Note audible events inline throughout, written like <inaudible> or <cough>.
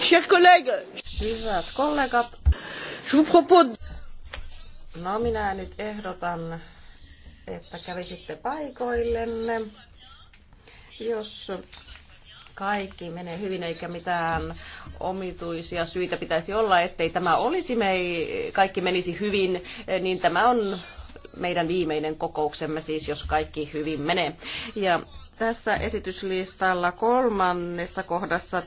Chers collègues, Hyvät kollegat, je vous propose... No minä nyt ehdotan, että kävisitte paikoillenne. Jos kaikki menee hyvin, eikä mitään omituisia syitä pitäisi olla, ettei tämä olisi, me ei, kaikki menisi hyvin, niin tämä on meidän viimeinen kokouksemme siis, jos kaikki hyvin menee. Ja tässä esityslistalla kolmannessa kohdassa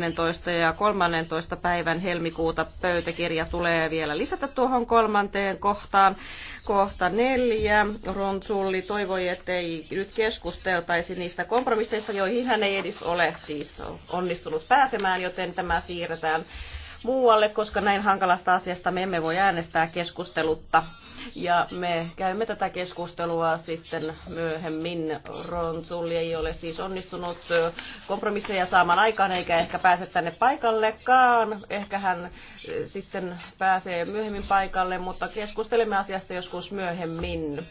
12 ja 13 päivän helmikuuta pöytäkirja tulee vielä lisätä tuohon kolmanteen kohtaan. Kohta neljä. Ronsulli toivoi, ei nyt keskusteltaisi niistä kompromisseista, joihin hän ei edes ole siis onnistunut pääsemään, joten tämä siirretään muualle, koska näin hankalasta asiasta me emme voi äänestää keskustelutta. Ja me käymme tätä keskustelua sitten myöhemmin. Ronsulli ei ole siis onnistunut kompromisseja saamaan aikaan, eikä ehkä pääse tänne paikallekaan. Ehkä hän sitten pääsee myöhemmin paikalle, mutta keskustelemme asiasta joskus myöhemmin.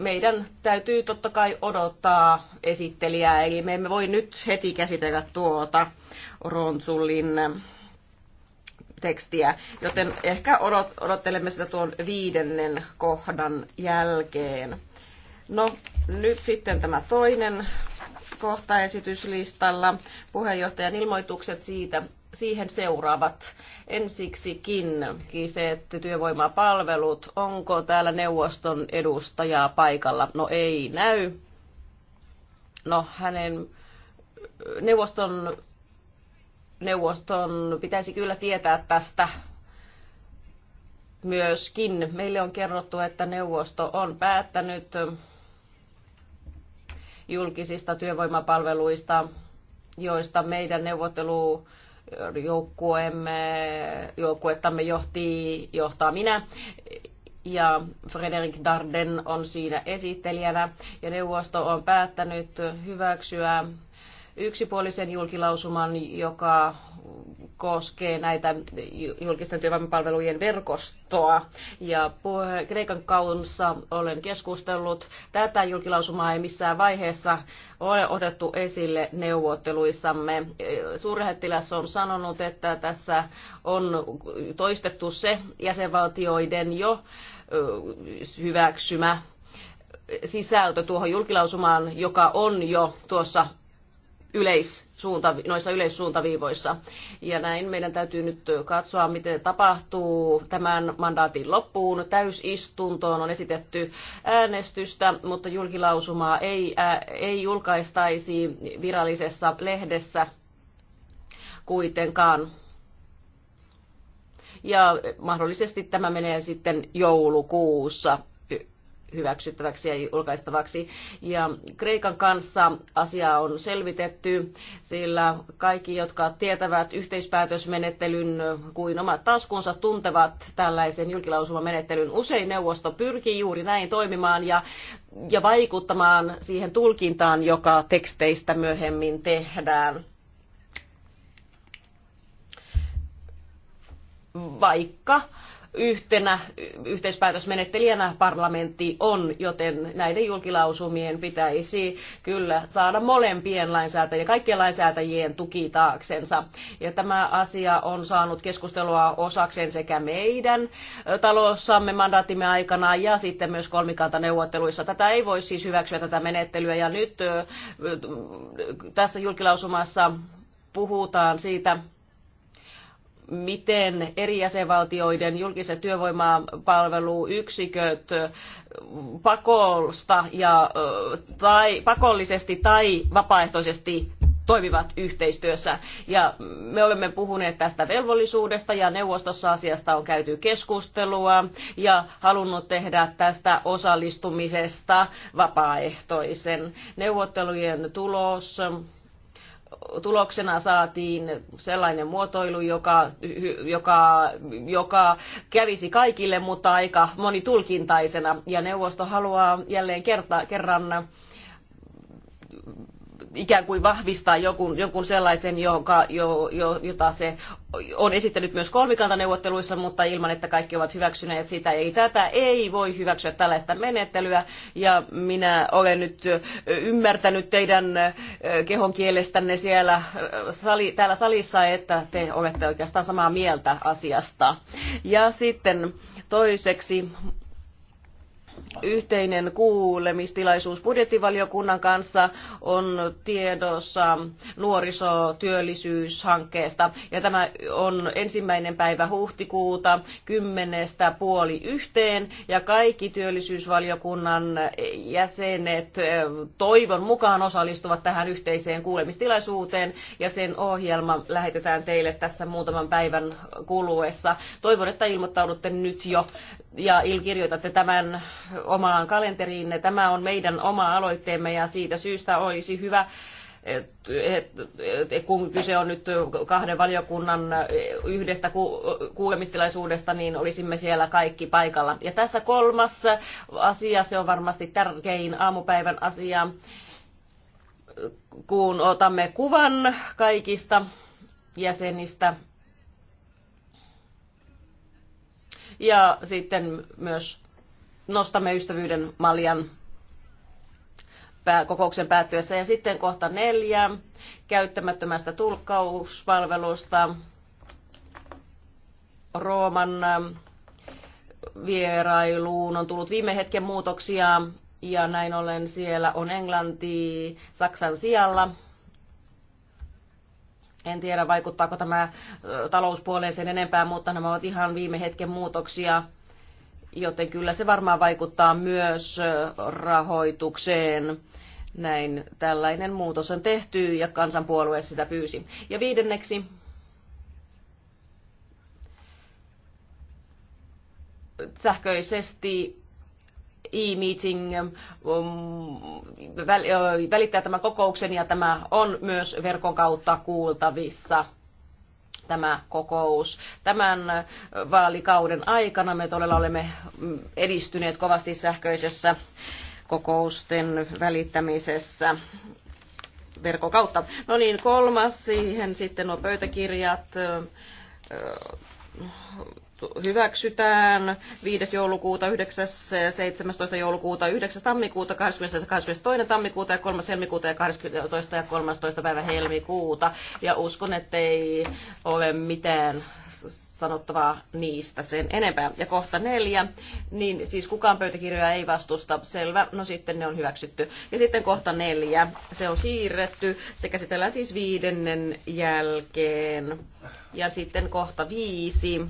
meidän täytyy totta kai odottaa esittelijää, eli me emme voi nyt heti käsitellä tuota Ronsullin tekstiä, joten ehkä odot, odottelemme sitä tuon viidennen kohdan jälkeen. No nyt sitten tämä toinen kohta esityslistalla, puheenjohtajan ilmoitukset siitä, siihen seuraavat. Ensiksikin se, että työvoimapalvelut. Onko täällä neuvoston edustajaa paikalla? No ei näy. No hänen neuvoston, neuvoston pitäisi kyllä tietää tästä myöskin. Meille on kerrottu, että neuvosto on päättänyt julkisista työvoimapalveluista, joista meidän neuvotteluun joukkueemme, joukkuettamme johti, johtaa minä ja Frederik Darden on siinä esittelijänä ja neuvosto on päättänyt hyväksyä yksipuolisen julkilausuman, joka koskee näitä julkisten työvoimapalvelujen verkostoa. Ja puhe, Kreikan kanssa olen keskustellut. Tätä julkilausumaa ei missään vaiheessa ole otettu esille neuvotteluissamme. Suurlähettiläs on sanonut, että tässä on toistettu se jäsenvaltioiden jo hyväksymä sisältö tuohon julkilausumaan, joka on jo tuossa yleissuuntavi- noissa yleissuuntaviivoissa. Ja näin meidän täytyy nyt katsoa, miten tapahtuu tämän mandaatin loppuun. Täysistuntoon on esitetty äänestystä, mutta julkilausumaa ei, äh, ei julkaistaisi virallisessa lehdessä kuitenkaan. Ja mahdollisesti tämä menee sitten joulukuussa hyväksyttäväksi ja julkaistavaksi. Ja Kreikan kanssa asia on selvitetty, sillä kaikki, jotka tietävät yhteispäätösmenettelyn kuin omat taskunsa, tuntevat tällaisen julkilausumamenettelyn. Usein neuvosto pyrkii juuri näin toimimaan ja, ja vaikuttamaan siihen tulkintaan, joka teksteistä myöhemmin tehdään. Vaikka yhtenä yhteispäätösmenettelijänä parlamentti on, joten näiden julkilausumien pitäisi kyllä saada molempien lainsäätäjien, kaikkien lainsäätäjien tuki taaksensa. Ja tämä asia on saanut keskustelua osakseen sekä meidän talossamme mandaattimme aikana ja sitten myös kolmikantaneuvotteluissa. Tätä ei voi siis hyväksyä tätä menettelyä ja nyt tässä julkilausumassa puhutaan siitä, miten eri jäsenvaltioiden julkiset työvoimapalveluyksiköt pakollista ja, tai, pakollisesti tai vapaaehtoisesti toimivat yhteistyössä. Ja me olemme puhuneet tästä velvollisuudesta ja neuvostossa asiasta on käyty keskustelua ja halunnut tehdä tästä osallistumisesta vapaaehtoisen. Neuvottelujen tulos tuloksena saatiin sellainen muotoilu, joka, joka, joka kävisi kaikille, mutta aika monitulkintaisena. Ja neuvosto haluaa jälleen kerta, kerran ikään kuin vahvistaa jonkun, jonkun sellaisen, jonka, jo, jo, jota se on esittänyt myös kolmikantaneuvotteluissa, mutta ilman, että kaikki ovat hyväksyneet sitä. Ei tätä ei voi hyväksyä tällaista menettelyä, ja minä olen nyt ymmärtänyt teidän kehon kielestänne siellä sali, täällä salissa, että te olette oikeastaan samaa mieltä asiasta. Ja sitten toiseksi yhteinen kuulemistilaisuus budjettivaliokunnan kanssa on tiedossa nuorisotyöllisyyshankkeesta. Ja tämä on ensimmäinen päivä huhtikuuta kymmenestä puoli yhteen ja kaikki työllisyysvaliokunnan jäsenet toivon mukaan osallistuvat tähän yhteiseen kuulemistilaisuuteen ja sen ohjelma lähetetään teille tässä muutaman päivän kuluessa. Toivon, että ilmoittaudutte nyt jo ja kirjoitatte tämän omaan kalenteriinne. Tämä on meidän oma aloitteemme ja siitä syystä olisi hyvä et, et, et, kun kyse on nyt kahden valiokunnan yhdestä ku, kuulemistilaisuudesta, niin olisimme siellä kaikki paikalla. Ja tässä kolmas asia, se on varmasti tärkein aamupäivän asia, kun otamme kuvan kaikista jäsenistä. Ja sitten myös nostamme ystävyyden maljan kokouksen päättyessä. Ja sitten kohta neljä, käyttämättömästä tulkkauspalvelusta. Rooman ähm, vierailuun on tullut viime hetken muutoksia ja näin ollen siellä on Englanti Saksan sijalla. En tiedä, vaikuttaako tämä äh, talouspuoleen sen enempää, mutta nämä ovat ihan viime hetken muutoksia joten kyllä se varmaan vaikuttaa myös rahoitukseen. Näin tällainen muutos on tehty ja kansanpuolue sitä pyysi. Ja viidenneksi sähköisesti e-meeting välittää tämän kokouksen ja tämä on myös verkon kautta kuultavissa tämä kokous. Tämän vaalikauden aikana me todella olemme edistyneet kovasti sähköisessä kokousten välittämisessä verkkokautta. No niin, kolmas siihen sitten nuo pöytäkirjat hyväksytään 5. joulukuuta, 9. 17. joulukuuta, 9. tammikuuta, 20. 22. tammikuuta ja 3. helmikuuta ja 12. ja 13. päivä helmikuuta. Ja uskon, ei ole mitään sanottavaa niistä sen enempää. Ja kohta neljä, niin siis kukaan pöytäkirjoja ei vastusta, selvä, no sitten ne on hyväksytty. Ja sitten kohta neljä, se on siirretty, se käsitellään siis viidennen jälkeen. Ja sitten kohta viisi,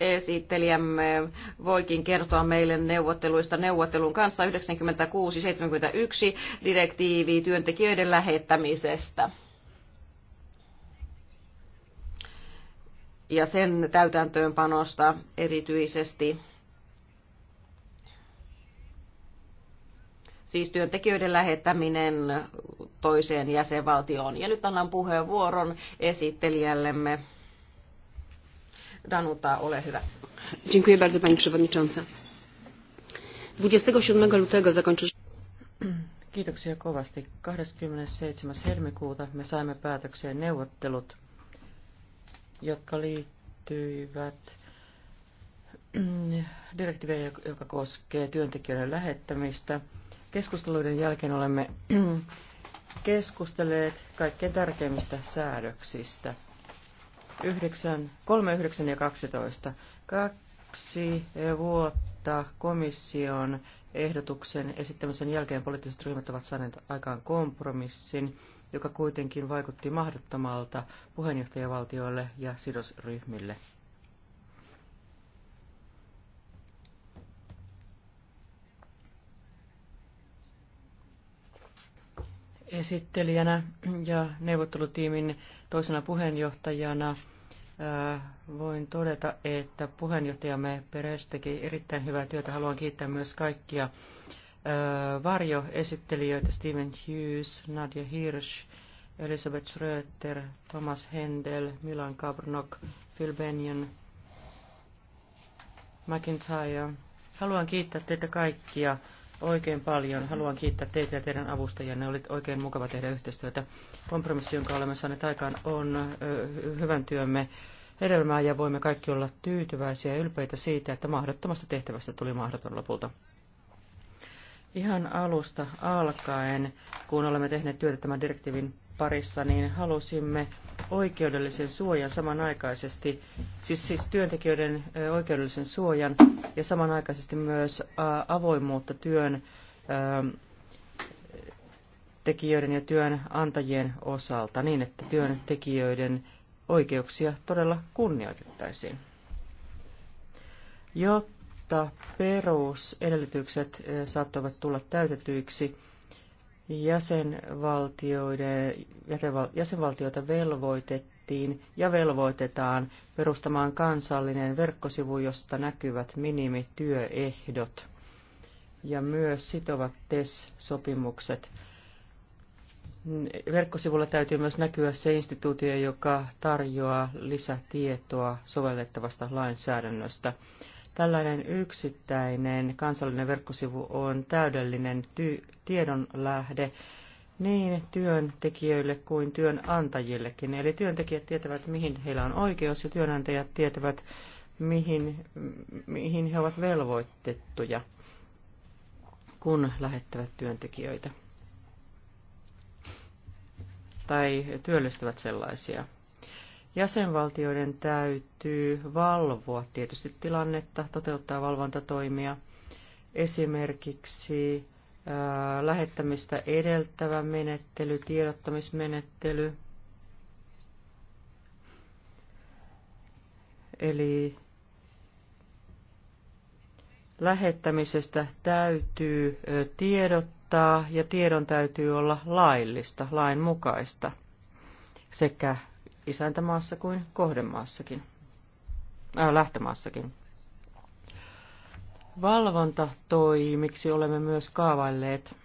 esittelijämme voikin kertoa meille neuvotteluista neuvottelun kanssa 96-71 direktiivi työntekijöiden lähettämisestä. Ja sen täytäntöönpanosta erityisesti siis työntekijöiden lähettäminen toiseen jäsenvaltioon. Ja nyt annan puheenvuoron esittelijällemme Danuta, ole hyvä. Dziękuję bardzo pani przewodnicząca. 27 lutego zakończy... Kiitoksia kovasti. 27. helmikuuta me saimme päätökseen neuvottelut, jotka liittyivät <clears throat> direktiivejä, joka koskee työntekijöiden lähettämistä. Keskusteluiden jälkeen olemme <clears throat> keskustelleet kaikkein tärkeimmistä säädöksistä – 9, 3, 9 ja 12. Kaksi vuotta komission ehdotuksen esittämisen jälkeen poliittiset ryhmät ovat saaneet aikaan kompromissin, joka kuitenkin vaikutti mahdottomalta puheenjohtajavaltioille ja sidosryhmille. esittelijänä ja neuvottelutiimin toisena puheenjohtajana voin todeta, että puheenjohtajamme Peres teki erittäin hyvää työtä. Haluan kiittää myös kaikkia varjoesittelijöitä Steven Hughes, Nadia Hirsch, Elisabeth Schröter, Thomas Hendel, Milan Kabrnok, Phil Benyon, McIntyre. Haluan kiittää teitä kaikkia oikein paljon. Haluan kiittää teitä ja teidän avustajanne. Oli oikein mukava tehdä yhteistyötä. Kompromissi, jonka olemme saaneet aikaan, on hyvän työmme hedelmää ja voimme kaikki olla tyytyväisiä ja ylpeitä siitä, että mahdottomasta tehtävästä tuli mahdoton lopulta. Ihan alusta alkaen, kun olemme tehneet työtä tämän direktiivin parissa, niin halusimme oikeudellisen suojan samanaikaisesti, siis, siis työntekijöiden oikeudellisen suojan ja samanaikaisesti myös avoimuutta työn tekijöiden ja työnantajien osalta niin, että työntekijöiden oikeuksia todella kunnioitettaisiin. Jotta perusedellytykset saattoivat tulla täytetyiksi, jäsenvaltioita velvoitettiin ja velvoitetaan perustamaan kansallinen verkkosivu, josta näkyvät minimityöehdot ja myös sitovat TES-sopimukset. Verkkosivulla täytyy myös näkyä se instituutio, joka tarjoaa lisätietoa sovellettavasta lainsäädännöstä. Tällainen yksittäinen kansallinen verkkosivu on täydellinen ty- tiedonlähde niin työntekijöille kuin työnantajillekin. Eli työntekijät tietävät, mihin heillä on oikeus ja työnantajat tietävät, mihin, mihin he ovat velvoitettuja, kun lähettävät työntekijöitä tai työllistävät sellaisia. Jäsenvaltioiden täytyy valvoa tietysti tilannetta, toteuttaa valvontatoimia, esimerkiksi ää, lähettämistä edeltävä menettely, tiedottamismenettely, eli lähettämisestä täytyy tiedottaa ja tiedon täytyy olla laillista, lainmukaista sekä isäntämaassa kuin kohdemaassakin, äh, lähtömaassakin. toimiksi olemme myös kaavailleet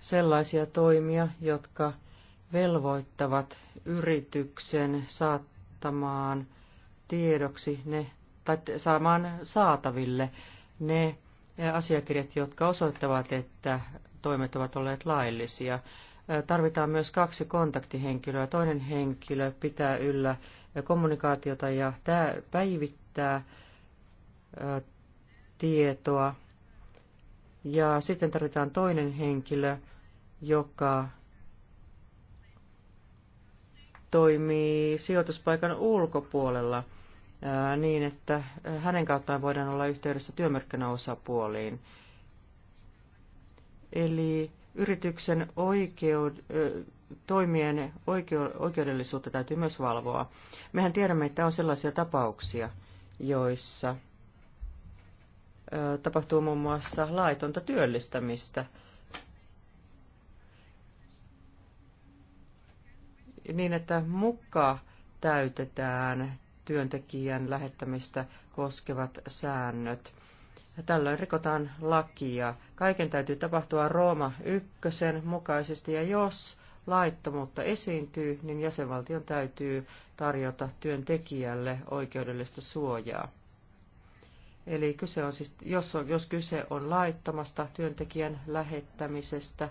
sellaisia toimia, jotka velvoittavat yrityksen saattamaan tiedoksi ne, tai saamaan saataville ne äh, asiakirjat, jotka osoittavat, että toimet ovat olleet laillisia tarvitaan myös kaksi kontaktihenkilöä. Toinen henkilö pitää yllä kommunikaatiota ja tämä päivittää tietoa. Ja sitten tarvitaan toinen henkilö, joka toimii sijoituspaikan ulkopuolella niin, että hänen kauttaan voidaan olla yhteydessä työmarkkinaosapuoliin. Eli yrityksen oikeud, toimien oikeudellisuutta täytyy myös valvoa. Mehän tiedämme, että on sellaisia tapauksia, joissa tapahtuu muun muassa laitonta työllistämistä. Niin, että mukka täytetään työntekijän lähettämistä koskevat säännöt. Tällöin rikotaan lakia. Kaiken täytyy tapahtua Rooma ykkösen mukaisesti ja jos laittomuutta esiintyy, niin jäsenvaltion täytyy tarjota työntekijälle oikeudellista suojaa. Eli kyse on siis, jos, on, jos kyse on laittomasta työntekijän lähettämisestä,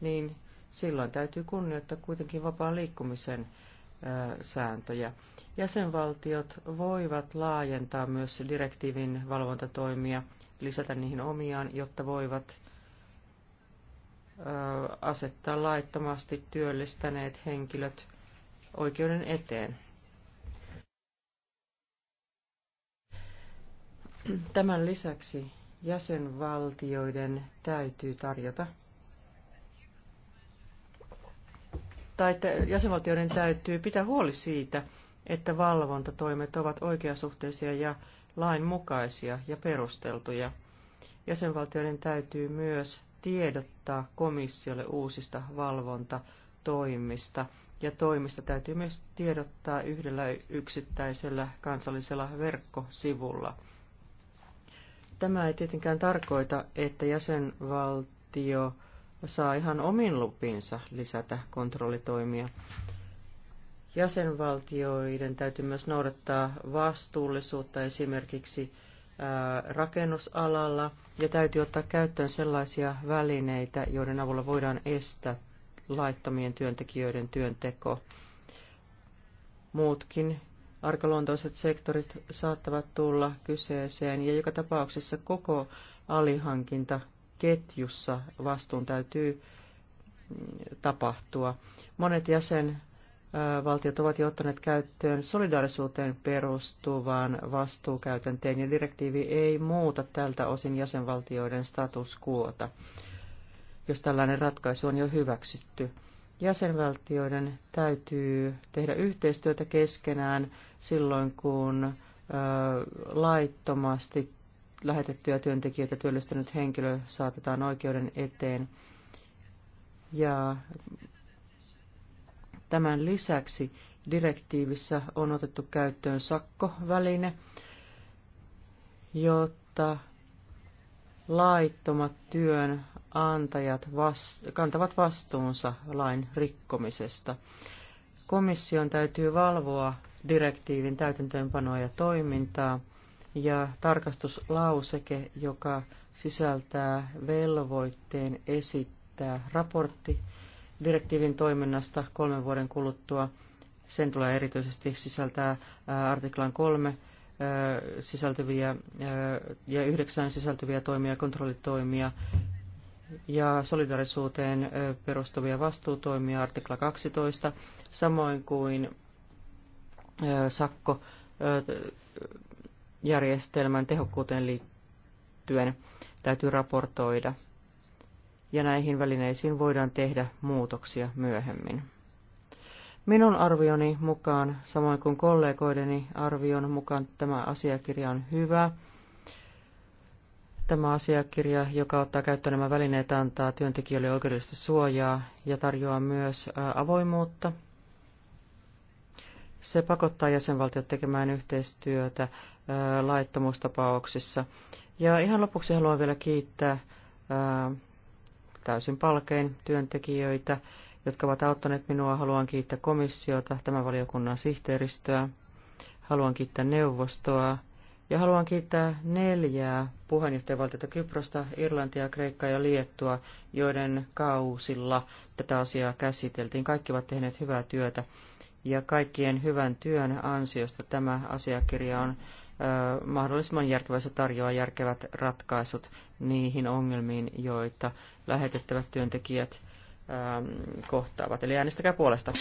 niin silloin täytyy kunnioittaa kuitenkin vapaan liikkumisen sääntöjä. Jäsenvaltiot voivat laajentaa myös direktiivin valvontatoimia, lisätä niihin omiaan, jotta voivat asettaa laittomasti työllistäneet henkilöt oikeuden eteen. Tämän lisäksi jäsenvaltioiden täytyy tarjota tai jäsenvaltioiden täytyy pitää huoli siitä, että valvontatoimet ovat oikeasuhteisia ja lainmukaisia ja perusteltuja. Jäsenvaltioiden täytyy myös tiedottaa komissiolle uusista valvontatoimista, ja toimista täytyy myös tiedottaa yhdellä yksittäisellä kansallisella verkkosivulla. Tämä ei tietenkään tarkoita, että jäsenvaltio saa ihan omin lupinsa lisätä kontrollitoimia. Jäsenvaltioiden täytyy myös noudattaa vastuullisuutta esimerkiksi rakennusalalla ja täytyy ottaa käyttöön sellaisia välineitä, joiden avulla voidaan estää laittomien työntekijöiden työnteko. Muutkin arkaluontoiset sektorit saattavat tulla kyseeseen ja joka tapauksessa koko alihankinta ketjussa vastuun täytyy mm, tapahtua. Monet jäsenvaltiot ovat jo ottaneet käyttöön solidaarisuuteen perustuvan vastuukäytänteen, ja direktiivi ei muuta tältä osin jäsenvaltioiden statuskuota, jos tällainen ratkaisu on jo hyväksytty. Jäsenvaltioiden täytyy tehdä yhteistyötä keskenään silloin, kun laittomasti lähetettyä työntekijöitä työllistänyt henkilö saatetaan oikeuden eteen. Ja tämän lisäksi direktiivissä on otettu käyttöön sakkoväline, jotta laittomat työnantajat vas- kantavat vastuunsa lain rikkomisesta. Komission täytyy valvoa direktiivin täytäntöönpanoa ja toimintaa – ja tarkastuslauseke, joka sisältää velvoitteen esittää raportti direktiivin toiminnasta kolmen vuoden kuluttua. Sen tulee erityisesti sisältää artiklan kolme sisältyviä ja yhdeksän sisältyviä toimia, kontrollitoimia ja solidarisuuteen perustuvia vastuutoimia, artikla 12, samoin kuin sakko järjestelmän tehokkuuteen liittyen täytyy raportoida. Ja näihin välineisiin voidaan tehdä muutoksia myöhemmin. Minun arvioni mukaan, samoin kuin kollegoideni arvion mukaan, tämä asiakirja on hyvä. Tämä asiakirja, joka ottaa käyttöön nämä välineet, antaa työntekijöille oikeudellista suojaa ja tarjoaa myös avoimuutta se pakottaa jäsenvaltiot tekemään yhteistyötä laittomuustapauksissa. Ja ihan lopuksi haluan vielä kiittää täysin palkein työntekijöitä, jotka ovat auttaneet minua. Haluan kiittää komissiota, tämän valiokunnan sihteeristöä. Haluan kiittää neuvostoa. Ja haluan kiittää neljää puheenjohtajavaltiota Kyprosta, Irlantia, Kreikkaa ja Liettua, joiden kausilla tätä asiaa käsiteltiin. Kaikki ovat tehneet hyvää työtä ja kaikkien hyvän työn ansiosta tämä asiakirja on mahdollisimman järkevässä tarjoaa järkevät ratkaisut niihin ongelmiin, joita lähetettävät työntekijät kohtaavat. Eli äänestäkää puolesta.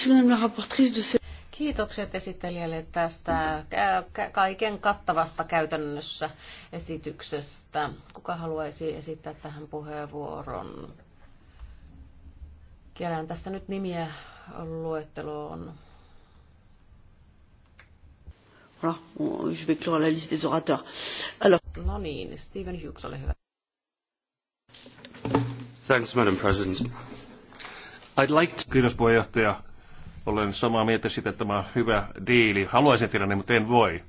Kiitokset esittelijälle tästä kaiken kattavasta käytännössä esityksestä. Kuka haluaisi esittää tähän puheenvuoron? Kielään tässä nyt nimiä luetteloon. Voilà, on, je vais clore la liste des orateurs. Alors. No niin, Hughes, ole hyvä. Thanks, Madam President. I'd like to... Kiitos puheenjohtaja. Olen samaa mieltä siitä, että tämä on hyvä diili. Haluaisin tehdä niin, mutta en voi.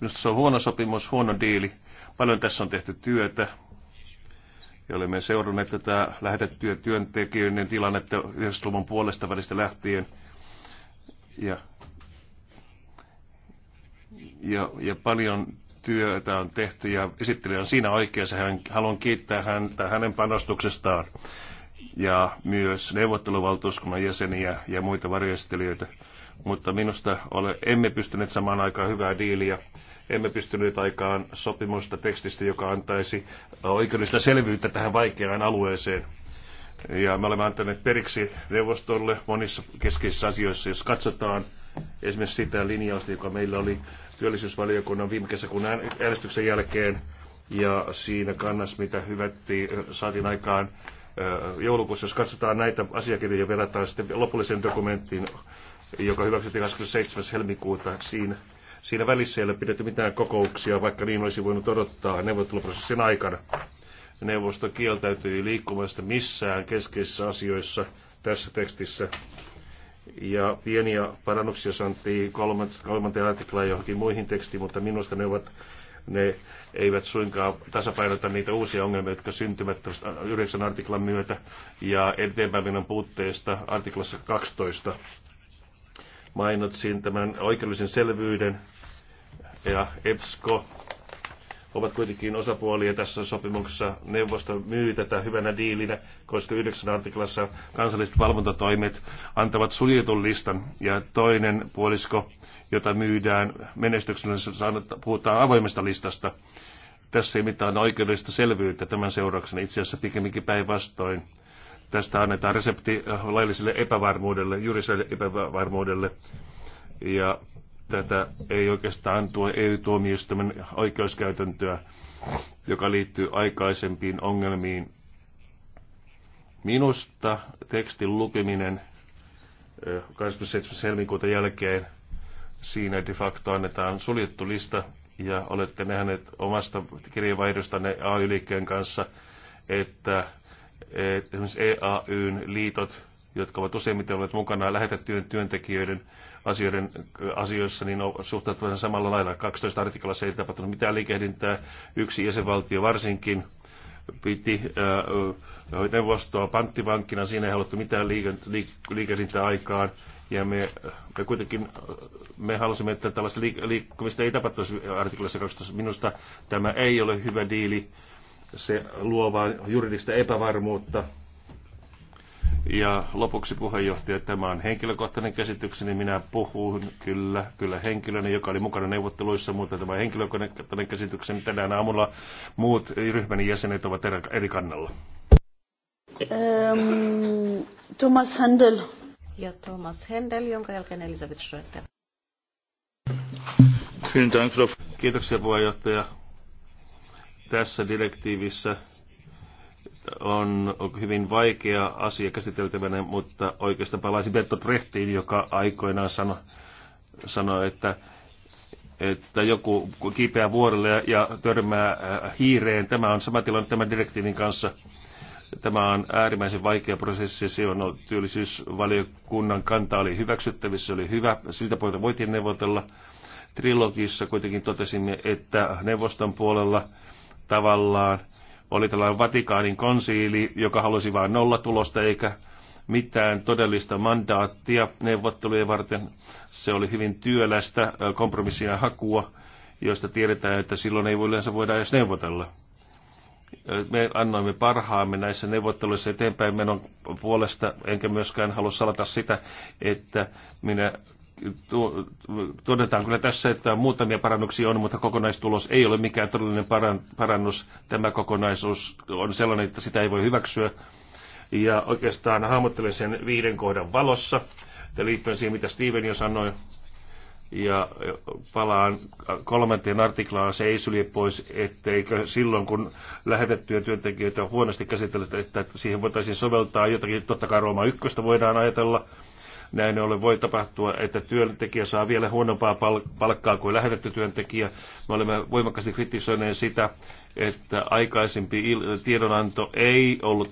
Minusta se on huono sopimus, huono diili. Paljon tässä on tehty työtä ja olemme seuranneet tätä lähetettyä työntekijöiden tilannetta 90-luvun puolesta välistä lähtien. Ja ja, ja paljon työtä on tehty ja esittelijä on siinä oikeassa. Hän, haluan kiittää häntä hänen panostuksestaan ja myös neuvotteluvaltuuskunnan jäseniä ja muita varjoesittelijöitä. Mutta minusta ole, emme pystyneet samaan aikaan hyvää diiliä. Emme pystyneet aikaan sopimusta tekstistä, joka antaisi oikeudellista selvyyttä tähän vaikeaan alueeseen. Ja me olemme antaneet periksi neuvostolle monissa keskeisissä asioissa, jos katsotaan – esimerkiksi sitä linjausta, joka meillä oli työllisyysvaliokunnan viime kesäkuun äänestyksen jälkeen, ja siinä kannassa, mitä hyvätti, saatiin aikaan joulukuussa, jos katsotaan näitä asiakirjoja, verrataan sitten lopulliseen dokumenttiin, joka hyväksyttiin 27. helmikuuta. Siinä, siinä välissä ei ole pidetty mitään kokouksia, vaikka niin olisi voinut odottaa neuvotteluprosessin aikana. Neuvosto kieltäytyi liikkumasta missään keskeisissä asioissa tässä tekstissä ja pieniä parannuksia sanottiin kolmanteen artiklaan johonkin muihin tekstiin, mutta minusta ne ovat ne eivät suinkaan tasapainota niitä uusia ongelmia, jotka syntyvät yhdeksän artiklan myötä ja eteenpäinvinnan puutteesta artiklassa 12. Mainitsin tämän oikeudellisen selvyyden ja EPSCO ovat kuitenkin osapuolia tässä sopimuksessa. Neuvosto myy tätä hyvänä diilinä, koska 9 artiklassa kansalliset valvontatoimet antavat suljetun listan ja toinen puolisko, jota myydään menestyksellisesti, puhutaan avoimesta listasta. Tässä ei mitään oikeudellista selvyyttä tämän seurauksena, itse asiassa pikemminkin päinvastoin. Tästä annetaan resepti lailliselle epävarmuudelle, juridiselle epävarmuudelle. Ja tätä ei oikeastaan tuo EU-tuomioistuimen oikeuskäytäntöä, joka liittyy aikaisempiin ongelmiin. Minusta tekstin lukeminen 27. helmikuuta jälkeen siinä de facto annetaan suljettu lista ja olette nähneet omasta kirjeenvaihdostanne AY-liikkeen kanssa, että e, esimerkiksi EAYn liitot, jotka ovat useimmiten olleet mukana lähetettyjen työntekijöiden asioiden, asioissa, niin suhtautuvat samalla lailla. 12 artiklassa ei tapahtunut mitään liikehdintää. Yksi jäsenvaltio varsinkin piti äh, neuvostoa panttivankkina, siinä ei haluttu mitään liikehdintää aikaan. Ja me, me kuitenkin äh, me halusimme, että tällaista liikkumista ei tapahtuisi artiklassa 12. Minusta tämä ei ole hyvä diili. Se luo vain juridista epävarmuutta ja lopuksi puheenjohtaja, tämä on henkilökohtainen käsitykseni, minä puhun kyllä, kyllä henkilönä, joka oli mukana neuvotteluissa, mutta tämä henkilökohtainen käsitykseni tänään aamulla muut ryhmän jäsenet ovat eri kannalla. Ähm, Thomas Händel. Ja Thomas Händel, jonka jälkeen Elisabeth Schröter. Kiitoksia puheenjohtaja. Tässä direktiivissä on hyvin vaikea asia käsiteltävänä, mutta oikeastaan palaisin Bertolt Brechtiin, joka aikoinaan sanoi, sanoi että, että joku kiipeää vuorelle ja törmää äh, hiireen. Tämä on sama tilanne tämän direktiivin kanssa. Tämä on äärimmäisen vaikea prosessi. Se on työllisyysvaliokunnan kanta oli hyväksyttävissä, se oli hyvä. Siltä pohjalta voitiin neuvotella. Trilogissa kuitenkin totesimme, että neuvoston puolella tavallaan – oli tällainen Vatikaanin konsiili, joka halusi vain nollatulosta eikä mitään todellista mandaattia neuvottelujen varten. Se oli hyvin työlästä kompromissia hakua, josta tiedetään, että silloin ei yleensä voida edes neuvotella. Me annoimme parhaamme näissä neuvotteluissa eteenpäin menon puolesta, enkä myöskään halua salata sitä, että minä todetaan kyllä tässä, että muutamia parannuksia on, mutta kokonaistulos ei ole mikään todellinen parannus. Tämä kokonaisuus on sellainen, että sitä ei voi hyväksyä. Ja oikeastaan hahmottelen sen viiden kohdan valossa, liittyen siihen, mitä Steven jo sanoi. Ja palaan kolmanteen artiklaan, se ei sylje pois, etteikö silloin kun lähetettyjä työntekijöitä on huonosti käsitelty, että siihen voitaisiin soveltaa jotakin, totta kai Rooma ykköstä voidaan ajatella, näin ollen voi tapahtua, että työntekijä saa vielä huonompaa palkkaa kuin lähetetty työntekijä. Me olemme voimakkaasti kritisoineet sitä, että aikaisempi tiedonanto ei ollut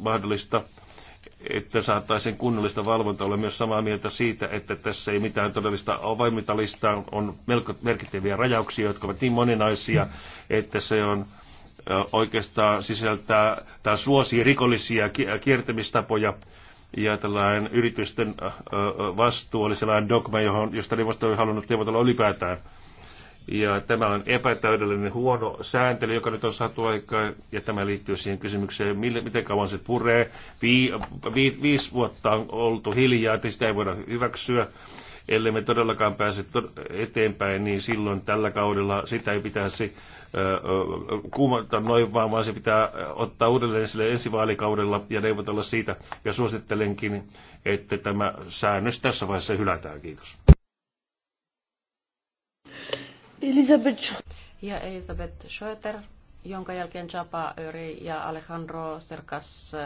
mahdollista että saattaisiin kunnollista valvontaa. olla myös samaa mieltä siitä, että tässä ei mitään todellista avaimitalista, On melko merkittäviä rajauksia, jotka ovat niin moninaisia, että se on oikeastaan sisältää tai suosii rikollisia kiertämistapoja ja tällainen yritysten äh, äh, vastuu oli sellainen dogma, johon, josta neuvosto ei halunnut neuvotella ylipäätään. Ja tämä on epätäydellinen huono sääntely, joka nyt on saatu aikaan, ja tämä liittyy siihen kysymykseen, mille, miten kauan se puree. Vi, vi, viisi vuotta on oltu hiljaa, että sitä ei voida hyväksyä. Ellei me todellakaan pääse eteenpäin, niin silloin tällä kaudella sitä ei pitäisi kuumata noin vaan, vaan se pitää ottaa uudelleen sille ensi vaalikaudella ja neuvotella siitä. Ja suosittelenkin, että tämä säännös tässä vaiheessa hylätään. Kiitos. Elisabeth ja Elisabeth Schroeter, jonka jälkeen Chapa Öri ja Alejandro Serkas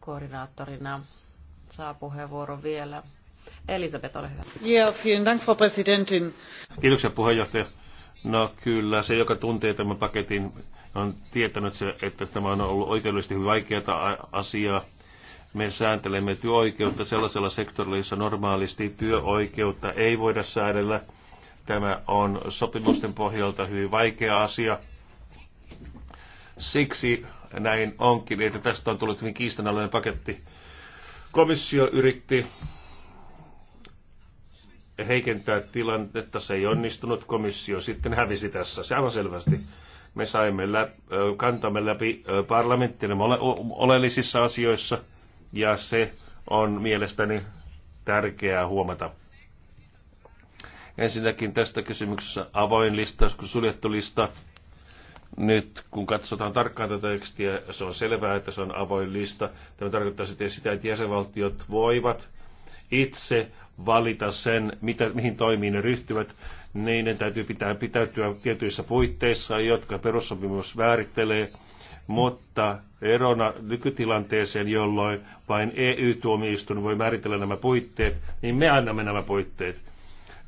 koordinaattorina saa puheenvuoron vielä. Elisabeth, ole hyvä. Ja, vielen Dank, Frau Präsidentin. Kiitoksia puheenjohtaja No kyllä, se joka tuntee tämän paketin on tietänyt, se, että tämä on ollut oikeudellisesti hyvin vaikeata asiaa. Me sääntelemme työoikeutta sellaisella sektorilla, jossa normaalisti työoikeutta ei voida säädellä. Tämä on sopimusten pohjalta hyvin vaikea asia. Siksi näin onkin, että tästä on tullut hyvin kiistanalainen paketti. Komissio yritti heikentää tilannetta, se ei onnistunut, komissio sitten hävisi tässä, se aivan selvästi. Me saimme läp, kantamme läpi parlamenttia ole, oleellisissa asioissa, ja se on mielestäni tärkeää huomata. Ensinnäkin tästä kysymyksessä avoin lista, kun suljettu lista. Nyt kun katsotaan tarkkaan tätä tekstiä, se on selvää, että se on avoin lista. Tämä tarkoittaa sitä, että jäsenvaltiot voivat itse valita sen, mitä, mihin toimiin ne ryhtyvät. Niiden täytyy pitää, pitäytyä tietyissä puitteissa, jotka perussopimus määrittelee, mutta erona nykytilanteeseen, jolloin vain EU-tuomioistuin voi määritellä nämä puitteet, niin me annamme nämä puitteet.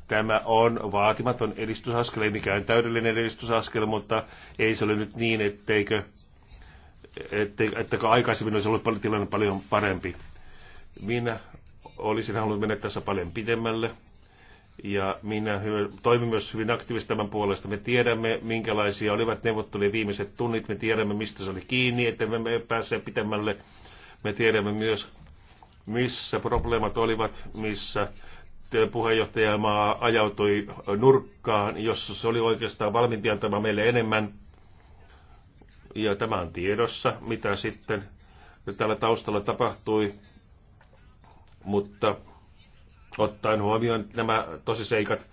Tämä on vaatimaton edistysaskel, ei mikään täydellinen edistysaskel, mutta ei se ole nyt niin, etteikö, etteikö, etteikö aikaisemmin olisi ollut tilanne paljon parempi. Minä olisin halunnut mennä tässä paljon pidemmälle. Ja minä toimin myös hyvin aktiivisesti tämän puolesta. Me tiedämme, minkälaisia olivat neuvottelujen viimeiset tunnit. Me tiedämme, mistä se oli kiinni, että me pääsee pitemmälle. Me tiedämme myös, missä probleemat olivat, missä puheenjohtajamaa ajautui nurkkaan, jossa se oli oikeastaan valmiimpi antamaan meille enemmän. Ja tämä on tiedossa, mitä sitten tällä taustalla tapahtui mutta ottaen huomioon nämä tosiseikat,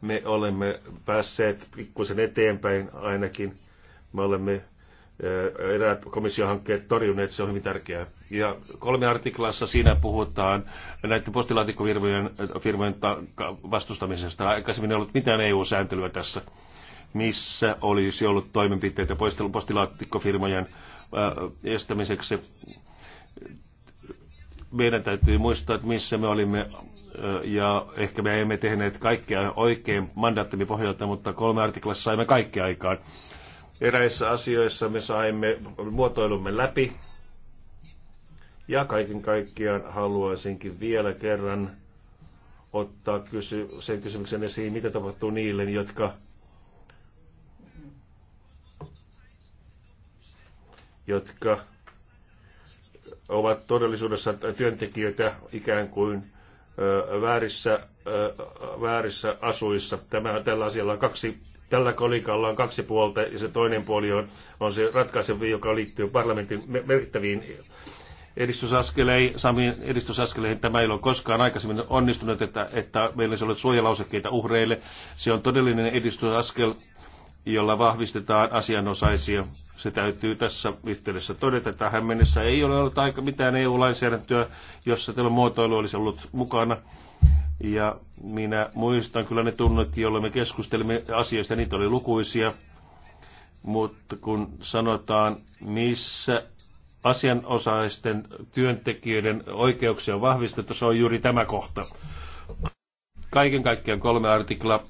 me olemme päässeet pikkusen eteenpäin ainakin. Me olemme eh, eräät komissiohankkeet torjuneet, se on hyvin tärkeää. Ja kolme artiklassa siinä puhutaan näiden postilaatikkovirmojen firmojen vastustamisesta. Aikaisemmin ei ollut mitään EU-sääntelyä tässä, missä olisi ollut toimenpiteitä postilaatikkofirmojen eh, estämiseksi meidän täytyy muistaa, että missä me olimme ja ehkä me emme tehneet kaikkea oikein mandaattimme pohjalta, mutta kolme artiklassa saimme kaikki aikaan. Eräissä asioissa me saimme muotoilumme läpi. Ja kaiken kaikkiaan haluaisinkin vielä kerran ottaa kysy- sen kysymyksen esiin, mitä tapahtuu niille, jotka jotka ovat todellisuudessa työntekijöitä ikään kuin väärissä, väärissä asuissa. Tämä, tällä asialla on kaksi tällä kolikalla on kaksi puolta ja se toinen puoli on, on se ratkaisevi, joka liittyy parlamentin merkittäviin edistysaskeleihin. Samin edistysaskeleihin tämä ei ole koskaan aikaisemmin onnistunut, että, että meillä olisi ollut suojalausekkeita uhreille. Se on todellinen edistysaskel, jolla vahvistetaan asianosaisia se täytyy tässä yhteydessä todeta. Tähän mennessä ei ole ollut aika mitään EU-lainsäädäntöä, jossa tällä muotoilu olisi ollut mukana. Ja minä muistan kyllä ne tunnot, jolloin me keskustelimme asioista, niitä oli lukuisia. Mutta kun sanotaan, missä asianosaisten työntekijöiden oikeuksia on vahvistettu, se on juuri tämä kohta. Kaiken kaikkiaan kolme artikla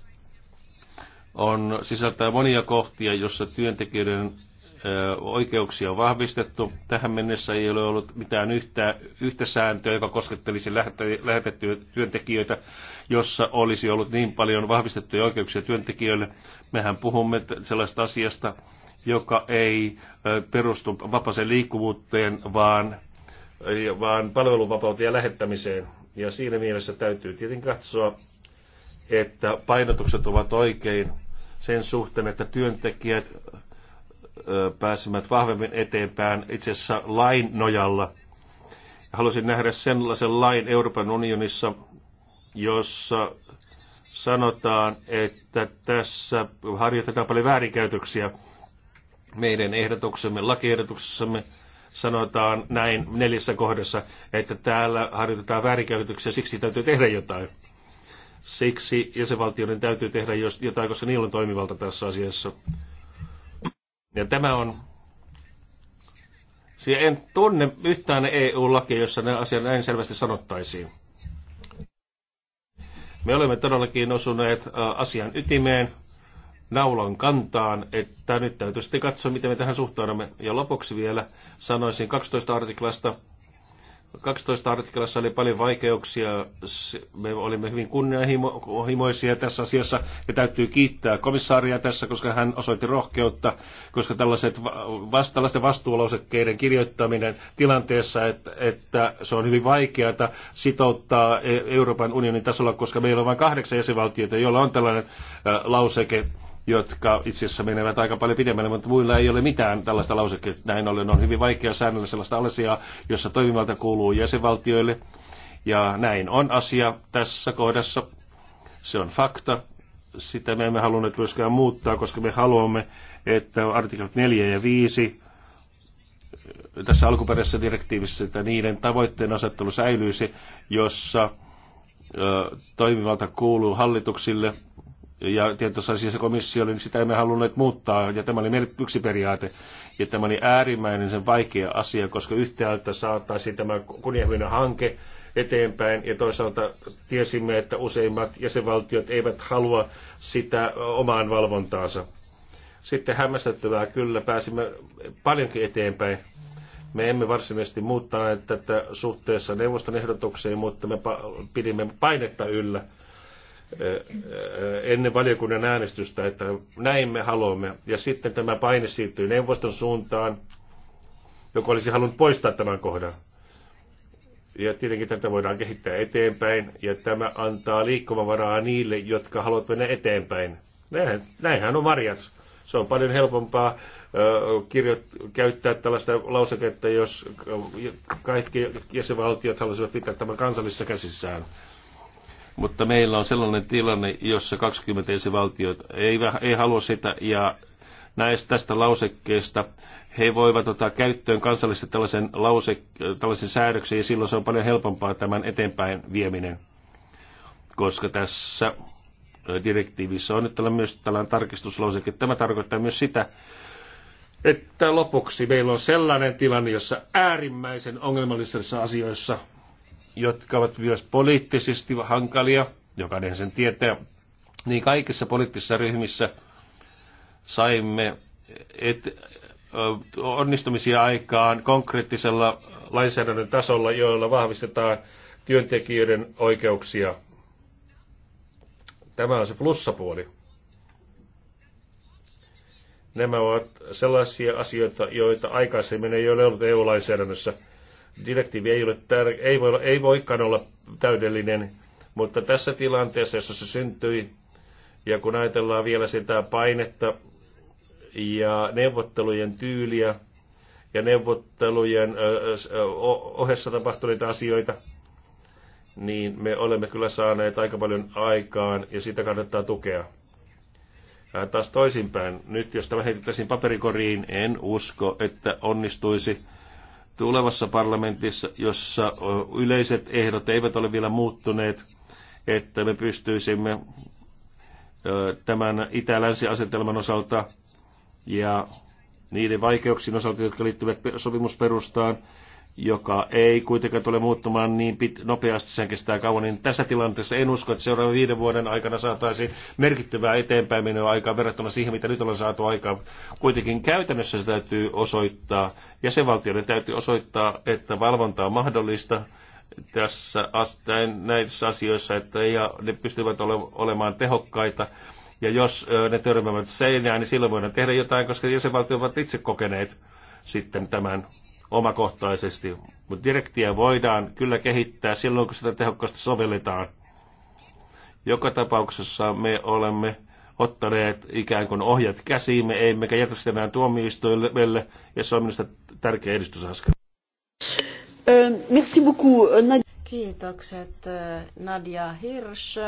on, sisältää monia kohtia, jossa työntekijöiden oikeuksia on vahvistettu. Tähän mennessä ei ole ollut mitään yhtä, yhtä sääntöä, joka koskettelisi lähetettyjä työntekijöitä, jossa olisi ollut niin paljon vahvistettuja oikeuksia työntekijöille. Mehän puhumme sellaista asiasta, joka ei perustu vapaaseen liikkuvuuteen, vaan, vaan palveluvapauteen ja lähettämiseen. Ja siinä mielessä täytyy tietenkin katsoa, että painotukset ovat oikein sen suhteen, että työntekijät pääsemät vahvemmin eteenpäin itse asiassa lain nojalla. Haluaisin nähdä sellaisen lain Euroopan unionissa, jossa sanotaan, että tässä harjoitetaan paljon väärinkäytöksiä. Meidän ehdotuksemme, lakiehdotuksessamme sanotaan näin neljässä kohdassa, että täällä harjoitetaan väärinkäytöksiä, siksi täytyy tehdä jotain. Siksi jäsenvaltioiden täytyy tehdä jotain, koska niillä on toimivalta tässä asiassa. Ja tämä on, siis en tunne yhtään EU-lakia, jossa ne asiat näin selvästi sanottaisiin. Me olemme todellakin osuneet asian ytimeen, naulan kantaan, että nyt täytyy sitten katsoa, miten me tähän suhtaudumme. Ja lopuksi vielä sanoisin 12 artiklasta, 12 artiklassa oli paljon vaikeuksia. Me olimme hyvin kunnianhimoisia tässä asiassa ja täytyy kiittää komissaaria tässä, koska hän osoitti rohkeutta, koska tällaiset vasta- tällaisten vastuulausekkeiden kirjoittaminen tilanteessa, että, että se on hyvin vaikeaa sitouttaa e- Euroopan unionin tasolla, koska meillä on vain kahdeksan jäsenvaltiota, joilla on tällainen lauseke jotka itse asiassa menevät aika paljon pidemmälle, mutta muilla ei ole mitään tällaista lauseketta. Näin ollen on hyvin vaikea säännellä sellaista asiaa, jossa toimivalta kuuluu jäsenvaltioille. Ja näin on asia tässä kohdassa. Se on fakta. Sitä me emme halunneet myöskään muuttaa, koska me haluamme, että artiklat 4 ja 5 tässä alkuperäisessä direktiivissä, että niiden tavoitteen asettelu säilyisi, jossa toimivalta kuuluu hallituksille ja tietyissä asiassa komissio oli, niin sitä emme halunneet muuttaa, ja tämä oli meille yksi periaate. Ja tämä oli äärimmäinen sen vaikea asia, koska yhtäältä saataisiin tämä kunnianhimoinen hanke eteenpäin, ja toisaalta tiesimme, että useimmat jäsenvaltiot eivät halua sitä omaan valvontaansa. Sitten hämmästyttävää kyllä pääsimme paljonkin eteenpäin. Me emme varsinaisesti muuttaneet tätä suhteessa neuvoston ehdotukseen, mutta me pidimme painetta yllä ennen valiokunnan äänestystä, että näin me haluamme. Ja sitten tämä paine siirtyi neuvoston suuntaan, joka olisi halunnut poistaa tämän kohdan. Ja tietenkin tätä voidaan kehittää eteenpäin, ja tämä antaa liikkumavaraa niille, jotka haluavat mennä eteenpäin. Näinhän, näinhän on varjat. Se on paljon helpompaa kirjo- käyttää tällaista lauseketta, jos kaikki jäsenvaltiot haluaisivat pitää tämän kansallisessa käsissään. Mutta meillä on sellainen tilanne, jossa 20 valtiota ei, ei halua sitä ja näistä tästä lausekkeesta he voivat ottaa käyttöön kansallisesti tällaisen, lause, tällaisen säädöksen ja silloin se on paljon helpompaa tämän eteenpäin vieminen, koska tässä direktiivissä on nyt tällainen, myös tällainen tarkistuslauseke. Tämä tarkoittaa myös sitä, että lopuksi meillä on sellainen tilanne, jossa äärimmäisen ongelmallisissa asioissa jotka ovat myös poliittisesti hankalia, jokainen sen tietää, niin kaikissa poliittisissa ryhmissä saimme et, onnistumisia aikaan konkreettisella lainsäädännön tasolla, joilla vahvistetaan työntekijöiden oikeuksia. Tämä on se plussapuoli. Nämä ovat sellaisia asioita, joita aikaisemmin ei ole ollut EU-lainsäädännössä – direktiivi ei, ole tär- ei, voi olla, ei voikaan olla täydellinen, mutta tässä tilanteessa, jossa se syntyi, ja kun ajatellaan vielä sitä painetta ja neuvottelujen tyyliä ja neuvottelujen ohessa tapahtuneita asioita, niin me olemme kyllä saaneet aika paljon aikaan ja sitä kannattaa tukea. Ja taas toisinpäin, nyt jos tämä heitettäisiin paperikoriin, en usko, että onnistuisi tulevassa parlamentissa, jossa yleiset ehdot eivät ole vielä muuttuneet, että me pystyisimme tämän itä-länsi-asetelman osalta ja niiden vaikeuksien osalta, jotka liittyvät sopimusperustaan, joka ei kuitenkaan tule muuttumaan niin pit- nopeasti, sen kestää kauan, niin tässä tilanteessa en usko, että seuraavan viiden vuoden aikana saataisiin merkittävää eteenpäin menoa aikaa verrattuna siihen, mitä nyt ollaan saatu aikaan. Kuitenkin käytännössä se täytyy osoittaa, jäsenvaltioiden täytyy osoittaa, että valvonta on mahdollista tässä, näissä asioissa, että ja ne pystyvät ole, olemaan tehokkaita. Ja jos ne törmäävät seinään, niin silloin voidaan tehdä jotain, koska jäsenvaltiot ovat itse kokeneet sitten tämän omakohtaisesti, mutta direktiä voidaan kyllä kehittää silloin, kun sitä tehokkaasti sovelletaan. Joka tapauksessa me olemme ottaneet ikään kuin ohjat käsiimme, emmekä jätä sitä enää tuomioistuimelle, ja se on minusta tärkeä edistysaskel. Kiitokset. Nadia Hirsch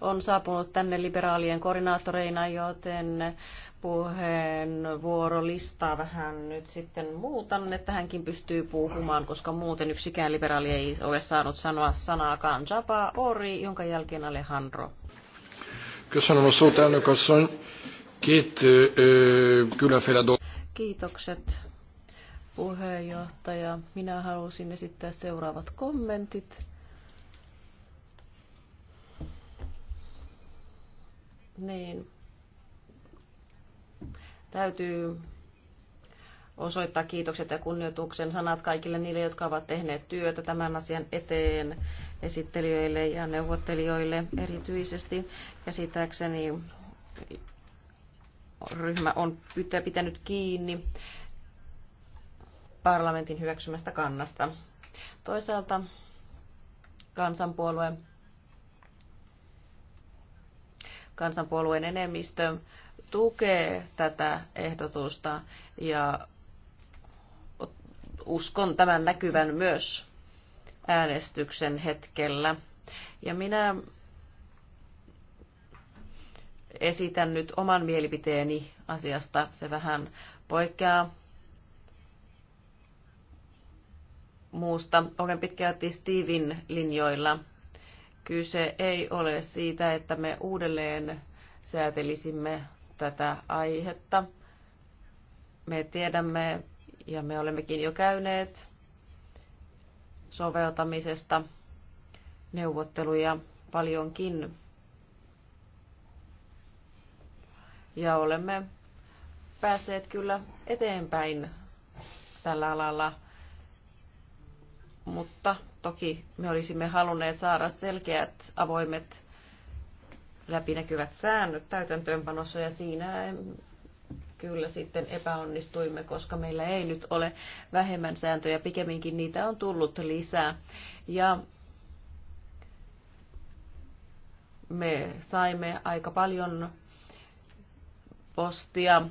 on saapunut tänne liberaalien koordinaattoreina, joten puheenvuorolistaa vähän nyt sitten muutan, että hänkin pystyy puhumaan, koska muuten yksikään liberaali ei ole saanut sanoa sanaakaan. Japa Ori, jonka jälkeen Alejandro. Köszönöm a szót, elnök asszony. Két különféle Kiitokset, puheenjohtaja. Minä halusin esittää seuraavat kommentit. Niin, Täytyy osoittaa kiitokset ja kunnioituksen sanat kaikille niille, jotka ovat tehneet työtä tämän asian eteen, esittelijöille ja neuvottelijoille erityisesti. Käsittääkseni ryhmä on pitänyt kiinni parlamentin hyväksymästä kannasta. Toisaalta kansanpuolue, kansanpuolueen enemmistö tukee tätä ehdotusta ja uskon tämän näkyvän myös äänestyksen hetkellä. Ja minä esitän nyt oman mielipiteeni asiasta. Se vähän poikkeaa muusta. Olen pitkälti Steven linjoilla. Kyse ei ole siitä, että me uudelleen säätelisimme tätä aihetta. Me tiedämme ja me olemmekin jo käyneet soveltamisesta neuvotteluja paljonkin. Ja olemme päässeet kyllä eteenpäin tällä alalla, mutta toki me olisimme halunneet saada selkeät avoimet läpinäkyvät säännöt täytäntöönpanossa ja siinä kyllä sitten epäonnistuimme, koska meillä ei nyt ole vähemmän sääntöjä, pikemminkin niitä on tullut lisää. Ja me saimme aika paljon postia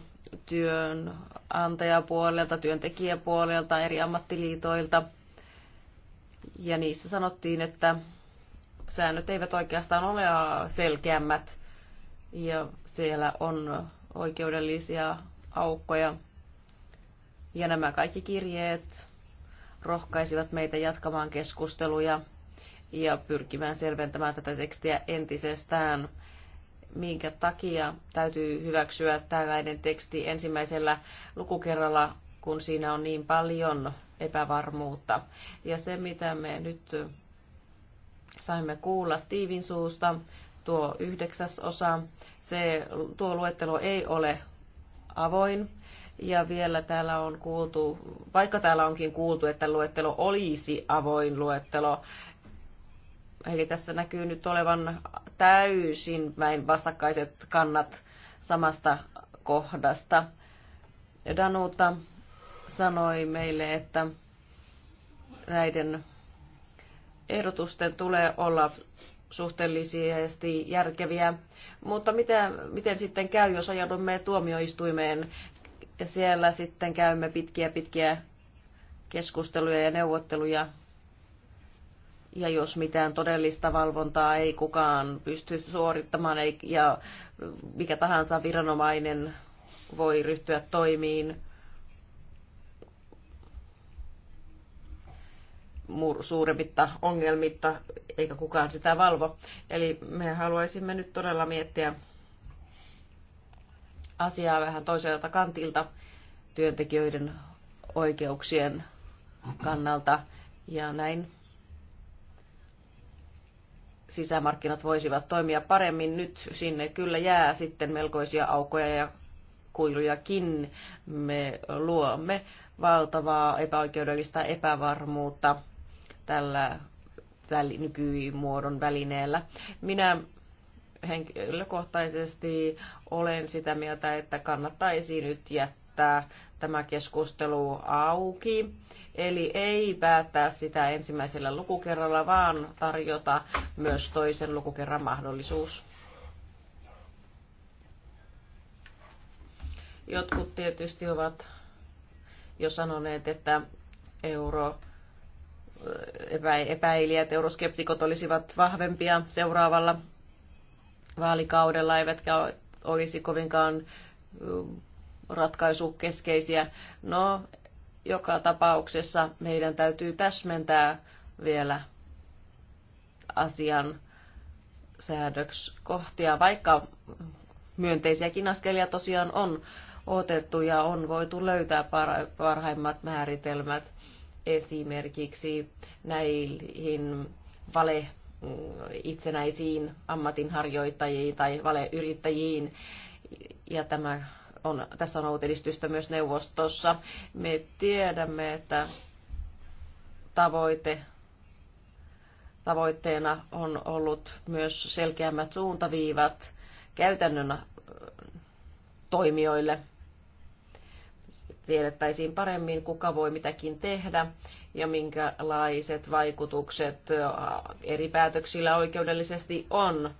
työnantajapuolelta, työntekijäpuolelta, eri ammattiliitoilta. Ja niissä sanottiin, että säännöt eivät oikeastaan ole selkeämmät ja siellä on oikeudellisia aukkoja. Ja nämä kaikki kirjeet rohkaisivat meitä jatkamaan keskusteluja ja pyrkimään selventämään tätä tekstiä entisestään, minkä takia täytyy hyväksyä tällainen teksti ensimmäisellä lukukerralla, kun siinä on niin paljon epävarmuutta. Ja se, mitä me nyt Saimme kuulla Steven suusta tuo yhdeksäs osa. Se, tuo luettelo ei ole avoin. Ja vielä täällä on kuultu, vaikka täällä onkin kuultu, että luettelo olisi avoin luettelo, Eli tässä näkyy nyt olevan täysin väin vastakkaiset kannat samasta kohdasta. Danuta sanoi meille, että näiden ehdotusten tulee olla suhteellisesti järkeviä. Mutta mitä, miten sitten käy, jos ajaudumme tuomioistuimeen? Siellä sitten käymme pitkiä pitkiä keskusteluja ja neuvotteluja. Ja jos mitään todellista valvontaa ei kukaan pysty suorittamaan ei, ja mikä tahansa viranomainen voi ryhtyä toimiin, suuremmitta ongelmitta, eikä kukaan sitä valvo. Eli me haluaisimme nyt todella miettiä asiaa vähän toiselta kantilta työntekijöiden oikeuksien kannalta. Ja näin sisämarkkinat voisivat toimia paremmin. Nyt sinne kyllä jää sitten melkoisia aukoja ja kuilujakin. Me luomme valtavaa epäoikeudellista epävarmuutta tällä, väli, nykymuodon välineellä. Minä henkilökohtaisesti olen sitä mieltä, että kannattaisi nyt jättää tämä keskustelu auki. Eli ei päättää sitä ensimmäisellä lukukerralla, vaan tarjota myös toisen lukukerran mahdollisuus. Jotkut tietysti ovat jo sanoneet, että euro epä, epäilijät, euroskeptikot olisivat vahvempia seuraavalla vaalikaudella, eivätkä olisi kovinkaan ratkaisukeskeisiä. No, joka tapauksessa meidän täytyy täsmentää vielä asian säädökskohtia, vaikka myönteisiäkin askelia tosiaan on otettu ja on voitu löytää parhaimmat määritelmät esimerkiksi näihin vale mm, itsenäisiin ammatinharjoittajiin tai valeyrittäjiin. Ja tämä on, tässä on ollut edistystä myös neuvostossa. Me tiedämme, että tavoite, tavoitteena on ollut myös selkeämmät suuntaviivat käytännön toimijoille – tiedettäisiin paremmin, kuka voi mitäkin tehdä ja minkälaiset vaikutukset äh, eri päätöksillä oikeudellisesti on.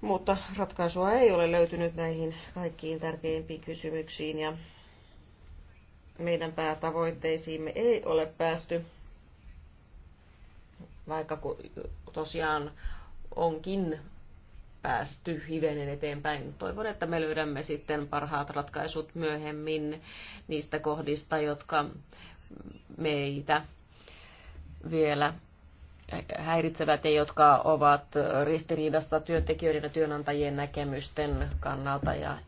Mutta ratkaisua ei ole löytynyt näihin kaikkiin tärkeimpiin kysymyksiin ja meidän päätavoitteisiimme ei ole päästy, vaikka tosiaan onkin päästy hivenen eteenpäin. Toivon, että me löydämme sitten parhaat ratkaisut myöhemmin niistä kohdista, jotka meitä vielä häiritsevät ja jotka ovat ristiriidassa työntekijöiden ja työnantajien näkemysten kannalta ja,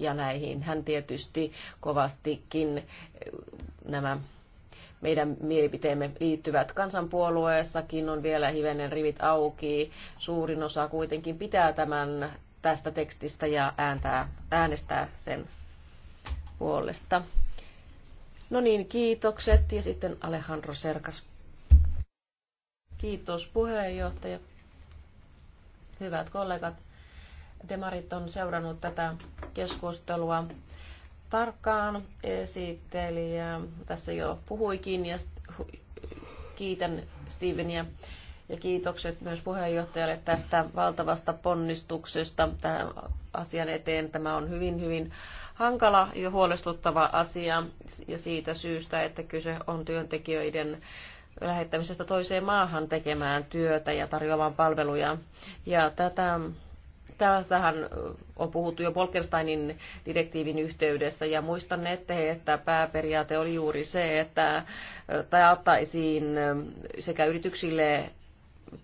ja näihin hän tietysti kovastikin nämä meidän mielipiteemme liittyvät. Kansanpuolueessakin on vielä hivenen rivit auki. Suurin osa kuitenkin pitää tämän tästä tekstistä ja ääntää, äänestää sen puolesta. No niin, kiitokset. Ja sitten Alejandro Serkas. Kiitos puheenjohtaja. Hyvät kollegat, Demarit on seurannut tätä keskustelua tarkkaan. Esittelijä tässä jo puhuikin ja kiitän Steveniä ja kiitokset myös puheenjohtajalle tästä valtavasta ponnistuksesta tähän asian eteen. Tämä on hyvin, hyvin hankala ja huolestuttava asia ja siitä syystä, että kyse on työntekijöiden lähettämisestä toiseen maahan tekemään työtä ja tarjoamaan palveluja. Ja tätä Tässähän on puhuttu jo Bolkesteinin direktiivin yhteydessä ja muistan, että pääperiaate oli juuri se, että taattaisiin sekä yrityksille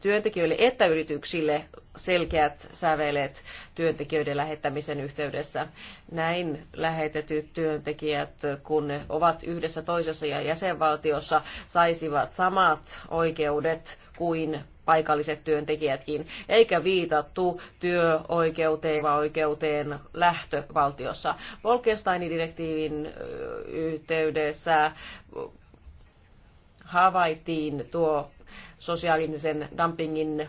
työntekijöille että yrityksille selkeät sävelet työntekijöiden lähettämisen yhteydessä. Näin lähetetyt työntekijät, kun ne ovat yhdessä toisessa ja jäsenvaltiossa, saisivat samat oikeudet kuin paikalliset työntekijätkin, eikä viitattu työoikeuteen vai oikeuteen lähtövaltiossa. Wolkensteinin direktiivin yhteydessä havaittiin tuo sosiaalisen dumpingin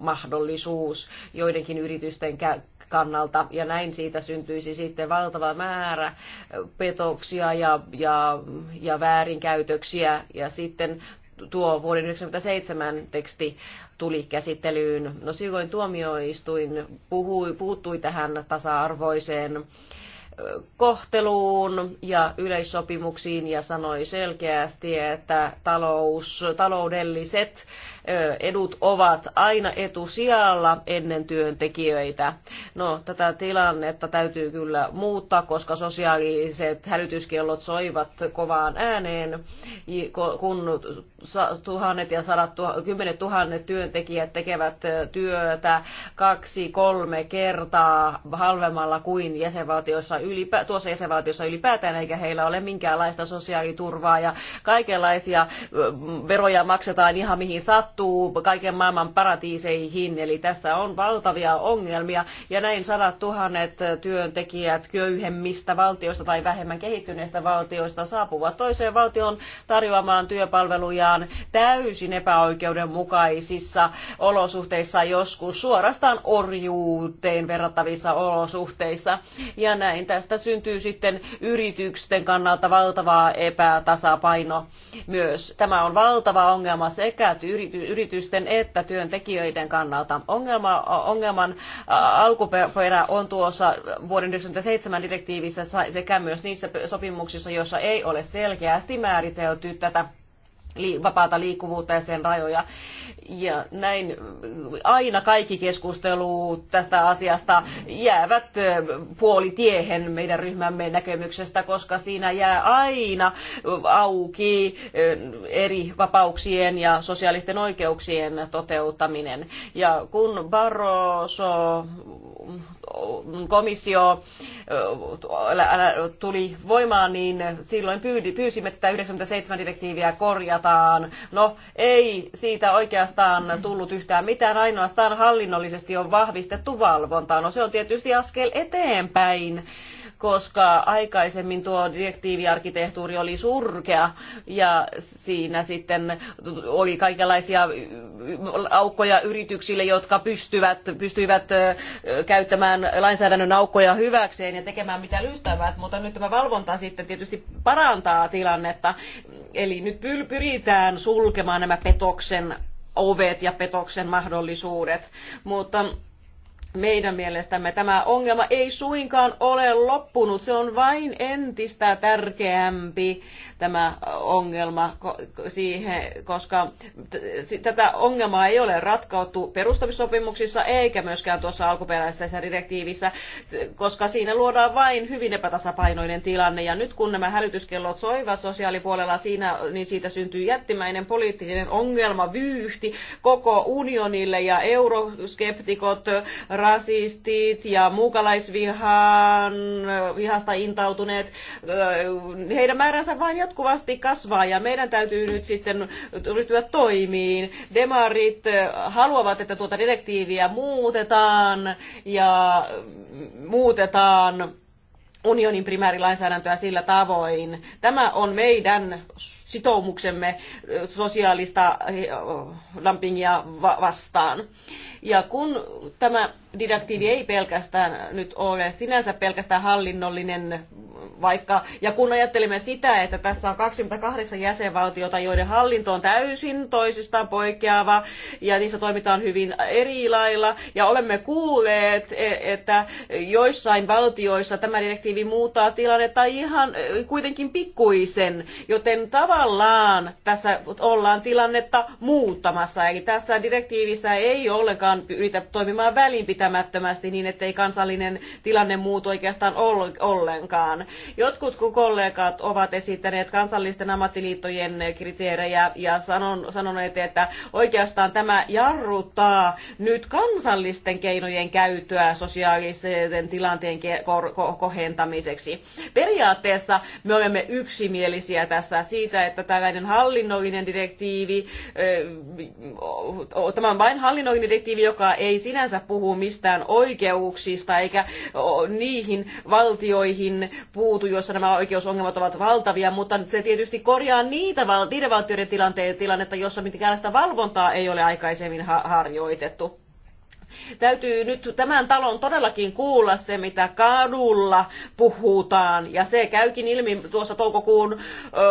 mahdollisuus joidenkin yritysten kannalta, ja näin siitä syntyisi sitten valtava määrä petoksia ja, ja, ja väärinkäytöksiä, ja sitten tuo vuoden 1997 teksti tuli käsittelyyn. No silloin tuomioistuin puhui, puuttui tähän tasa-arvoiseen kohteluun ja yleissopimuksiin ja sanoi selkeästi, että talous, taloudelliset edut ovat aina etusijalla ennen työntekijöitä. No, tätä tilannetta täytyy kyllä muuttaa, koska sosiaaliset hälytyskellot soivat kovaan ääneen, kun tuhannet ja sadat, kymmenet tuhannet työntekijät tekevät työtä kaksi, kolme kertaa halvemmalla kuin jäsenvaltioissa ylipä, tuossa jäsenvaltiossa ylipäätään, eikä heillä ole minkäänlaista sosiaaliturvaa ja kaikenlaisia veroja maksetaan ihan mihin sattuu mahtuu kaiken maailman paratiiseihin, eli tässä on valtavia ongelmia, ja näin sadat tuhannet työntekijät köyhemmistä valtioista tai vähemmän kehittyneistä valtioista saapuvat toiseen valtioon tarjoamaan työpalvelujaan täysin epäoikeudenmukaisissa olosuhteissa, joskus suorastaan orjuuteen verrattavissa olosuhteissa, ja näin tästä syntyy sitten yritysten kannalta valtavaa epätasapaino myös. Tämä on valtava ongelma sekä yritysten että työntekijöiden kannalta. Ongelma, ongelman alkuperä on tuossa vuoden 1997 direktiivissä sekä myös niissä sopimuksissa, joissa ei ole selkeästi määritelty tätä vapaata liikkuvuutta ja sen rajoja. Ja näin aina kaikki keskustelu tästä asiasta jäävät puolitiehen meidän ryhmämme näkemyksestä, koska siinä jää aina auki eri vapauksien ja sosiaalisten oikeuksien toteuttaminen. Ja kun Barroso mm, komissio tuli voimaan, niin silloin pyysimme tätä 97 direktiiviä korjata leikataan. No ei siitä oikeastaan tullut yhtään mitään, ainoastaan hallinnollisesti on vahvistettu valvontaa. No se on tietysti askel eteenpäin koska aikaisemmin tuo direktiiviarkkitehtuuri oli surkea ja siinä sitten oli kaikenlaisia aukkoja yrityksille, jotka pystyvät, pystyivät käyttämään lainsäädännön aukkoja hyväkseen ja tekemään mitä lystävät, mutta nyt tämä valvonta sitten tietysti parantaa tilannetta. Eli nyt pyritään sulkemaan nämä petoksen ovet ja petoksen mahdollisuudet, mutta meidän mielestämme tämä ongelma ei suinkaan ole loppunut, se on vain entistä tärkeämpi tämä ongelma siihen, koska tätä ongelmaa ei ole ratkauttu perustamissopimuksissa eikä myöskään tuossa alkuperäisessä direktiivissä, koska siinä luodaan vain hyvin epätasapainoinen tilanne. Ja nyt kun nämä hälytyskellot soivat sosiaalipuolella, siinä, niin siitä syntyy jättimäinen poliittinen ongelma, vyyhti koko unionille ja euroskeptikot, rasistit ja muukalaisvihan vihasta intautuneet, heidän määränsä vain jatkuvasti kasvaa ja meidän täytyy nyt sitten ryhtyä toimiin. Demarit haluavat, että tuota direktiiviä muutetaan ja mm, muutetaan unionin primäärilainsäädäntöä sillä tavoin. Tämä on meidän sitoumuksemme sosiaalista dumpingia vastaan. Ja kun tämä direktiivi ei pelkästään nyt ole sinänsä pelkästään hallinnollinen vaikka, ja kun ajattelemme sitä, että tässä on 28 jäsenvaltiota, joiden hallinto on täysin toisistaan poikkeava, ja niissä toimitaan hyvin eri lailla, ja olemme kuulleet, e, että joissain valtioissa tämä direktiivi muuttaa tilannetta ihan kuitenkin pikkuisen, joten tavallaan tavallaan tässä ollaan tilannetta muuttamassa. Eli tässä direktiivissä ei ollenkaan yritä toimimaan välinpitämättömästi niin, ettei kansallinen tilanne muutu oikeastaan ollenkaan. Jotkut kollegat ovat esittäneet kansallisten ammattiliittojen kriteerejä ja sanon sanoneet, että oikeastaan tämä jarruttaa nyt kansallisten keinojen käyttöä sosiaalisen tilanteen kohentamiseksi. Periaatteessa me olemme yksimielisiä tässä siitä, että tällainen hallinnollinen direktiivi, tämä on vain hallinnollinen direktiivi, joka ei sinänsä puhu mistään oikeuksista eikä niihin valtioihin puutu, joissa nämä oikeusongelmat ovat valtavia, mutta se tietysti korjaa niitä, niiden valtioiden tilanteita, tilannetta, jossa mitään sitä valvontaa ei ole aikaisemmin harjoitettu Täytyy nyt tämän talon todellakin kuulla se, mitä kadulla puhutaan. Ja se käykin ilmi tuossa toukokuun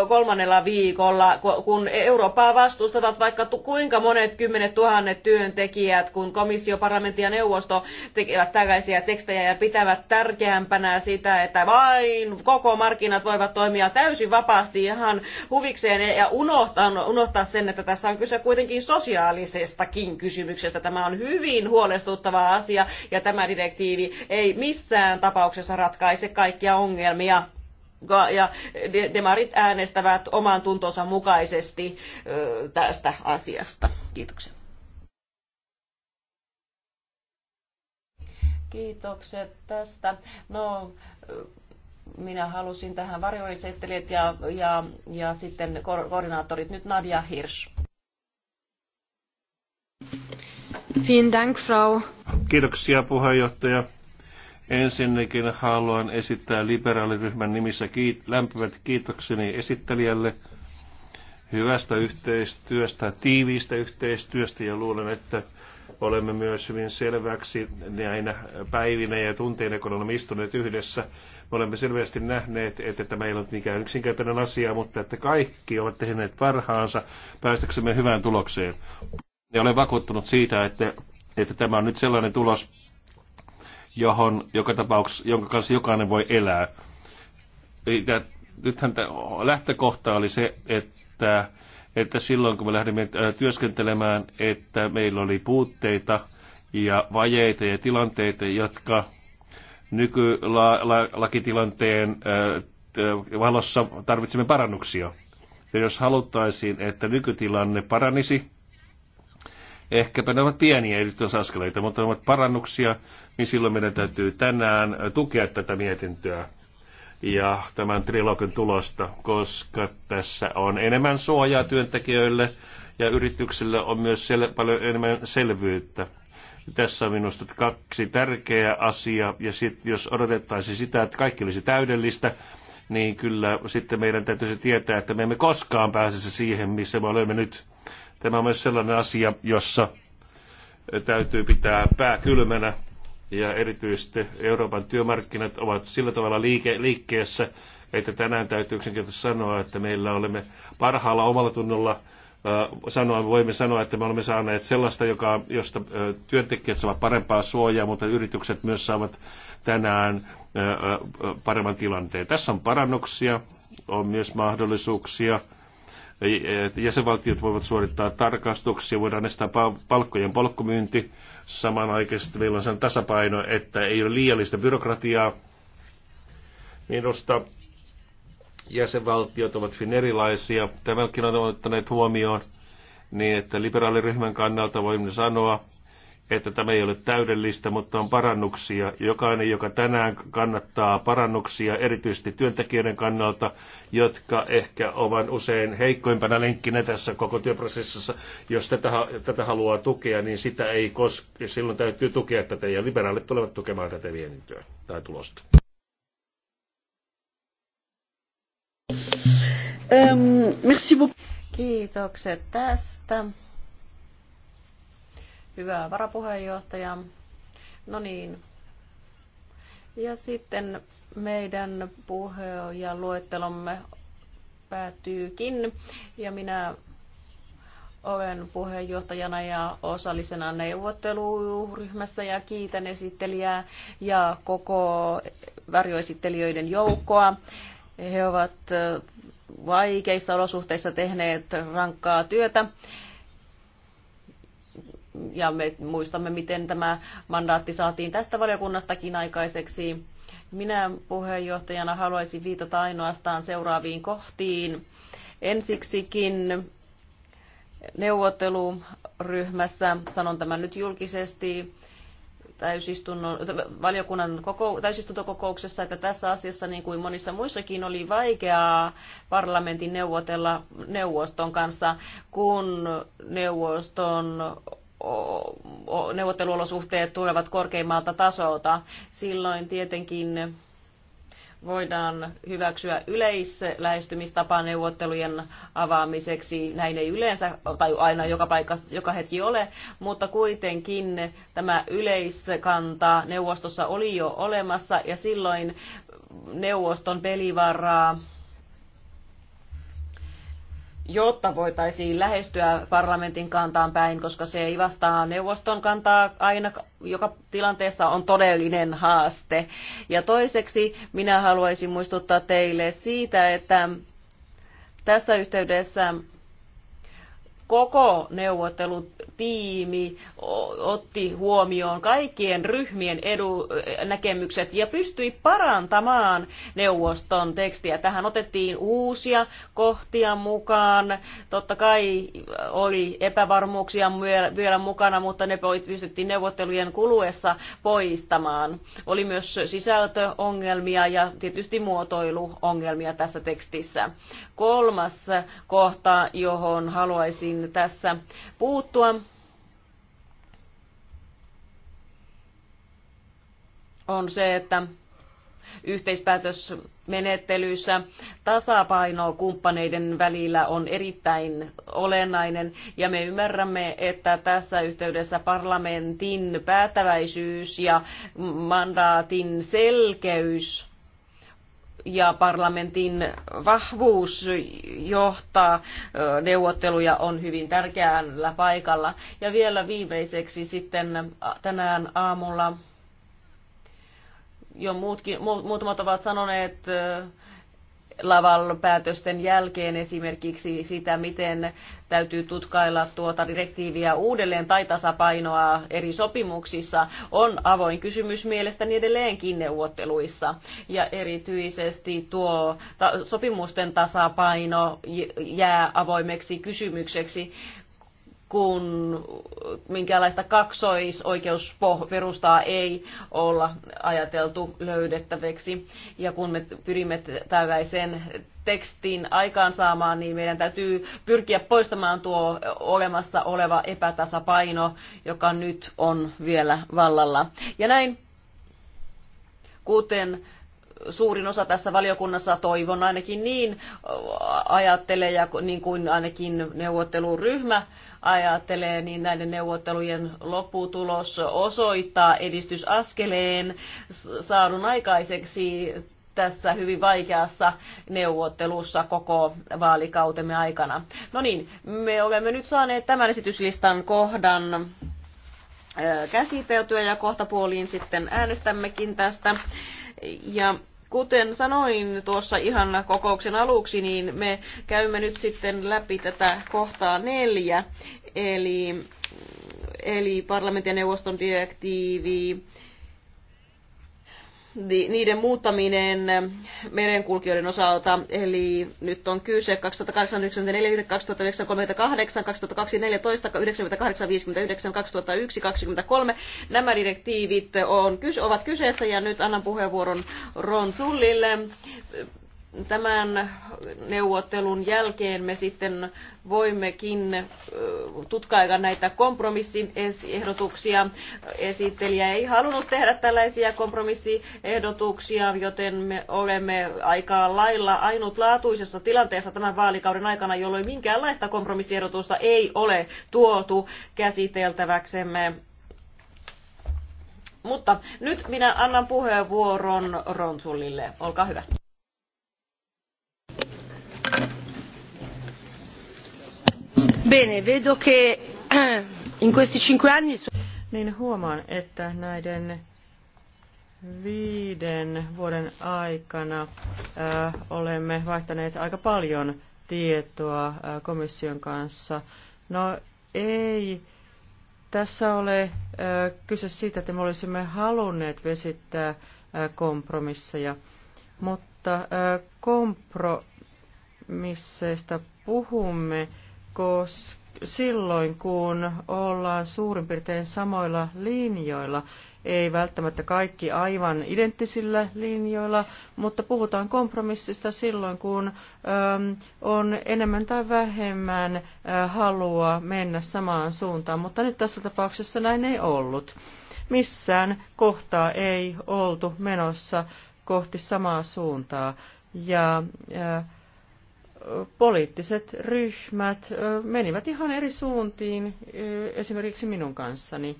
kolmannella viikolla, kun Eurooppaa vastustavat vaikka kuinka monet kymmenet tuhannet työntekijät, kun komissio, parlamentti ja neuvosto tekevät tällaisia tekstejä ja pitävät tärkeämpänä sitä, että vain koko markkinat voivat toimia täysin vapaasti ihan huvikseen ja unohtaa, unohtaa sen, että tässä on kyse kuitenkin sosiaalisestakin kysymyksestä. Tämä on hyvin huono huolestuttava asia ja tämä direktiivi ei missään tapauksessa ratkaise kaikkia ongelmia ja demarit äänestävät oman tuntonsa mukaisesti tästä asiasta. Kiitoksia. Kiitokset tästä. No, minä halusin tähän varjoisettelijät ja, ja, ja sitten koordinaattorit. Nyt Nadia Hirsch. Vielen Dank, Kiitoksia puheenjohtaja. Ensinnäkin haluan esittää liberaaliryhmän nimissä kiit- lämpimät kiitokseni esittelijälle hyvästä yhteistyöstä, tiiviistä yhteistyöstä ja luulen, että olemme myös hyvin selväksi näinä päivinä ja tunteina, kun olemme istuneet yhdessä. Me olemme selvästi nähneet, että tämä ei ole mikään yksinkertainen asia, mutta että kaikki ovat tehneet parhaansa päästäksemme hyvään tulokseen. Ja olen vakuuttunut siitä, että, että tämä on nyt sellainen tulos, johon joka tapauksessa, jonka kanssa jokainen voi elää. Nythän lähtökohta oli se, että, että silloin kun me lähdimme äh, työskentelemään, että meillä oli puutteita ja vajeita ja tilanteita, jotka nykylakitilanteen äh, valossa tarvitsemme parannuksia. Ja jos haluttaisiin, että nykytilanne paranisi, Ehkäpä ne ovat pieniä edistysaskeleita, mutta ne ovat parannuksia, niin silloin meidän täytyy tänään tukea tätä mietintöä ja tämän trilogin tulosta, koska tässä on enemmän suojaa työntekijöille ja yrityksille on myös sel- paljon enemmän selvyyttä. Tässä on minusta kaksi tärkeää asiaa ja sit, jos odotettaisiin sitä, että kaikki olisi täydellistä, niin kyllä sitten meidän täytyisi tietää, että me emme koskaan pääsisi siihen, missä me olemme nyt Tämä on myös sellainen asia, jossa täytyy pitää pää kylmänä ja erityisesti Euroopan työmarkkinat ovat sillä tavalla liike, liikkeessä, että tänään täytyy yksinkertaisesti sanoa, että meillä olemme parhaalla omalla tunnolla äh, sanoa, voimme sanoa, että me olemme saaneet sellaista, joka, josta äh, työntekijät saavat parempaa suojaa, mutta yritykset myös saavat tänään äh, paremman tilanteen. Tässä on parannuksia, on myös mahdollisuuksia jäsenvaltiot voivat suorittaa tarkastuksia, voidaan estää palkkojen palkkomyynti Samanaikaisesti meillä on sen tasapaino, että ei ole liiallista byrokratiaa. Minusta jäsenvaltiot ovat hyvin erilaisia. Tämäkin on ottaneet huomioon niin, että liberaaliryhmän kannalta voimme sanoa, että tämä ei ole täydellistä, mutta on parannuksia. Jokainen, joka tänään kannattaa parannuksia, erityisesti työntekijöiden kannalta, jotka ehkä ovat usein heikkoimpana lenkkinä tässä koko työprosessissa, jos tätä, tätä haluaa tukea, niin sitä ei koske. Silloin täytyy tukea tätä, ja liberaalit tulevat tukemaan tätä vienintöä tai tulosta. Ähm, Kiitokset tästä. Hyvää varapuheenjohtaja. No niin. Ja sitten meidän ja luettelomme päätyykin. Ja minä olen puheenjohtajana ja osallisena neuvotteluryhmässä ja kiitän esittelijää ja koko varjoesittelijöiden joukkoa. He ovat vaikeissa olosuhteissa tehneet rankkaa työtä ja me muistamme, miten tämä mandaatti saatiin tästä valiokunnastakin aikaiseksi. Minä puheenjohtajana haluaisin viitata ainoastaan seuraaviin kohtiin. Ensiksikin neuvotteluryhmässä, sanon tämän nyt julkisesti, täysistunnon, valiokunnan koko, täysistuntokokouksessa, että tässä asiassa niin kuin monissa muissakin oli vaikeaa parlamentin neuvotella neuvoston kanssa, kun neuvoston neuvotteluolosuhteet tulevat korkeimmalta tasolta. Silloin tietenkin voidaan hyväksyä yleislähestymistapa neuvottelujen avaamiseksi. Näin ei yleensä tai aina joka, paikka, joka hetki ole, mutta kuitenkin tämä yleiskanta neuvostossa oli jo olemassa ja silloin neuvoston pelivaraa jotta voitaisiin lähestyä parlamentin kantaan päin, koska se ei vastaa neuvoston kantaa aina, joka tilanteessa on todellinen haaste. Ja toiseksi minä haluaisin muistuttaa teille siitä, että tässä yhteydessä koko neuvottelutiimi otti huomioon kaikkien ryhmien edu, näkemykset ja pystyi parantamaan neuvoston tekstiä. Tähän otettiin uusia kohtia mukaan. Totta kai oli epävarmuuksia vielä mukana, mutta ne pystyttiin neuvottelujen kuluessa poistamaan. Oli myös sisältöongelmia ja tietysti muotoiluongelmia tässä tekstissä. Kolmas kohta, johon haluaisin haluaisin tässä puuttua. on se, että yhteispäätösmenettelyissä tasapaino kumppaneiden välillä on erittäin olennainen ja me ymmärrämme, että tässä yhteydessä parlamentin päättäväisyys ja mandaatin selkeys ja parlamentin vahvuus johtaa neuvotteluja on hyvin tärkeällä paikalla. Ja vielä viimeiseksi sitten tänään aamulla jo muutkin, muutamat ovat sanoneet laval päätösten jälkeen esimerkiksi sitä, miten täytyy tutkailla tuota direktiiviä uudelleen tai tasapainoa eri sopimuksissa, on avoin kysymys mielestäni edelleenkin neuvotteluissa. Ja erityisesti tuo sopimusten tasapaino jää avoimeksi kysymykseksi, kun minkäänlaista kaksoisoikeusperustaa ei olla ajateltu löydettäväksi. Ja kun me pyrimme tällaiseen tekstin aikaansaamaan, niin meidän täytyy pyrkiä poistamaan tuo olemassa oleva epätasapaino, joka nyt on vielä vallalla. Ja näin, kuten suurin osa tässä valiokunnassa toivon ainakin niin ajattelee ja niin kuin ainakin neuvotteluryhmä ajattelee, niin näiden neuvottelujen lopputulos osoittaa edistysaskeleen saadun aikaiseksi tässä hyvin vaikeassa neuvottelussa koko vaalikautemme aikana. No niin, me olemme nyt saaneet tämän esityslistan kohdan käsiteltyä ja kohtapuoliin sitten äänestämmekin tästä. Ja kuten sanoin tuossa ihan kokouksen aluksi, niin me käymme nyt sitten läpi tätä kohtaa neljä, eli, eli parlamentin ja neuvoston direktiivi niiden muuttaminen merenkulkijoiden osalta, eli nyt on kyse 2008, 94, 2014 38, 98, 59, 2001, 23. Nämä direktiivit on, ovat kyseessä ja nyt annan puheenvuoron Ron Sullille tämän neuvottelun jälkeen me sitten voimmekin tutkailla näitä kompromissin ehdotuksia. Esittelijä ei halunnut tehdä tällaisia kompromissiehdotuksia, joten me olemme aika lailla ainutlaatuisessa tilanteessa tämän vaalikauden aikana, jolloin minkäänlaista kompromissiehdotusta ei ole tuotu käsiteltäväksemme. Mutta nyt minä annan puheenvuoron Ronsullille. Olkaa hyvä. <clears throat> Niin huomaan, että näiden viiden vuoden aikana äh, olemme vaihtaneet aika paljon tietoa äh, komission kanssa. No ei tässä ole äh, kyse siitä, että me olisimme halunneet vesittää äh, kompromisseja, mutta äh, kompromisseista puhumme äh, koska silloin, kun ollaan suurin piirtein samoilla linjoilla, ei välttämättä kaikki aivan identtisillä linjoilla, mutta puhutaan kompromissista silloin, kun ähm, on enemmän tai vähemmän äh, halua mennä samaan suuntaan, mutta nyt tässä tapauksessa näin ei ollut. Missään kohtaa ei oltu menossa kohti samaa suuntaa. Ja, äh, poliittiset ryhmät menivät ihan eri suuntiin esimerkiksi minun kanssani.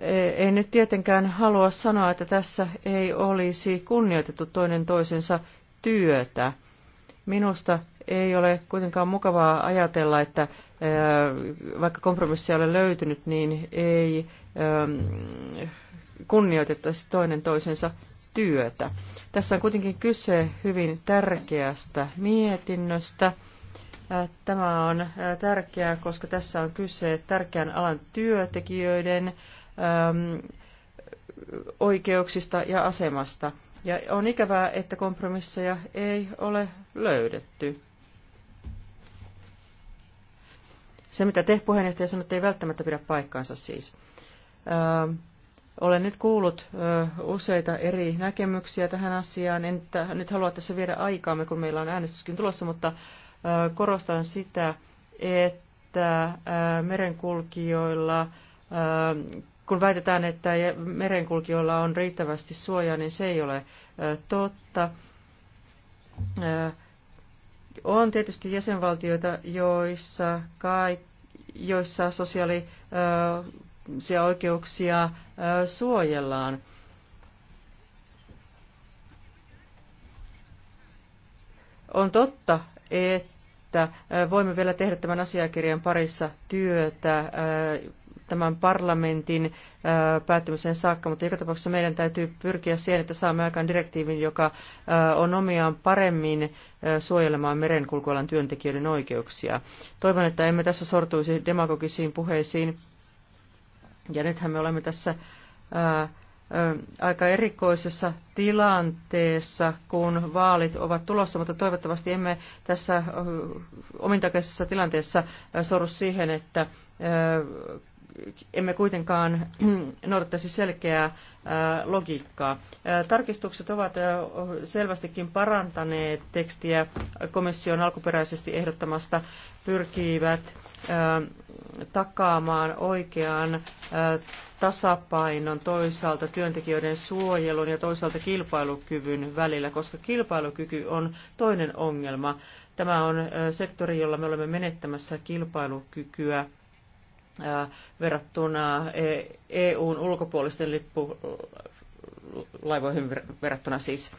E, en nyt tietenkään halua sanoa, että tässä ei olisi kunnioitettu toinen toisensa työtä. Minusta ei ole kuitenkaan mukavaa ajatella, että vaikka kompromissia ei ole löytynyt, niin ei kunnioitettaisi toinen toisensa työtä. Tässä on kuitenkin kyse hyvin tärkeästä mietinnöstä. Tämä on tärkeää, koska tässä on kyse tärkeän alan työntekijöiden oikeuksista ja asemasta. Ja on ikävää, että kompromisseja ei ole löydetty. Se, mitä te puheenjohtaja sanotte, ei välttämättä pidä paikkaansa siis. Olen nyt kuullut useita eri näkemyksiä tähän asiaan. En nyt halua tässä viedä aikaamme, kun meillä on äänestyskin tulossa, mutta korostan sitä, että merenkulkijoilla, kun väitetään, että merenkulkijoilla on riittävästi suojaa, niin se ei ole totta. On tietysti jäsenvaltioita, joissa, kaik, joissa sosiaali se oikeuksia suojellaan. On totta, että voimme vielä tehdä tämän asiakirjan parissa työtä tämän parlamentin päättymiseen saakka, mutta joka tapauksessa meidän täytyy pyrkiä siihen, että saamme aikaan direktiivin, joka on omiaan paremmin suojelemaan merenkulkualan työntekijöiden oikeuksia. Toivon, että emme tässä sortuisi demagogisiin puheisiin ja nythän me olemme tässä ää, aika erikoisessa tilanteessa, kun vaalit ovat tulossa, mutta toivottavasti emme tässä omintakeisessa tilanteessa sorru siihen, että emme kuitenkaan <clears throat> noudattaisi selkeää logiikkaa. Tarkistukset ovat selvästikin parantaneet tekstiä komission alkuperäisesti ehdottamasta pyrkivät takaamaan oikean tasapainon toisaalta työntekijöiden suojelun ja toisaalta kilpailukyvyn välillä, koska kilpailukyky on toinen ongelma. Tämä on sektori, jolla me olemme menettämässä kilpailukykyä verrattuna e, EUn ulkopuolisten lippulaivoihin verrattuna siis.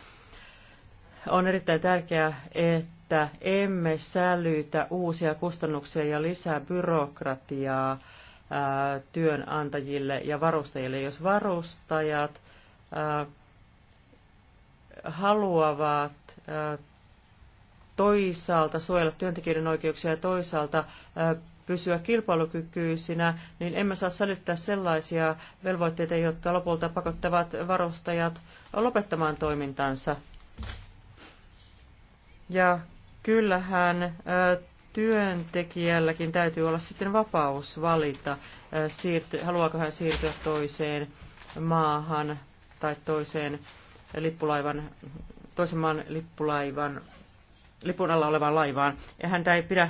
On erittäin tärkeää, että että emme sälytä uusia kustannuksia ja lisää byrokratiaa työnantajille ja varustajille. Jos varustajat haluavat toisaalta suojella työntekijöiden oikeuksia ja toisaalta pysyä kilpailukykyisinä, niin emme saa sälyttää sellaisia velvoitteita, jotka lopulta pakottavat varustajat lopettamaan toimintansa. Ja kyllähän työntekijälläkin täytyy olla sitten vapaus valita, haluaako hän siirtyä toiseen maahan tai toiseen lippulaivan, toisen maan lippulaivan, lipun alla olevaan laivaan. Ja häntä ei pidä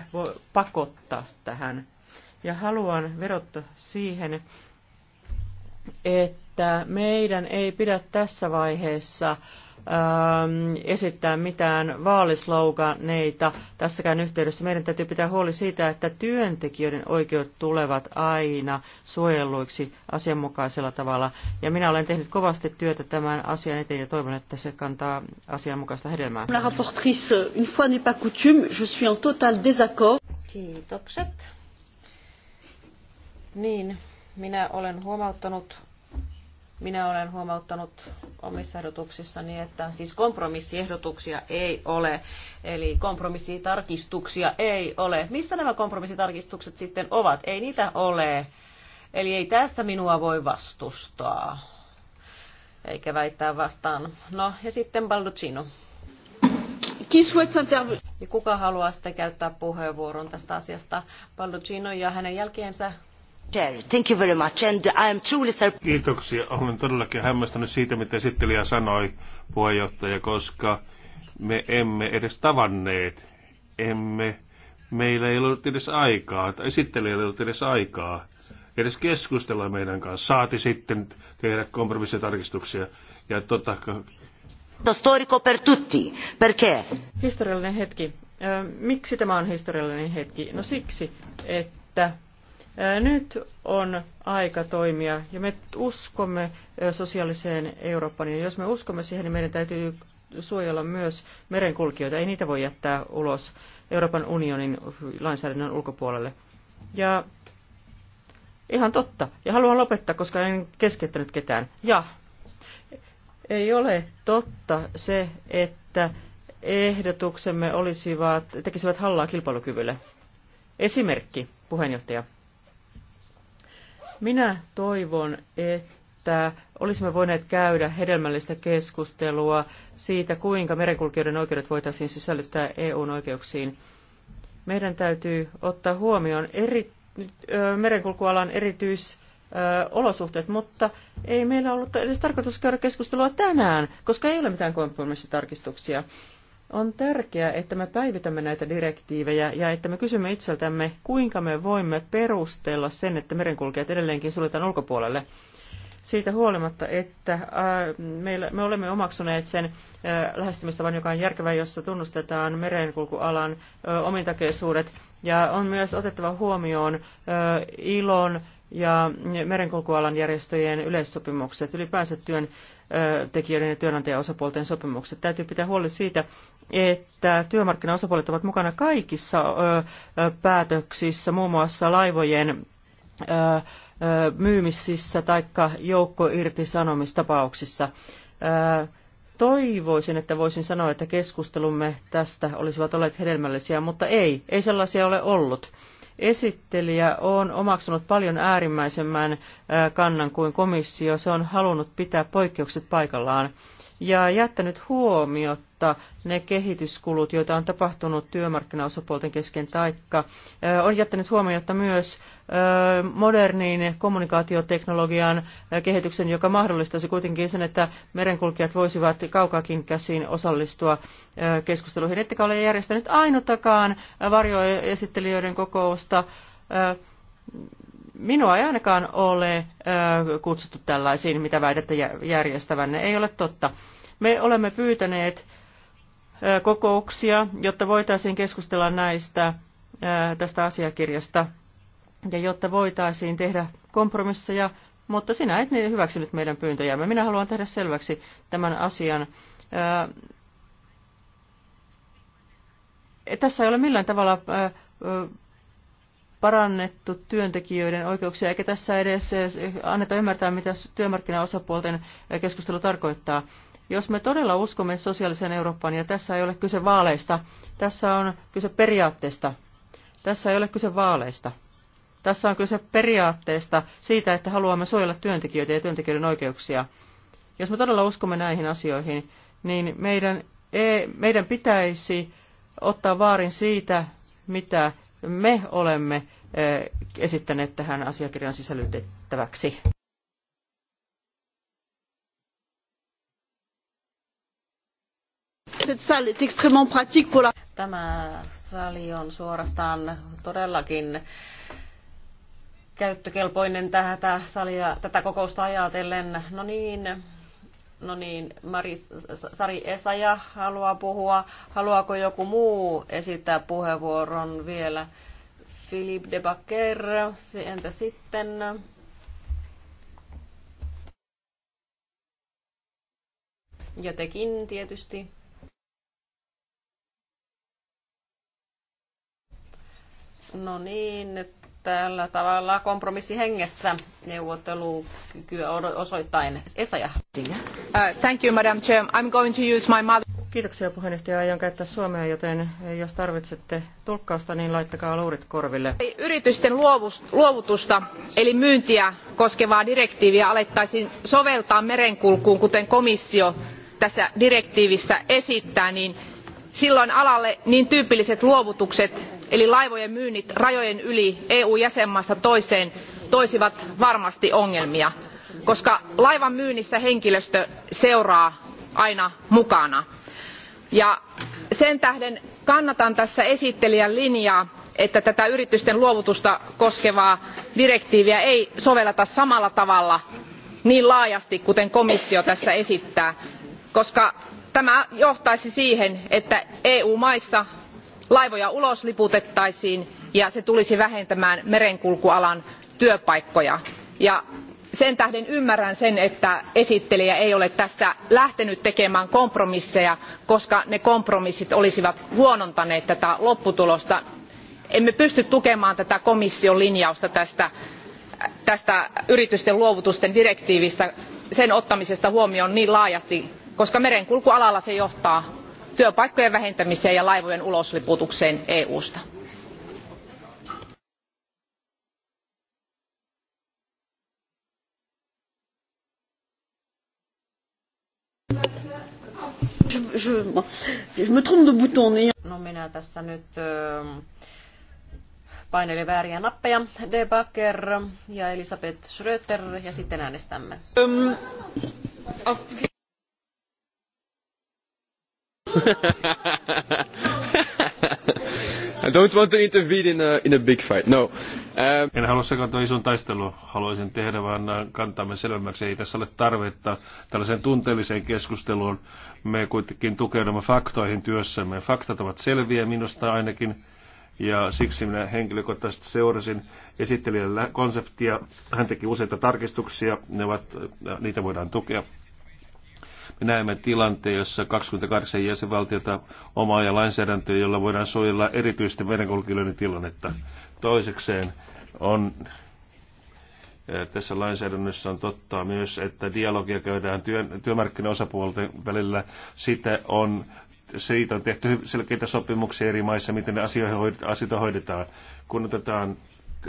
pakottaa tähän. Ja haluan verottaa siihen, että meidän ei pidä tässä vaiheessa Ähm, esittää mitään vaalisloganeita tässäkään yhteydessä. Meidän täytyy pitää huoli siitä, että työntekijöiden oikeudet tulevat aina suojelluiksi asianmukaisella tavalla. Ja minä olen tehnyt kovasti työtä tämän asian eteen ja toivon, että se kantaa asianmukaista hedelmää. La rapportrice, une fois n'est pas coutume, je suis en total désaccord. Kiitokset. Niin, minä olen huomauttanut minä olen huomauttanut omissa ehdotuksissani, että siis kompromissiehdotuksia ei ole, eli kompromissitarkistuksia ei ole. Missä nämä kompromissitarkistukset sitten ovat? Ei niitä ole. Eli ei tässä minua voi vastustaa, eikä väittää vastaan. No ja sitten Balducino. Kuka haluaa sitten käyttää puheenvuoron tästä asiasta? Balducino ja hänen jälkeensä Kiitoksia. Olen todellakin hämmästynyt siitä, mitä esittelijä sanoi puheenjohtaja, koska me emme edes tavanneet. Emme, meillä ei ollut edes aikaa, tai esittelijällä ei ollut edes aikaa edes keskustella meidän kanssa. Saati sitten tehdä kompromissitarkistuksia. Ja tota, storico per tutti. Perché? Historiallinen hetki. Miksi tämä on historiallinen hetki? No siksi, että nyt on aika toimia ja me uskomme sosiaaliseen Eurooppaan ja jos me uskomme siihen, niin meidän täytyy suojella myös merenkulkijoita. Ei niitä voi jättää ulos Euroopan unionin lainsäädännön ulkopuolelle. Ja ihan totta. Ja haluan lopettaa, koska en keskeyttänyt ketään. Ja ei ole totta se, että ehdotuksemme olisivat, tekisivät hallaa kilpailukyvylle. Esimerkki, puheenjohtaja. Minä toivon, että olisimme voineet käydä hedelmällistä keskustelua siitä, kuinka merenkulkijoiden oikeudet voitaisiin sisällyttää EUn oikeuksiin. Meidän täytyy ottaa huomioon eri, merenkulkualan erityis olosuhteet, mutta ei meillä ollut edes tarkoitus käydä keskustelua tänään, koska ei ole mitään kompromissitarkistuksia. On tärkeää, että me päivitämme näitä direktiivejä ja että me kysymme itseltämme, kuinka me voimme perustella sen, että merenkulkijat edelleenkin suljetaan ulkopuolelle. Siitä huolimatta, että äh, meillä, me olemme omaksuneet sen äh, lähestymistavan, joka on järkevä, jossa tunnustetaan merenkulkualan omintakeisuudet. Ja on myös otettava huomioon ilon ja merenkulkualan järjestöjen yleissopimukset, ylipäänsä työntekijöiden ja työnantajaosapuolten sopimukset. Täytyy pitää huoli siitä, että työmarkkinaosapuolet ovat mukana kaikissa päätöksissä, muun muassa laivojen myymisissä tai joukkoirtisanomistapauksissa. Toivoisin, että voisin sanoa, että keskustelumme tästä olisivat olleet hedelmällisiä, mutta ei, ei sellaisia ole ollut. Esittelijä on omaksunut paljon äärimmäisemmän kannan kuin komissio. Se on halunnut pitää poikkeukset paikallaan ja jättänyt huomiotta ne kehityskulut, joita on tapahtunut työmarkkinaosapuolten kesken, taikka on jättänyt huomiotta myös moderniin kommunikaatioteknologian kehityksen, joka mahdollistaisi kuitenkin sen, että merenkulkijat voisivat kaukakin käsiin osallistua keskusteluihin. Ettekä ole järjestänyt ainutakaan varjoesittelijöiden kokousta Minua ei ainakaan ole kutsuttu tällaisiin, mitä väitätte järjestävänne. Ei ole totta. Me olemme pyytäneet kokouksia, jotta voitaisiin keskustella näistä tästä asiakirjasta ja jotta voitaisiin tehdä kompromisseja, mutta sinä et niin hyväksynyt meidän pyyntöjämme. Minä haluan tehdä selväksi tämän asian. Tässä ei ole millään tavalla parannettu työntekijöiden oikeuksia, eikä tässä edes anneta ymmärtää, mitä työmarkkinaosapuolten keskustelu tarkoittaa. Jos me todella uskomme sosiaaliseen Eurooppaan, ja tässä ei ole kyse vaaleista, tässä on kyse periaatteesta. Tässä ei ole kyse vaaleista. Tässä on kyse periaatteesta siitä, että haluamme suojella työntekijöitä ja työntekijöiden oikeuksia. Jos me todella uskomme näihin asioihin, niin meidän, e, meidän pitäisi ottaa vaarin siitä, mitä me olemme esittäneet tähän asiakirjan sisällytettäväksi. Tämä sali on suorastaan todellakin käyttökelpoinen tätä, salia, tätä kokousta ajatellen. No niin, No niin, Mari, Sari Esaja haluaa puhua. Haluaako joku muu esittää puheenvuoron vielä? Philippe de Bacquer, entä sitten? Ja tekin tietysti. No niin, tällä tavalla kompromissihengessä neuvottelukykyä osoittain. Esaja. Uh, thank you, Madam Chair. I'm going to use my mother... Kiitoksia puheenjohtaja. Aion käyttää suomea, joten jos tarvitsette tulkkausta, niin laittakaa luurit korville. Yritysten luovutusta eli myyntiä koskevaa direktiiviä alettaisiin soveltaa merenkulkuun, kuten komissio tässä direktiivissä esittää, niin silloin alalle niin tyypilliset luovutukset eli laivojen myynnit rajojen yli eu jäsenmaasta toiseen toisivat varmasti ongelmia koska laivan myynnissä henkilöstö seuraa aina mukana. Ja sen tähden kannatan tässä esittelijän linjaa että tätä yritysten luovutusta koskevaa direktiiviä ei sovelleta samalla tavalla niin laajasti kuten komissio tässä esittää koska tämä johtaisi siihen että eu maissa laivoja ulosliputettaisiin ja se tulisi vähentämään merenkulkualan työpaikkoja. Ja sen tähden ymmärrän sen että esittelijä ei ole tässä lähtenyt tekemään kompromisseja koska ne kompromissit olisivat huonontaneet tätä lopputulosta. emme pysty tukemaan tätä komission linjausta tästä, tästä yritysten luovutusten direktiivistä sen ottamisesta huomioon niin laajasti koska merenkulkualalla se johtaa työpaikkojen vähentämiseen ja laivojen ulosliputukseen eu sta. No minä tässä nyt paineli vääriä nappeja. De Backer ja Elisabeth Schröter ja sitten äänestämme. Um, I don't want to intervene in a, in a big fight, no. Um, en halua sekaantua ison taistelua, haluaisin tehdä vaan äh, kantamme selvemmäksi. Ei tässä ole tarvetta tällaiseen tunteelliseen keskusteluun. Me kuitenkin tukeudumme faktoihin työssämme. Faktat ovat selviä minusta ainakin ja siksi minä henkilökohtaisesti seurasin esittelijän konseptia. Hän teki useita tarkistuksia, ne ovat, äh, niitä voidaan tukea. Me näemme tilanteen, jossa 28 jäsenvaltiota omaa ja lainsäädäntöä, jolla voidaan suojella erityisesti merenkulkijoiden tilannetta. Toisekseen on eh, tässä lainsäädännössä on totta myös, että dialogia käydään työ, työmarkkinaosapuolten välillä. Sitä on, siitä on tehty selkeitä sopimuksia eri maissa, miten asioita hoidetaan. Kun otetaan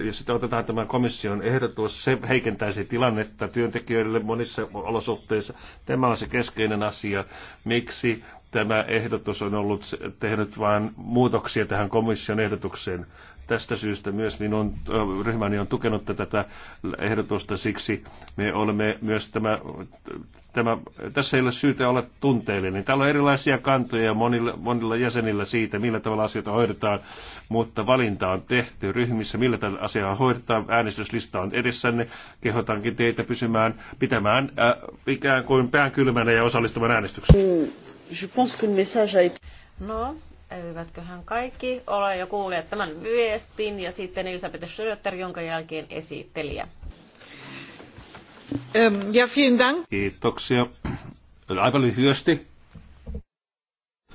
jos sitten otetaan tämä komission ehdotus, se heikentäisi tilannetta työntekijöille monissa olosuhteissa. Tämä on se keskeinen asia, miksi tämä ehdotus on ollut tehnyt vain muutoksia tähän komission ehdotukseen. Tästä syystä myös minun ryhmäni on tukenut tätä ehdotusta, siksi me olemme myös tämä, tämä tässä ei ole syytä olla tunteellinen. Täällä on erilaisia kantoja monilla, monilla jäsenillä siitä, millä tavalla asioita hoidetaan, mutta valinta on tehty ryhmissä, millä tällä asiaa hoidetaan. Äänestyslista on edessänne. Kehotankin teitä pysymään, pitämään äh, ikään kuin pään kylmänä ja osallistumaan äänestykseen. Hmm, no, Eivätköhän kaikki ole jo kuulleet tämän viestin ja sitten Elisabeth Schröter, jonka jälkeen esittelijä. Ähm, ja Finland. Kiitoksia. Aivan lyhyesti.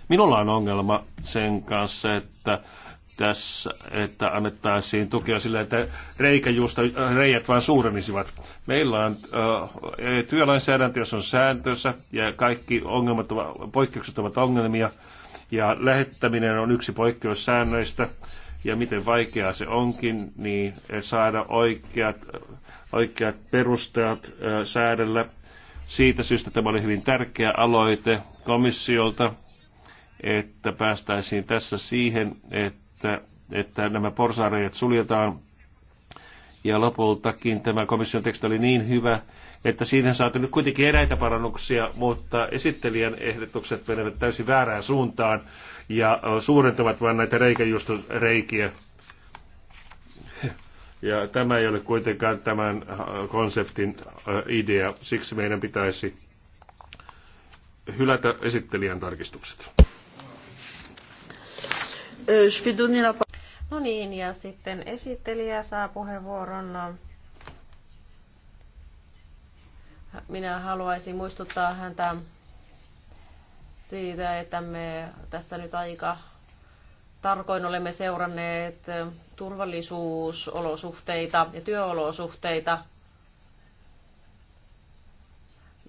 Minulla on ongelma sen kanssa, että tässä, että annettaisiin tukea sillä, että reikäjuusta reijät vain suurenisivat. Meillä on äh, työlainsäädäntö, jos on sääntössä ja kaikki ongelmat, poikkeukset ovat ongelmia. Ja lähettäminen on yksi poikkeussäännöistä, ja miten vaikeaa se onkin, niin eh, saada oikeat, eh, oikeat perusteet eh, säädellä. Siitä syystä tämä oli hyvin tärkeä aloite komissiolta, että päästäisiin tässä siihen, että, että nämä porsareet suljetaan. Ja lopultakin tämä komission teksti oli niin hyvä, että siinä on saatu nyt kuitenkin eräitä parannuksia, mutta esittelijän ehdotukset menevät täysin väärään suuntaan ja suurentavat vain näitä reikäjustusreikiä. <laughs> Ja tämä ei ole kuitenkaan tämän konseptin idea, siksi meidän pitäisi hylätä esittelijän tarkistukset. No niin, ja sitten esittelijä saa puheenvuoron minä haluaisin muistuttaa häntä siitä, että me tässä nyt aika tarkoin olemme seuranneet turvallisuusolosuhteita ja työolosuhteita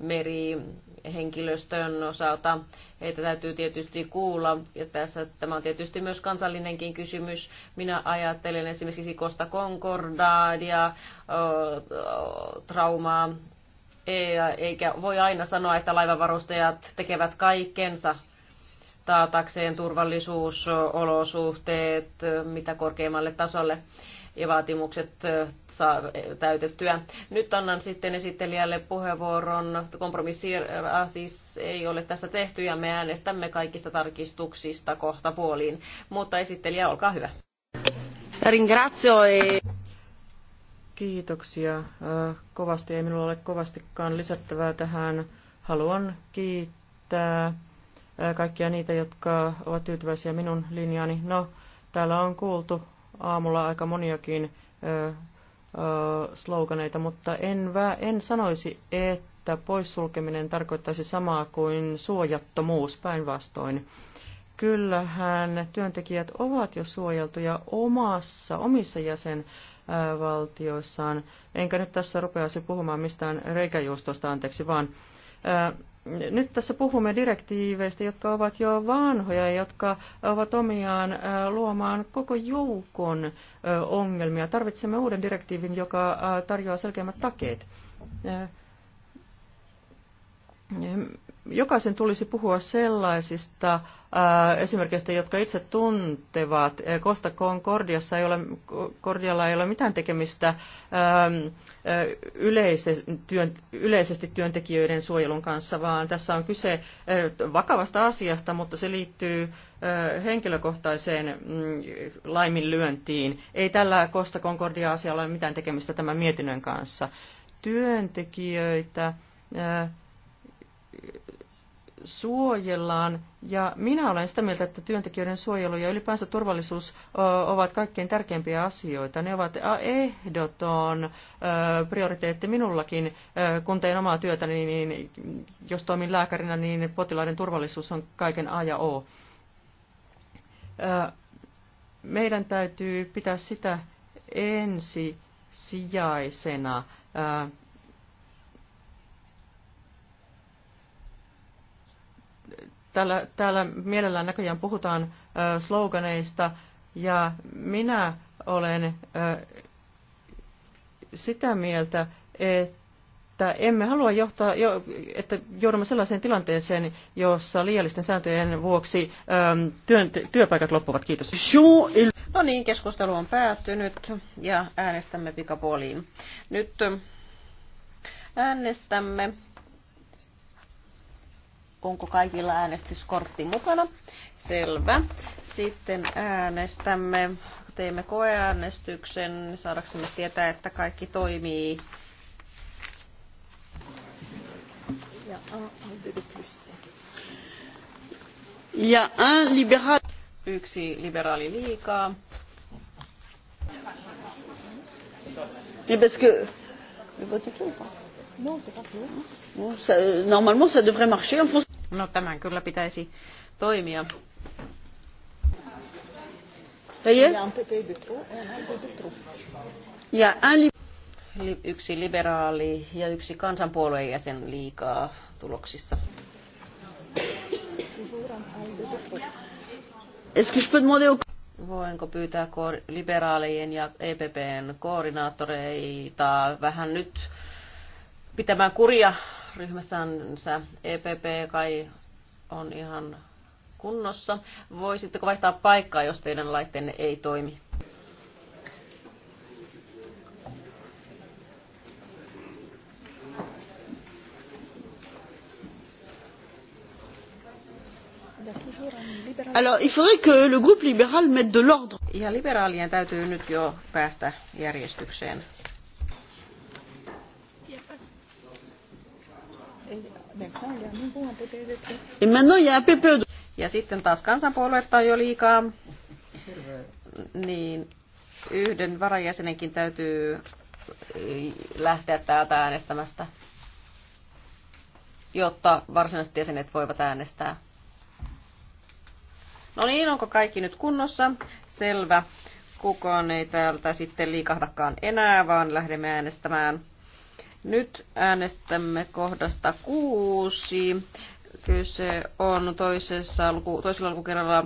merihenkilöstön osalta. Heitä täytyy tietysti kuulla, ja tässä tämä on tietysti myös kansallinenkin kysymys. Minä ajattelen esimerkiksi kosta Concordaa ja traumaa eikä voi aina sanoa, että laivavarustajat tekevät kaikkensa taatakseen turvallisuusolosuhteet mitä korkeimmalle tasolle ja vaatimukset saa täytettyä. Nyt annan sitten esittelijälle puheenvuoron. Kompromissi siis ei ole tässä tehty ja me äänestämme kaikista tarkistuksista kohta puoliin. Mutta esittelijä, olkaa hyvä. Ringrazio e... Kiitoksia kovasti. Ei minulla ole kovastikaan lisättävää tähän. Haluan kiittää kaikkia niitä, jotka ovat tyytyväisiä minun linjaani. No, täällä on kuultu aamulla aika moniakin sloganeita, mutta en, vä, en sanoisi, että poissulkeminen tarkoittaisi samaa kuin suojattomuus päinvastoin. Kyllähän työntekijät ovat jo suojeltuja omassa, omissa jäsen valtioissaan. Enkä nyt tässä rupeaisi puhumaan mistään reikäjuustosta, anteeksi, vaan nyt tässä puhumme direktiiveistä, jotka ovat jo vanhoja, jotka ovat omiaan luomaan koko joukon ongelmia. Tarvitsemme uuden direktiivin, joka tarjoaa selkeämmät takeet jokaisen tulisi puhua sellaisista äh, esimerkkeistä, jotka itse tuntevat. Kosta äh, Concordiassa ei ole, Cordialla ei ole mitään tekemistä ähm, äh, yleise, työn, yleisesti työntekijöiden suojelun kanssa, vaan tässä on kyse vakavasta asiasta, mutta se liittyy henkilökohtaiseen mm, laiminlyöntiin. Ei tällä Kosta Concordia-asialla ole mitään tekemistä tämän mietinnön kanssa. Työntekijöitä suojellaan. Ja minä olen sitä mieltä, että työntekijöiden suojelu ja ylipäänsä turvallisuus ovat kaikkein tärkeimpiä asioita. Ne ovat ehdoton prioriteetti minullakin. Kun teen omaa työtäni, niin, niin jos toimin lääkärinä, niin potilaiden turvallisuus on kaiken A ja O. Meidän täytyy pitää sitä ensisijaisena Täällä, täällä mielellään näköjään puhutaan ö, sloganeista ja minä olen ö, sitä mieltä, että emme halua johtaa, jo, että joudumme sellaiseen tilanteeseen, jossa liiallisten sääntöjen vuoksi ö, työn, työpaikat loppuvat. Kiitos. No niin, keskustelu on päättynyt ja äänestämme pikapuoliin. Nyt äänestämme Onko kaikilla äänestyskortti mukana? Selvä. Sitten äänestämme, teemme koeäänestyksen niin saadaksemme tietää, että kaikki toimii. Ja, ja un Yksi liberaali liikaa. Et parce que le vote est clos ou Non, c'est pas clos. Bon, ça, euh, normalement, ça devrait marcher en fonction. No tämän kyllä pitäisi toimia. Ja yksi liberaali ja yksi kansanpuolueen jäsen liikaa tuloksissa. Voinko pyytää liberaalien ja EPPn koordinaattoreita vähän nyt pitämään kuria ryhmässänsä EPP kai on ihan kunnossa. Voisitteko vaihtaa paikkaa, jos teidän laitteenne ei toimi? Alors, il faudrait que le groupe libéral mette de l'ordre. Ja liberaalien täytyy nyt jo päästä järjestykseen. Ja sitten taas kansanpuoluetta on jo liikaa. Niin yhden varajäsenenkin täytyy eh, lähteä täältä äänestämästä, jotta varsinaiset jäsenet voivat äänestää. No niin, onko kaikki nyt kunnossa? Selvä. Kukaan ei täältä sitten liikahdakaan enää, vaan lähdemme äänestämään. Nyt äänestämme kohdasta kuusi. Kyse on toisessa luku, toisella lukukerralla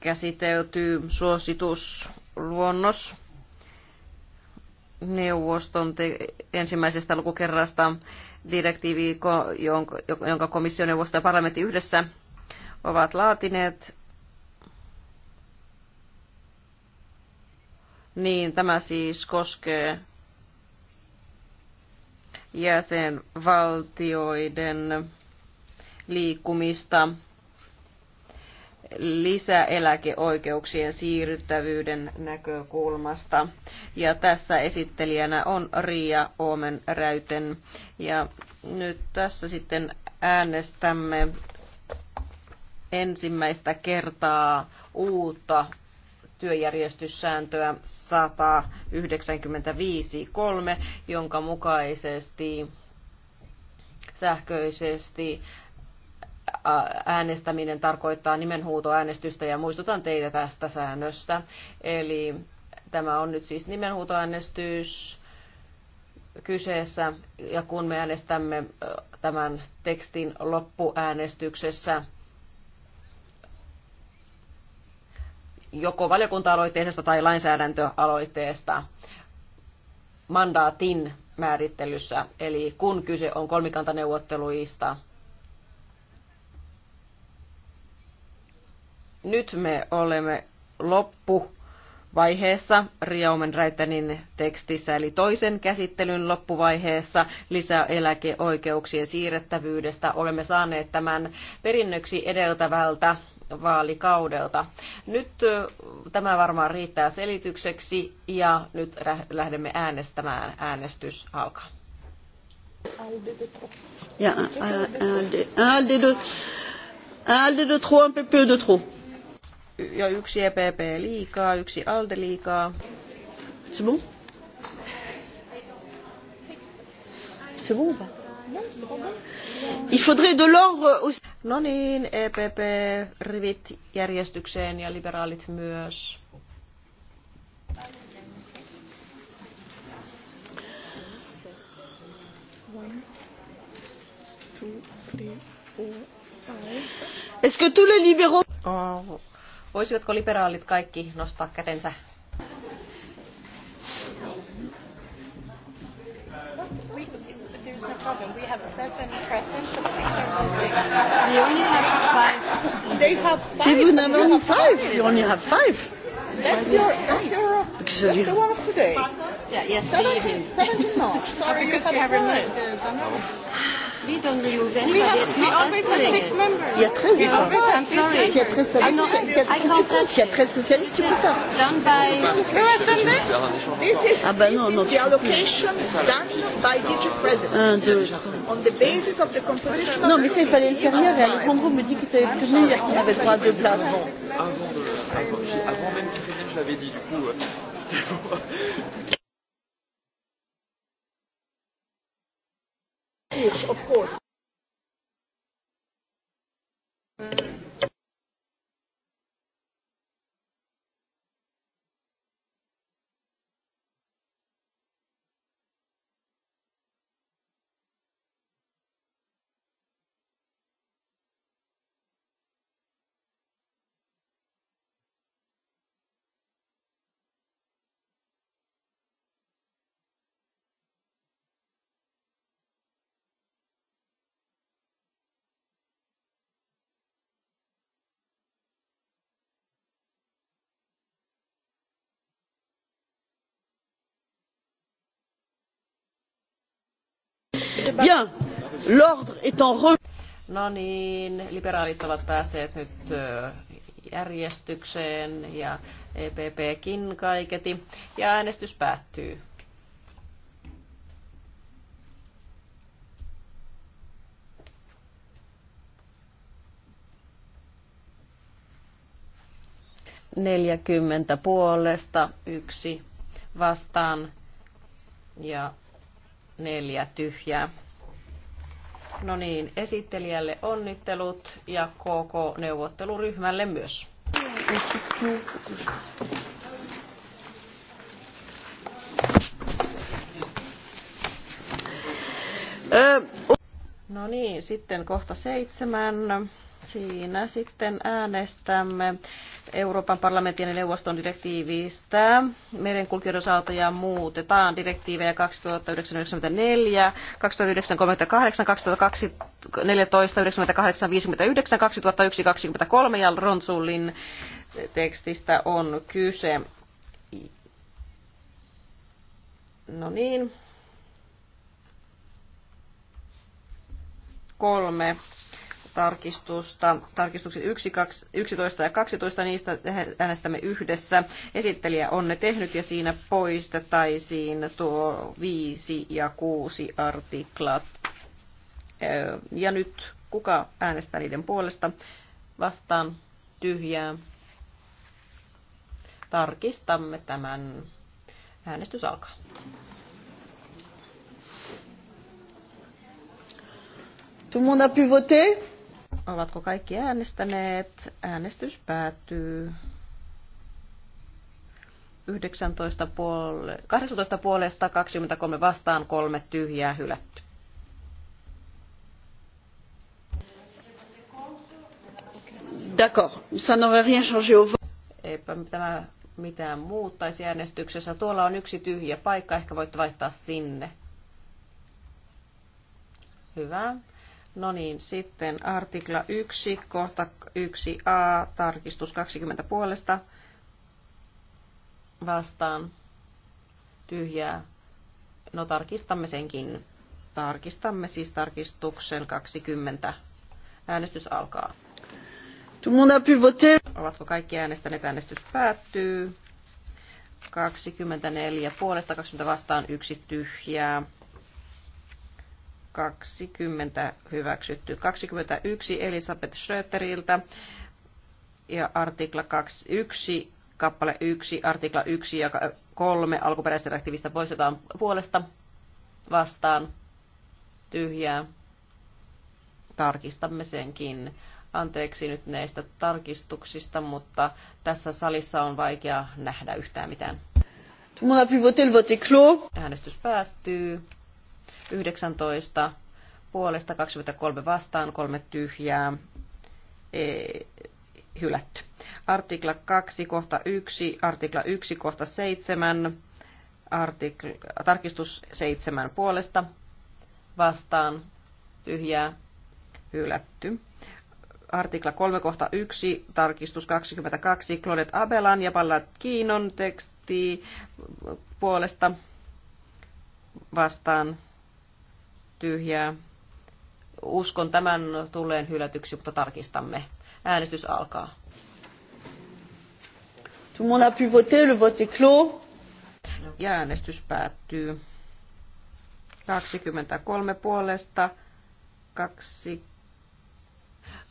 käsitelty suositusluonnos neuvoston te- ensimmäisestä lukukerrasta direktiivi, jonka komissioneuvosto ja parlamentti yhdessä ovat laatineet. Niin, tämä siis koskee jäsenvaltioiden liikkumista lisäeläkeoikeuksien siirryttävyyden näkökulmasta. Ja tässä esittelijänä on Riia Oomen Räyten. Ja nyt tässä sitten äänestämme ensimmäistä kertaa uutta työjärjestyssääntöä 195.3, jonka mukaisesti sähköisesti äänestäminen tarkoittaa nimenhuutoäänestystä ja muistutan teitä tästä säännöstä. Eli tämä on nyt siis nimenhuutoäänestys kyseessä ja kun me äänestämme tämän tekstin loppuäänestyksessä joko valiokunta aloitteesta tai lainsäädäntöaloitteesta mandaatin määrittelyssä, eli kun kyse on kolmikantaneuvotteluista. Nyt me olemme loppuvaiheessa Riaumen Räytänin tekstissä, eli toisen käsittelyn loppuvaiheessa lisäeläkeoikeuksien siirrettävyydestä. Olemme saaneet tämän perinnöksi edeltävältä vaalikaudelta. Nyt tämä varmaan riittää selitykseksi ja nyt lähdemme äänestämään. Äänestys alkaa. Ja, Ja yksi EPP liikaa, yksi ALDE liikaa. C'est bon? C'est bon ou pas? Non, c'est bon. Il faudrait de l'ordre No niin, EPP-rivit järjestykseen ja liberaalit myös. Est-ce que tous les libéraux... Oh. Voisivatko liberaalit kaikki nostaa kätensä problem. We have seven present, but six are voting. We only have five. They have five. If you have only five. You only have five. That's your, that's your, that's the one of today. Yeah, yes, 17, 17 not. Sorry, because you have removed the We don't remove anybody. We, have, we always have six members. Il y a 13 yeah. membres. I'm sorry. S'il y a 13 socialistes, s'il y a 13 socialistes, tu peux ça. Done by... No, attendez. This is, ah ben non, non, the allocation done by DG President. Un, deux, trois. On the basis of the composition Non, mais ça, il fallait le faire hier. Et Alejandro me dit que tu avais prévenu hier qu'il avait droit à deux places. Avant, avant, avant, même qu'il je l'avais dit, du coup. Euh, <laughs> <laughs> Yes, of course. Bien, l'ordre est en re... No niin, liberaalit ovat päässeet nyt järjestykseen ja EPPkin kaiketi. Ja äänestys päättyy. Neljäkymmentä puolesta, yksi vastaan ja neljä tyhjää. No niin, esittelijälle onnittelut ja koko neuvotteluryhmälle myös. No niin, sitten kohta seitsemän. Siinä sitten äänestämme Euroopan parlamentin ja neuvoston direktiivistä merenkulkijoiden osalta muutetaan direktiivejä 2094, 2038, 2014, 98, 59, 2001, 23 ja Ronsullin tekstistä on kyse. No niin. Kolme tarkistusta. Tarkistukset 1, 2, 11 ja 12, niistä äänestämme yhdessä. Esittelijä on ne tehnyt ja siinä poistettaisiin tuo 5 ja 6 artiklat. Ja nyt kuka äänestää niiden puolesta? Vastaan tyhjää. Tarkistamme tämän. Äänestys alkaa. Tout le monde a pu voter Ovatko kaikki äänestäneet? Äänestys päättyy. 19 puole- 18 puolesta 23 vastaan kolme tyhjää hylätty. D'accord. Ça n'aurait rien changé au Eipä tämä mitään muuttaisi äänestyksessä. Tuolla on yksi tyhjä paikka, ehkä voit vaihtaa sinne. Hyvä. No niin, sitten artikla 1, kohta 1a, tarkistus 20 puolesta vastaan tyhjää. No tarkistamme senkin. Tarkistamme siis tarkistuksen 20. Äänestys alkaa. Ovatko kaikki äänestäneet? Äänestys päättyy. 24 puolesta, 20 vastaan, yksi tyhjää. 20 hyväksytty. 21 Elisabeth Schröteriltä ja artikla 21, kappale 1, artikla 1 ja 3 alkuperäisdirektiivistä poistetaan puolesta vastaan tyhjää. Tarkistamme senkin. Anteeksi nyt näistä tarkistuksista, mutta tässä salissa on vaikea nähdä yhtään mitään. Äänestys päättyy. 19 puolesta 23 vastaan, kolme tyhjää, e, hylätty. Artikla 2, kohta 1, artikla 1, kohta 7, artikl, tarkistus 7 puolesta vastaan, tyhjää, hylätty. Artikla 3, kohta 1, tarkistus 22, Claudette Abelan ja Pallat Kiinon teksti puolesta vastaan, tyhjää. Uskon tämän tulleen hylätyksi, mutta tarkistamme. Äänestys alkaa. Tout le monde a pu voter, le vote est clos. Ja äänestys päättyy. 23 puolesta, 2,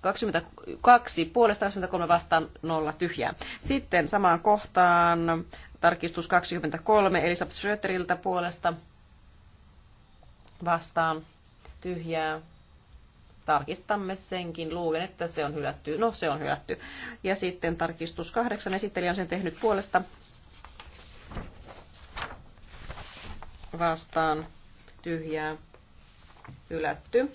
22 puolesta, 23 vastaan, 0 tyhjää. Sitten samaan kohtaan tarkistus 23 Elisabeth Schröteriltä puolesta vastaan tyhjää. Tarkistamme senkin. Luulen, että se on hylätty. No, se on hylätty. Ja sitten tarkistus kahdeksan. Esittelijä on sen tehnyt puolesta. Vastaan tyhjää. Hylätty.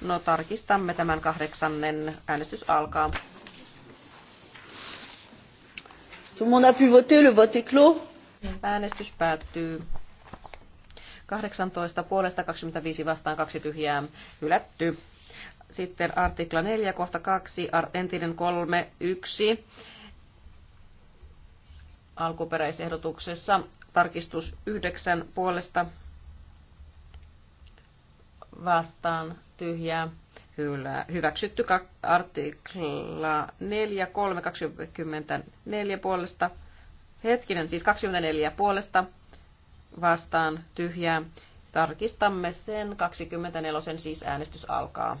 No, tarkistamme tämän kahdeksannen. Äänestys alkaa. Tout le monde a pu voter, le vote est clos. Äänestys päättyy. 18 puolesta 25 vastaan kaksi tyhjää hylätty. Sitten artikla 4, kohta 2, entinen 3, 1. Alkuperäisehdotuksessa tarkistus 9 puolesta vastaan tyhjää hyväksytty artikla 4, 3, 24 puolesta, hetkinen, siis 24 puolesta vastaan tyhjää. Tarkistamme sen. 24 siis äänestys alkaa.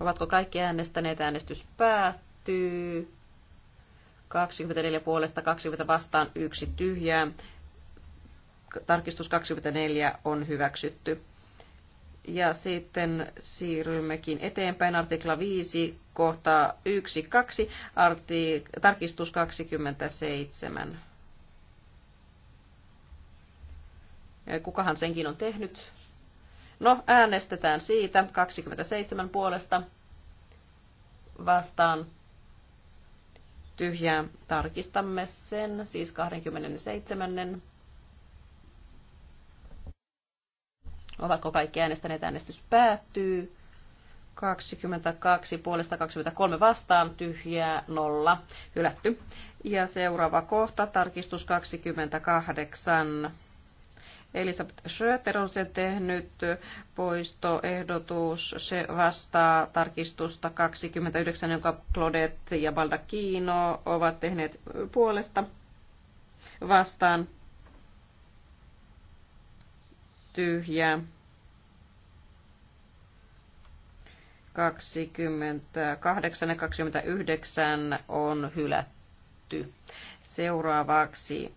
Ovatko kaikki äänestäneet? Äänestys päättyy. 24 puolesta 20 vastaan yksi tyhjää. Tarkistus 24 on hyväksytty. Ja sitten siirrymmekin eteenpäin artikla 5, kohta 1, 2, arti, tarkistus 27. Kukahan senkin on tehnyt? No, äänestetään siitä. 27 puolesta vastaan tyhjää. Tarkistamme sen, siis 27. Ovatko kaikki äänestäneet? Äänestys päättyy. 22 puolesta 23 vastaan, tyhjää nolla, hylätty. Ja seuraava kohta, tarkistus 28 Elisabeth Schröter on sen tehnyt. Poistoehdotus, se vastaa tarkistusta 29, jonka Claudet ja Baldacchino ovat tehneet puolesta vastaan. tyhjä 28 ja 29 on hylätty. Seuraavaksi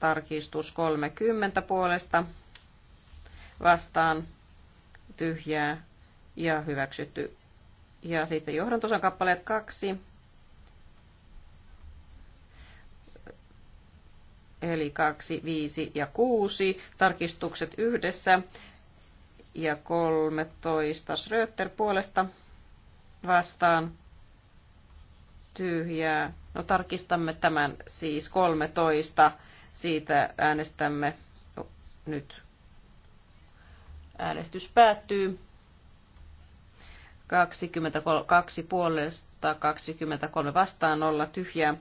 tarkistus 30 puolesta vastaan tyhjää ja hyväksytty. Ja sitten johdantosan kappaleet 2. Eli 2, 5 ja 6 tarkistukset yhdessä. Ja 13 Schröter puolesta vastaan tyhjää. No tarkistamme tämän siis 13 siitä äänestämme nyt. Äänestys päättyy. 22 puolesta, 23 vastaan, 0 tyhjää,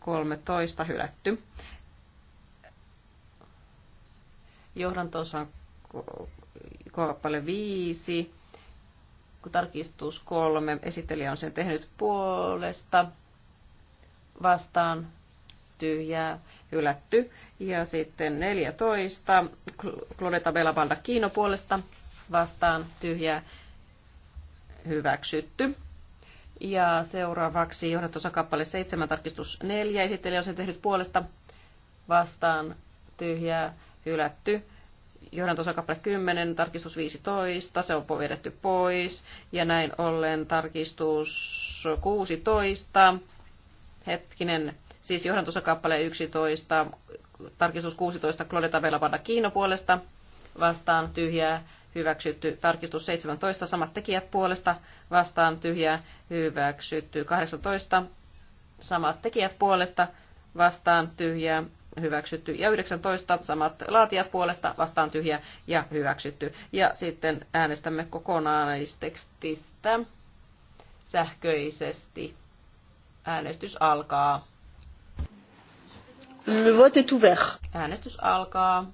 13 hylätty. Johdantossa on kappale 5, tarkistus 3, esittelijä on sen tehnyt puolesta, vastaan, tyhjää hylätty. Ja sitten 14, Clodeta Bella Banda Kiino puolesta vastaan tyhjää hyväksytty. Ja seuraavaksi kappale 7, tarkistus 4, esittelijä on sen tehnyt puolesta vastaan tyhjää hylätty kappale 10, tarkistus 15, se on vedetty pois. Ja näin ollen tarkistus 16, hetkinen, siis johdantossa kappale 11, tarkistus 16, Klodeta vanda Kiino puolesta, vastaan tyhjää, hyväksytty, tarkistus 17, samat tekijät puolesta, vastaan tyhjää, hyväksytty, 18, samat tekijät puolesta, vastaan tyhjää, hyväksytty, ja 19, samat laatijat puolesta, vastaan tyhjää ja hyväksytty. Ja sitten äänestämme kokonaistekstistä sähköisesti. Äänestys alkaa. Le vote est ouvert. Äänestys alkaa.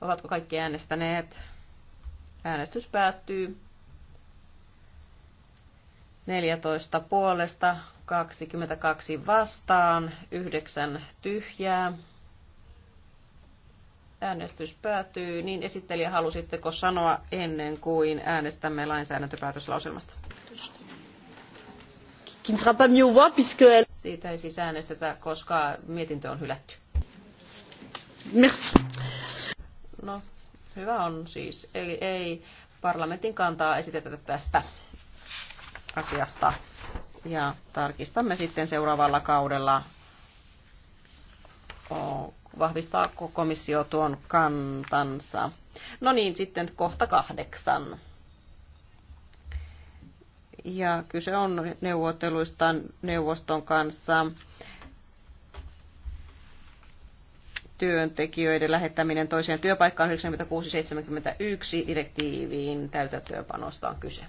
Ovatko kaikki äänestäneet? Äänestys päättyy. 14 puolesta, 22 vastaan, 9 tyhjää. Äänestys päättyy. Niin esittelijä, halusitteko sanoa ennen kuin äänestämme lainsäädäntöpäätöslauselmasta? Kiitos qui ne sera pas mis aux voix Siitä ei siis äänestetä, koska mietintö on hylätty. Merci. No, hyvä on siis. Eli ei parlamentin kantaa esitetä tästä asiasta. Ja tarkistamme sitten seuraavalla kaudella, vahvistaa komissio tuon kantansa. No niin, sitten kohta kahdeksan. Ja kyse on neuvotteluista neuvoston kanssa. työntekijöiden lähettäminen toiseen työpaikkaan 9671 71 direktiiviin täytäntöönpanosta on kyse.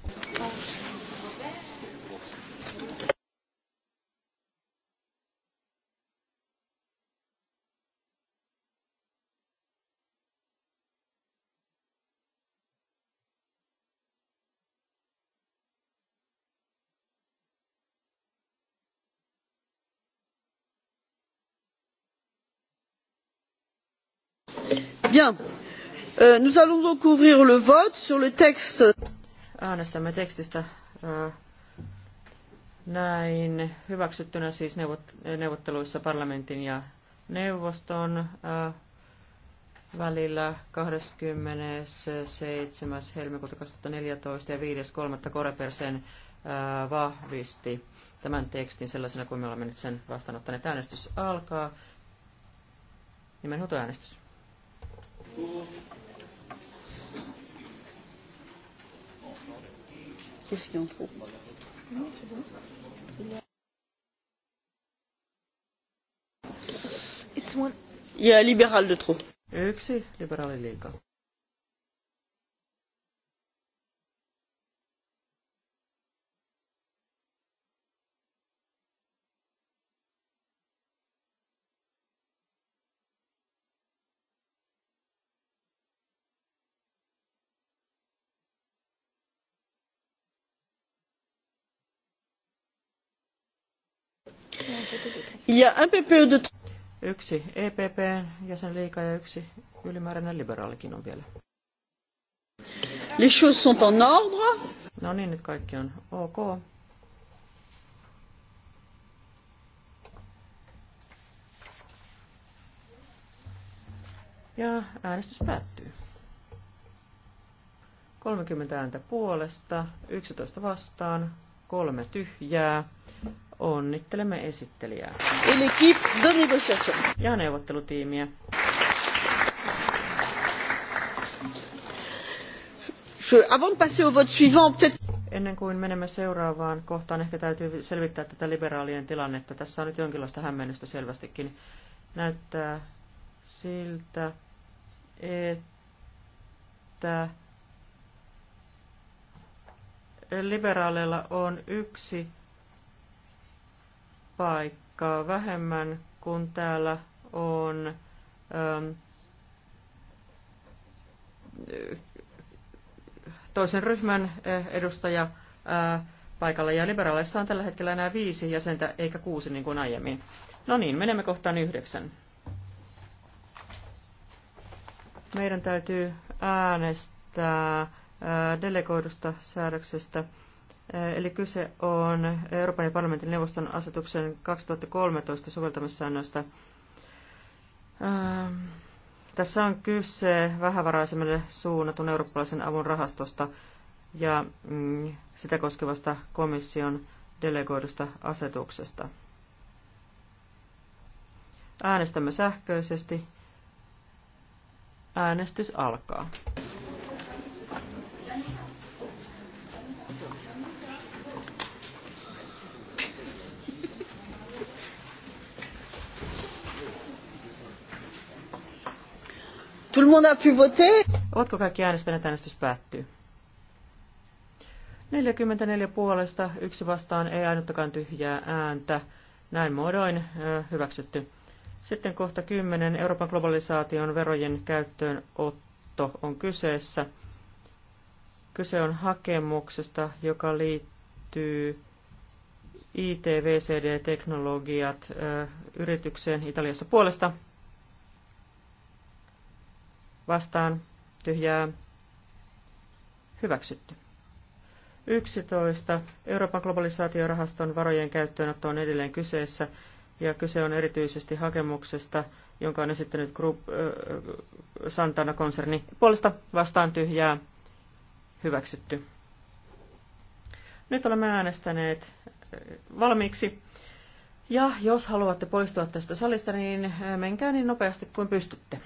Euh, nous allons donc ouvrir le vote sur le texte. Äänestämme tekstistä äh, näin hyväksyttynä siis neuvotteluissa parlamentin ja neuvoston äh, välillä 27. helmikuuta 2014 ja 5.3. Koreperseen äh, vahvisti tämän tekstin sellaisena kuin me olemme nyt sen vastaanottaneet. Äänestys alkaa. Nimenhuutoäänestys. Qu'est-ce qu'il y a en trop Non, c'est bon. It's one. Ja liberaal de trop. Yksi liberaali liikaa. ja un e PPE Yksi EPP jäsenliika ja yksi ylimääräinen liberaalikin on vielä. Les choses sont en ordre. No niin, nyt kaikki on ok. Ja äänestys päättyy. 30 ääntä puolesta, 11 vastaan, kolme tyhjää. Onnittelemme esittelijää. Eli Ja neuvottelutiimiä. Ennen kuin menemme seuraavaan kohtaan, ehkä täytyy selvittää tätä liberaalien tilannetta. Tässä on nyt jonkinlaista hämmennystä selvästikin. Näyttää siltä, että liberaaleilla on yksi paikkaa vähemmän, kun täällä on ähm, toisen ryhmän äh, edustaja äh, paikalla, ja liberaaleissa on tällä hetkellä enää viisi jäsentä, eikä kuusi niin kuin aiemmin. No niin, menemme kohtaan yhdeksän. Meidän täytyy äänestää äh, delegoidusta säädöksestä Eli kyse on Euroopan parlamentin neuvoston asetuksen 2013 soveltamissäännöistä. Tässä on kyse vähävaraisemmille suunnatun eurooppalaisen avun rahastosta ja mm, sitä koskevasta komission delegoidusta asetuksesta. Äänestämme sähköisesti. Äänestys alkaa. on a pu voter? Ovatko kaikki äänestäneet? Äänestys päättyy. 44 puolesta, yksi vastaan, ei ainuttakaan tyhjää ääntä. Näin muodoin hyväksytty. Sitten kohta 10. Euroopan globalisaation verojen käyttöönotto on kyseessä. Kyse on hakemuksesta, joka liittyy vcd teknologiat yritykseen Italiassa puolesta vastaan tyhjää hyväksytty. 11. Euroopan globalisaatiorahaston varojen käyttöönotto on edelleen kyseessä ja kyse on erityisesti hakemuksesta, jonka on esittänyt Group, äh, Santana-konserni puolesta vastaan tyhjää hyväksytty. Nyt olemme äänestäneet valmiiksi. Ja jos haluatte poistua tästä salista, niin menkää niin nopeasti kuin pystytte.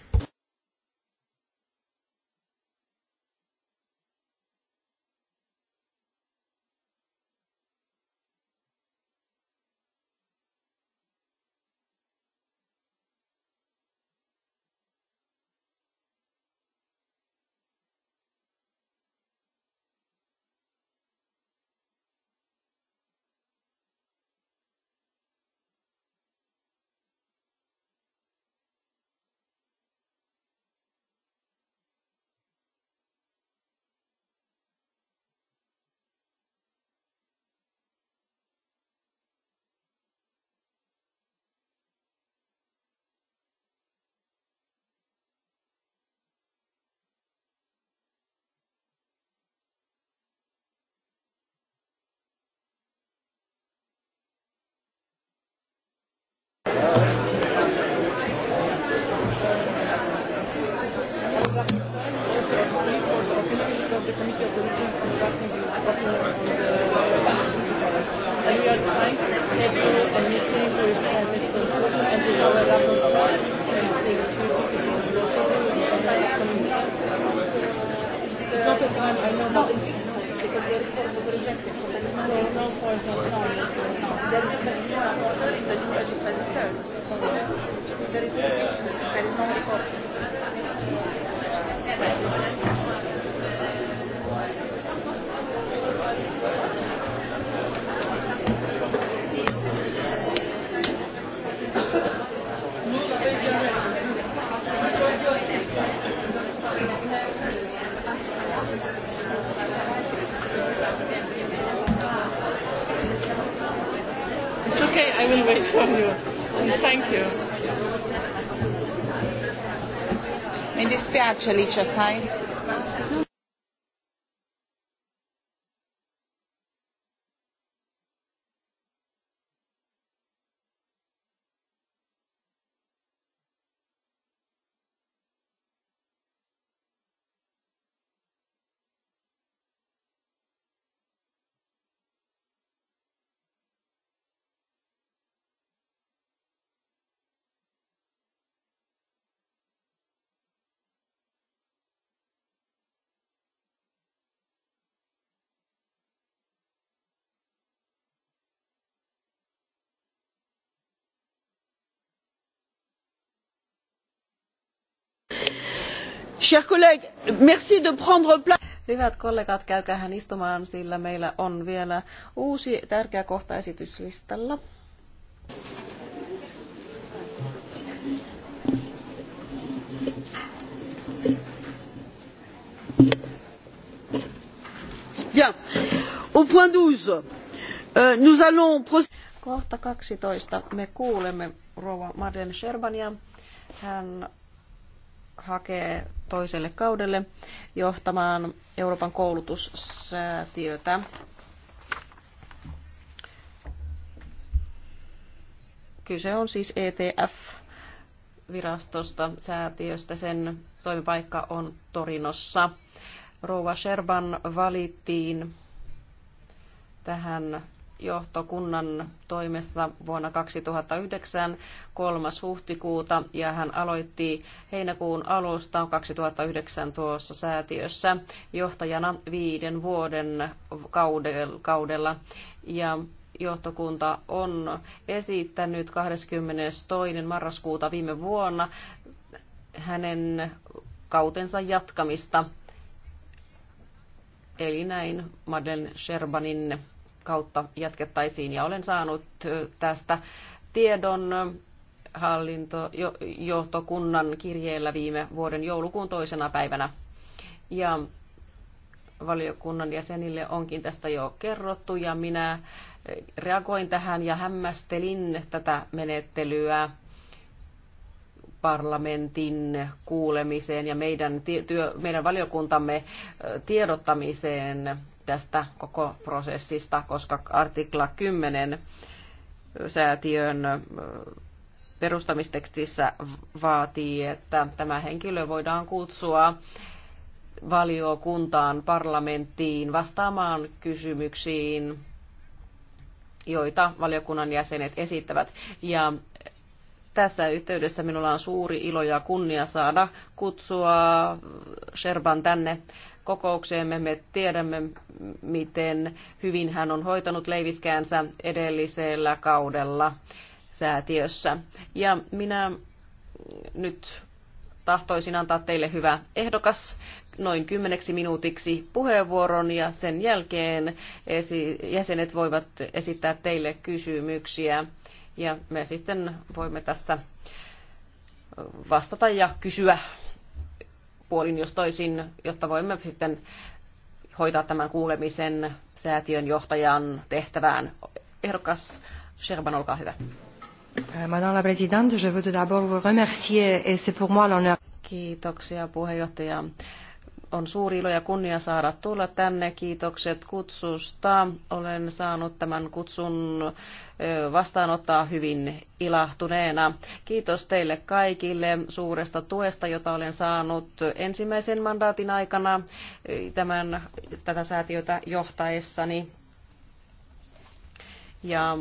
lot of time I know how it is because the report was rejected. So there is no, no point on trying. There is a new order, the new legislative term. There is no such thing. There is no report. Thank you. It's okay, I will wait for you. And thank you. Mi dispiace Alicia, sai? Chers collègues, merci de prendre place. Hyvät kollegat, käykäähän istumaan, sillä meillä on vielä uusi tärkeä kohta esityslistalla. Bien. Au point 12, euh, nous allons Kohta 12 me kuulemme rouva Maden Sherbania. Hän hakee toiselle kaudelle johtamaan Euroopan koulutussäätiötä. Kyse on siis ETF-virastosta, säätiöstä. Sen toimipaikka on Torinossa. Rouva Sherban valittiin tähän johtokunnan toimesta vuonna 2009 3. huhtikuuta ja hän aloitti heinäkuun alusta 2009 tuossa säätiössä johtajana viiden vuoden kaudella. Ja johtokunta on esittänyt 22. marraskuuta viime vuonna hänen kautensa jatkamista. Eli näin Madeleine Sherbanin kautta jatkettaisiin. Ja olen saanut tästä tiedon hallintojohtokunnan kirjeellä viime vuoden joulukuun toisena päivänä. Ja valiokunnan jäsenille onkin tästä jo kerrottu ja minä reagoin tähän ja hämmästelin tätä menettelyä parlamentin kuulemiseen ja meidän, työ, meidän valiokuntamme tiedottamiseen tästä koko prosessista, koska artikla 10 säätiön perustamistekstissä vaatii, että tämä henkilö voidaan kutsua valiokuntaan, parlamenttiin vastaamaan kysymyksiin, joita valiokunnan jäsenet esittävät. Ja tässä yhteydessä minulla on suuri ilo ja kunnia saada kutsua Sherban tänne kokoukseemme. Me tiedämme, miten hyvin hän on hoitanut leiviskäänsä edellisellä kaudella säätiössä. Ja minä nyt tahtoisin antaa teille hyvä ehdokas noin kymmeneksi minuutiksi puheenvuoron ja sen jälkeen jäsenet voivat esittää teille kysymyksiä ja me sitten voimme tässä vastata ja kysyä puolin jos toisin, jotta voimme sitten hoitaa tämän kuulemisen säätiön johtajan tehtävään. Ehdokas Sherban, olkaa hyvä. Euh, Madame la Présidente, je veux tout d'abord vous remercier et c'est pour moi l'honneur. Kiitoksia puheenjohtaja. On suuri ilo ja kunnia saada tulla tänne. Kiitokset kutsusta. Olen saanut tämän kutsun vastaanottaa hyvin ilahtuneena. Kiitos teille kaikille suuresta tuesta, jota olen saanut ensimmäisen mandaatin aikana tämän, tätä säätiötä johtaessani. Ja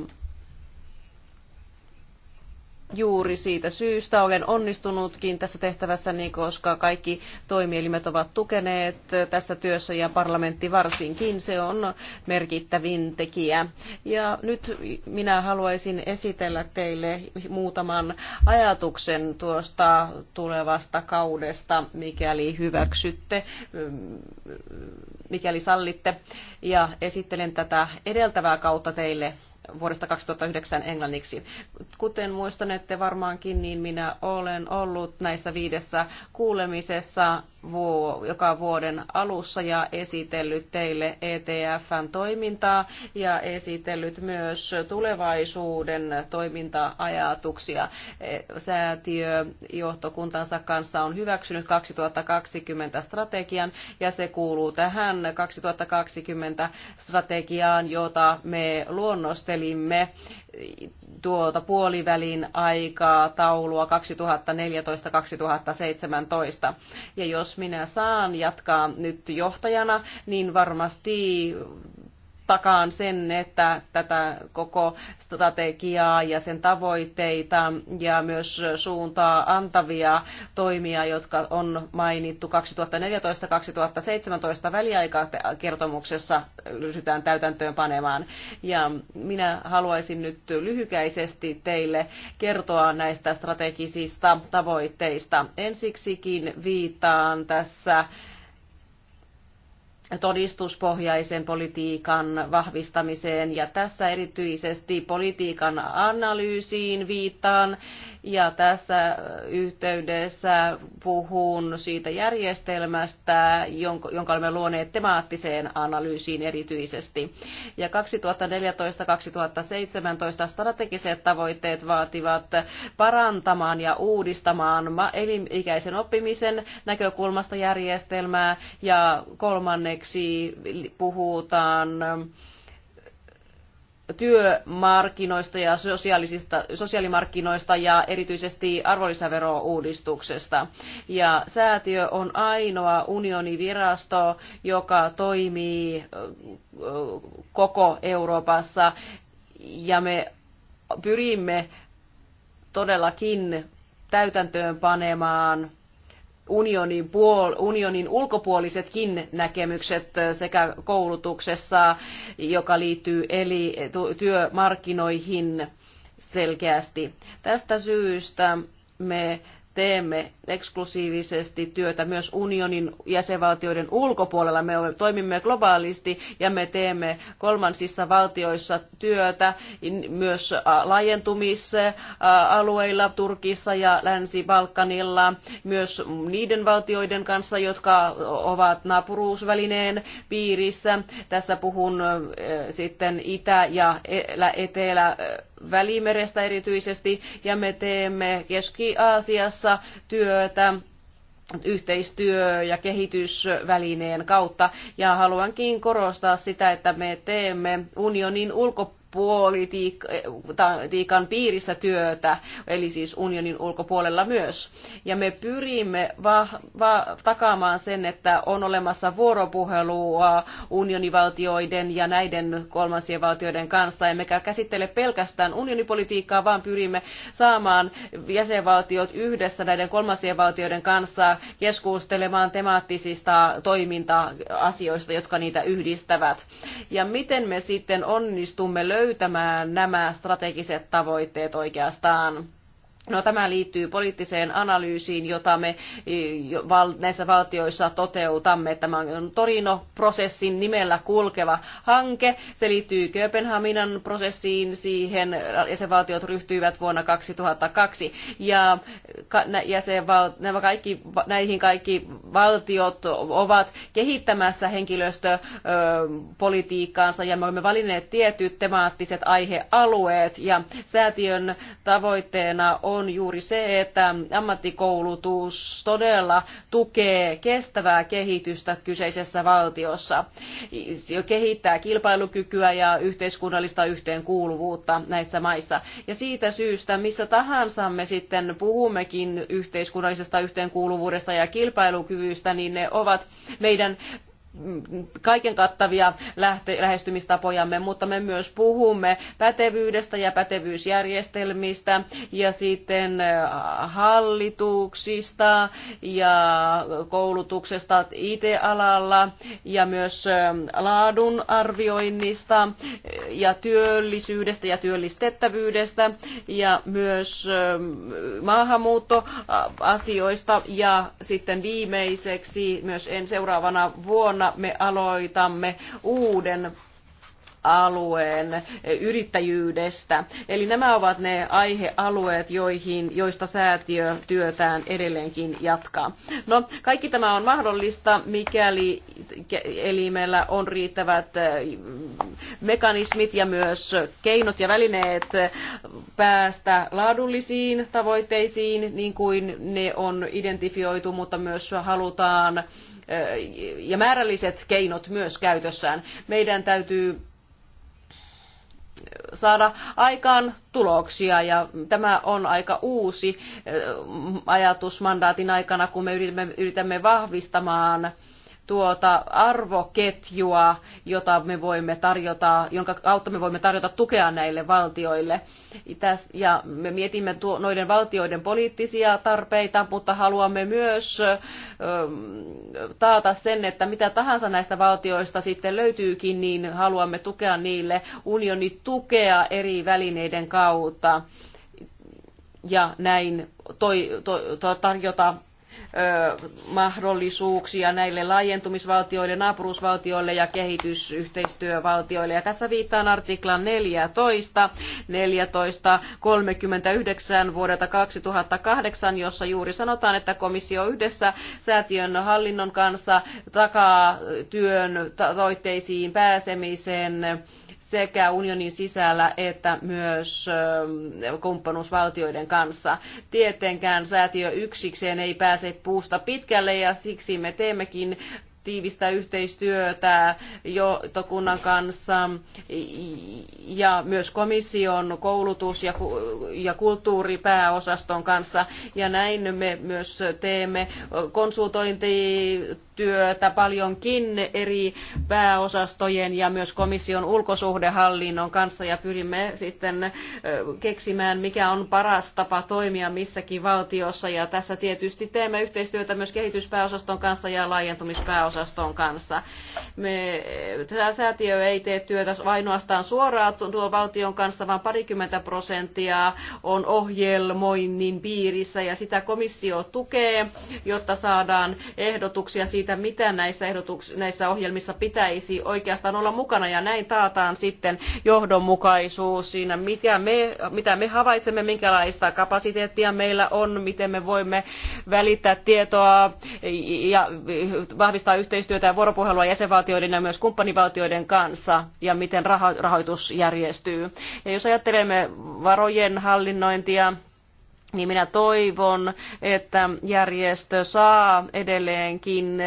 juuri siitä syystä olen onnistunutkin tässä tehtävässäni, koska kaikki toimielimet ovat tukeneet tässä työssä ja parlamentti varsinkin. Se on merkittävin tekijä. Ja nyt minä haluaisin esitellä teille muutaman ajatuksen tuosta tulevasta kaudesta, mikäli hyväksytte, mikäli sallitte. Ja esittelen tätä edeltävää kautta teille vuodesta 2009 englanniksi. Kuten muistanette varmaankin, niin minä olen ollut näissä viidessä kuulemisessa vuo, joka vuoden alussa ja esitellyt teille ETFn toimintaa ja esitellyt myös tulevaisuuden toiminta-ajatuksia. E, Säätiö johtokuntansa kanssa on hyväksynyt 2020 strategian ja se kuuluu tähän 2020 strategiaan, jota me luonnostelimme tuota puolivälin aikaa taulua 2014-2017. Ja jos jos minä saan jatkaa nyt johtajana, niin varmasti takaan sen, että tätä koko strategiaa ja sen tavoitteita ja myös suuntaa antavia toimia, jotka on mainittu 2014-2017 väliaikakertomuksessa ryhdytään täytäntöön panemaan. Ja minä haluaisin nyt lyhykäisesti teille kertoa näistä strategisista tavoitteista. Ensiksikin viittaan tässä todistuspohjaisen politiikan vahvistamiseen ja tässä erityisesti politiikan analyysiin viittaan ja tässä yhteydessä puhun siitä järjestelmästä, jonka, olemme luoneet temaattiseen analyysiin erityisesti. Ja 2014-2017 strategiset tavoitteet vaativat parantamaan ja uudistamaan elinikäisen oppimisen näkökulmasta järjestelmää ja kolmanneksi puhutaan työmarkkinoista ja sosiaalisista, sosiaalimarkkinoista ja erityisesti arvonlisäverouudistuksesta. Ja säätiö on ainoa unionivirasto, joka toimii koko Euroopassa ja me pyrimme todellakin täytäntöön panemaan unionin, puol, unionin ulkopuolisetkin näkemykset sekä koulutuksessa, joka liittyy eli työmarkkinoihin selkeästi. Tästä syystä me teemme eksklusiivisesti työtä myös unionin jäsenvaltioiden ulkopuolella. Me toimimme globaalisti ja me teemme kolmansissa valtioissa työtä myös laajentumisalueilla Turkissa ja Länsi-Balkanilla, myös niiden valtioiden kanssa, jotka ovat naapuruusvälineen piirissä. Tässä puhun eh, sitten Itä- ja Etelä- Välimerestä erityisesti, ja me teemme Keski-Aasiassa työtä yhteistyö- ja kehitysvälineen kautta. Ja haluankin korostaa sitä, että me teemme unionin ulko, politiikan piirissä työtä, eli siis unionin ulkopuolella myös. Ja me pyrimme va- va- takaamaan sen, että on olemassa vuoropuhelua unionivaltioiden ja näiden kolmansien valtioiden kanssa, emmekä käsittele pelkästään unionipolitiikkaa, vaan pyrimme saamaan jäsenvaltiot yhdessä näiden kolmansien valtioiden kanssa keskustelemaan temaattisista toiminta-asioista, jotka niitä yhdistävät. Ja miten me sitten onnistumme löytämään löytämään nämä strategiset tavoitteet oikeastaan No, tämä liittyy poliittiseen analyysiin, jota me eh, näissä valtioissa toteutamme. Tämä on Torino-prosessin nimellä kulkeva hanke. Se liittyy Kööpenhaminan prosessiin. Siihen jäsenvaltiot ryhtyivät vuonna 2002. Ja jäsenval- nämä kaikki, näihin kaikki valtiot ovat kehittämässä henkilöstöpolitiikkaansa ja me olemme valinneet tietyt temaattiset aihealueet. Ja säätiön tavoitteena on on juuri se, että ammattikoulutus todella tukee kestävää kehitystä kyseisessä valtiossa. Se kehittää kilpailukykyä ja yhteiskunnallista yhteenkuuluvuutta näissä maissa. Ja siitä syystä, missä tahansa me sitten puhummekin yhteiskunnallisesta yhteenkuuluvuudesta ja kilpailukyvystä, niin ne ovat meidän kaiken kattavia lähestymistapojamme, mutta me myös puhumme pätevyydestä ja pätevyysjärjestelmistä ja sitten hallituksista ja koulutuksesta IT-alalla ja myös laadun arvioinnista ja työllisyydestä ja työllistettävyydestä ja myös maahanmuuttoasioista ja sitten viimeiseksi myös en seuraavana vuonna vuonna me aloitamme uuden alueen yrittäjyydestä. Eli nämä ovat ne aihealueet, joihin, joista säätiö työtään edelleenkin jatkaa. No, kaikki tämä on mahdollista, mikäli elimellä on riittävät mekanismit ja myös keinot ja välineet päästä laadullisiin tavoitteisiin, niin kuin ne on identifioitu, mutta myös halutaan ja määrälliset keinot myös käytössään. Meidän täytyy saada aikaan tuloksia ja tämä on aika uusi eh, ajatus mandaatin aikana, kun me yritämme, yritämme vahvistamaan tuota arvoketjua, jota me voimme tarjota, jonka kautta me voimme tarjota tukea näille valtioille. Ja me mietimme tuo, noiden valtioiden poliittisia tarpeita, mutta haluamme myös taata sen, että mitä tahansa näistä valtioista sitten löytyykin, niin haluamme tukea niille unioni tukea eri välineiden kautta ja näin toi, toi, toi, tarjota mahdollisuuksia näille laajentumisvaltioille, naapuruusvaltioille ja kehitysyhteistyövaltioille. Ja tässä viittaan artiklan 14, 14 39 vuodelta 2008, jossa juuri sanotaan, että komissio yhdessä säätiön hallinnon kanssa takaa työn tavoitteisiin pääsemisen sekä unionin sisällä että myös ähm, kumppanuusvaltioiden kanssa. Tietenkään säätiö yksikseen ei pääse puusta pitkälle ja siksi me teemmekin tiivistä yhteistyötä johtokunnan kanssa ja myös komission koulutus- ja kulttuuripääosaston kanssa. Ja näin me myös teemme konsultointityötä paljonkin eri pääosastojen ja myös komission ulkosuhdehallinnon kanssa ja pyrimme sitten keksimään, mikä on paras tapa toimia missäkin valtiossa. Ja tässä tietysti teemme yhteistyötä myös kehityspääosaston kanssa ja laajentumispääosaston osaston kanssa. Me, tämä säätiö ei tee työtä ainoastaan suoraan tuon valtion kanssa, vaan parikymmentä prosenttia on ohjelmoinnin piirissä ja sitä komissio tukee, jotta saadaan ehdotuksia siitä, mitä näissä, näissä ohjelmissa pitäisi oikeastaan olla mukana ja näin taataan sitten johdonmukaisuus siinä, mitä me, mitä me havaitsemme, minkälaista kapasiteettia meillä on, miten me voimme välittää tietoa ja vahvistaa yhteistyötä ja vuoropuhelua jäsenvaltioiden ja myös kumppanivaltioiden kanssa ja miten rahoitus järjestyy. Ja jos ajattelemme varojen hallinnointia, niin minä toivon, että järjestö saa edelleenkin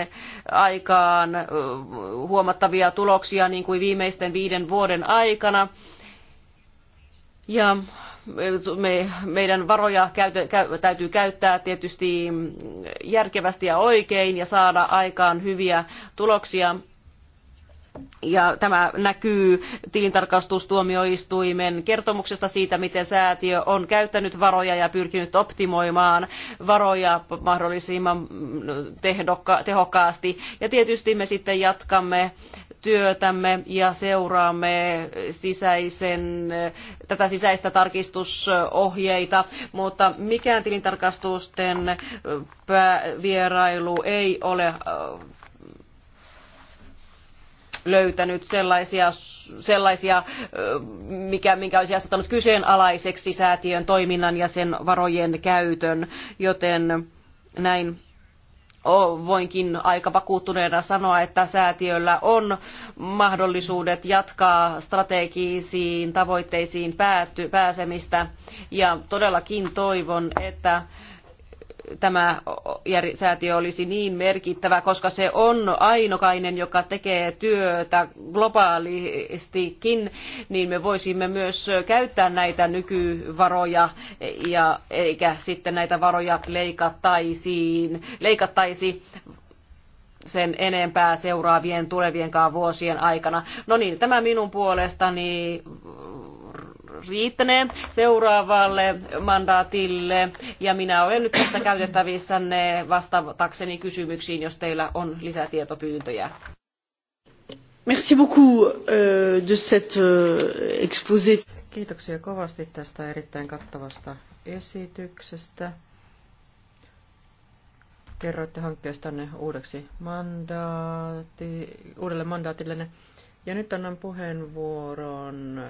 aikaan huomattavia tuloksia niin kuin viimeisten viiden vuoden aikana. Ja me, meidän varoja käytä, käy, täytyy käyttää tietysti järkevästi ja oikein ja saada aikaan hyviä tuloksia. Ja tämä näkyy tilintarkastustuomioistuimen kertomuksesta siitä, miten säätiö on käyttänyt varoja ja pyrkinyt optimoimaan varoja mahdollisimman tehokkaasti. Ja tietysti me sitten jatkamme työtämme ja seuraamme sisäisen, tätä sisäistä tarkistusohjeita, mutta mikään tilintarkastusten vierailu ei ole löytänyt sellaisia, sellaisia mikä, minkä olisi asettanut kyseenalaiseksi säätiön toiminnan ja sen varojen käytön, joten näin voinkin aika vakuuttuneena sanoa, että säätiöllä on mahdollisuudet jatkaa strategisiin tavoitteisiin pääsemistä. Ja todellakin toivon, että tämä säätiö olisi niin merkittävä, koska se on ainokainen, joka tekee työtä globaalistikin, niin me voisimme myös käyttää näitä nykyvaroja, ja, eikä sitten näitä varoja leikattaisiin, leikattaisi sen enempää seuraavien tulevienkaan vuosien aikana. No niin, tämä minun puolestani riittänee seuraavalle mandaatille. Ja minä olen nyt tässä käytettävissänne vastatakseni kysymyksiin, jos teillä on lisätietopyyntöjä. Merci beaucoup euh, de cette euh, exposé. Kiitoksia kovasti tästä erittäin kattavasta esityksestä. Kerroitte hankkeestanne uudeksi mandaati, uudelle mandaatillenne. Ja nyt annan puheenvuoron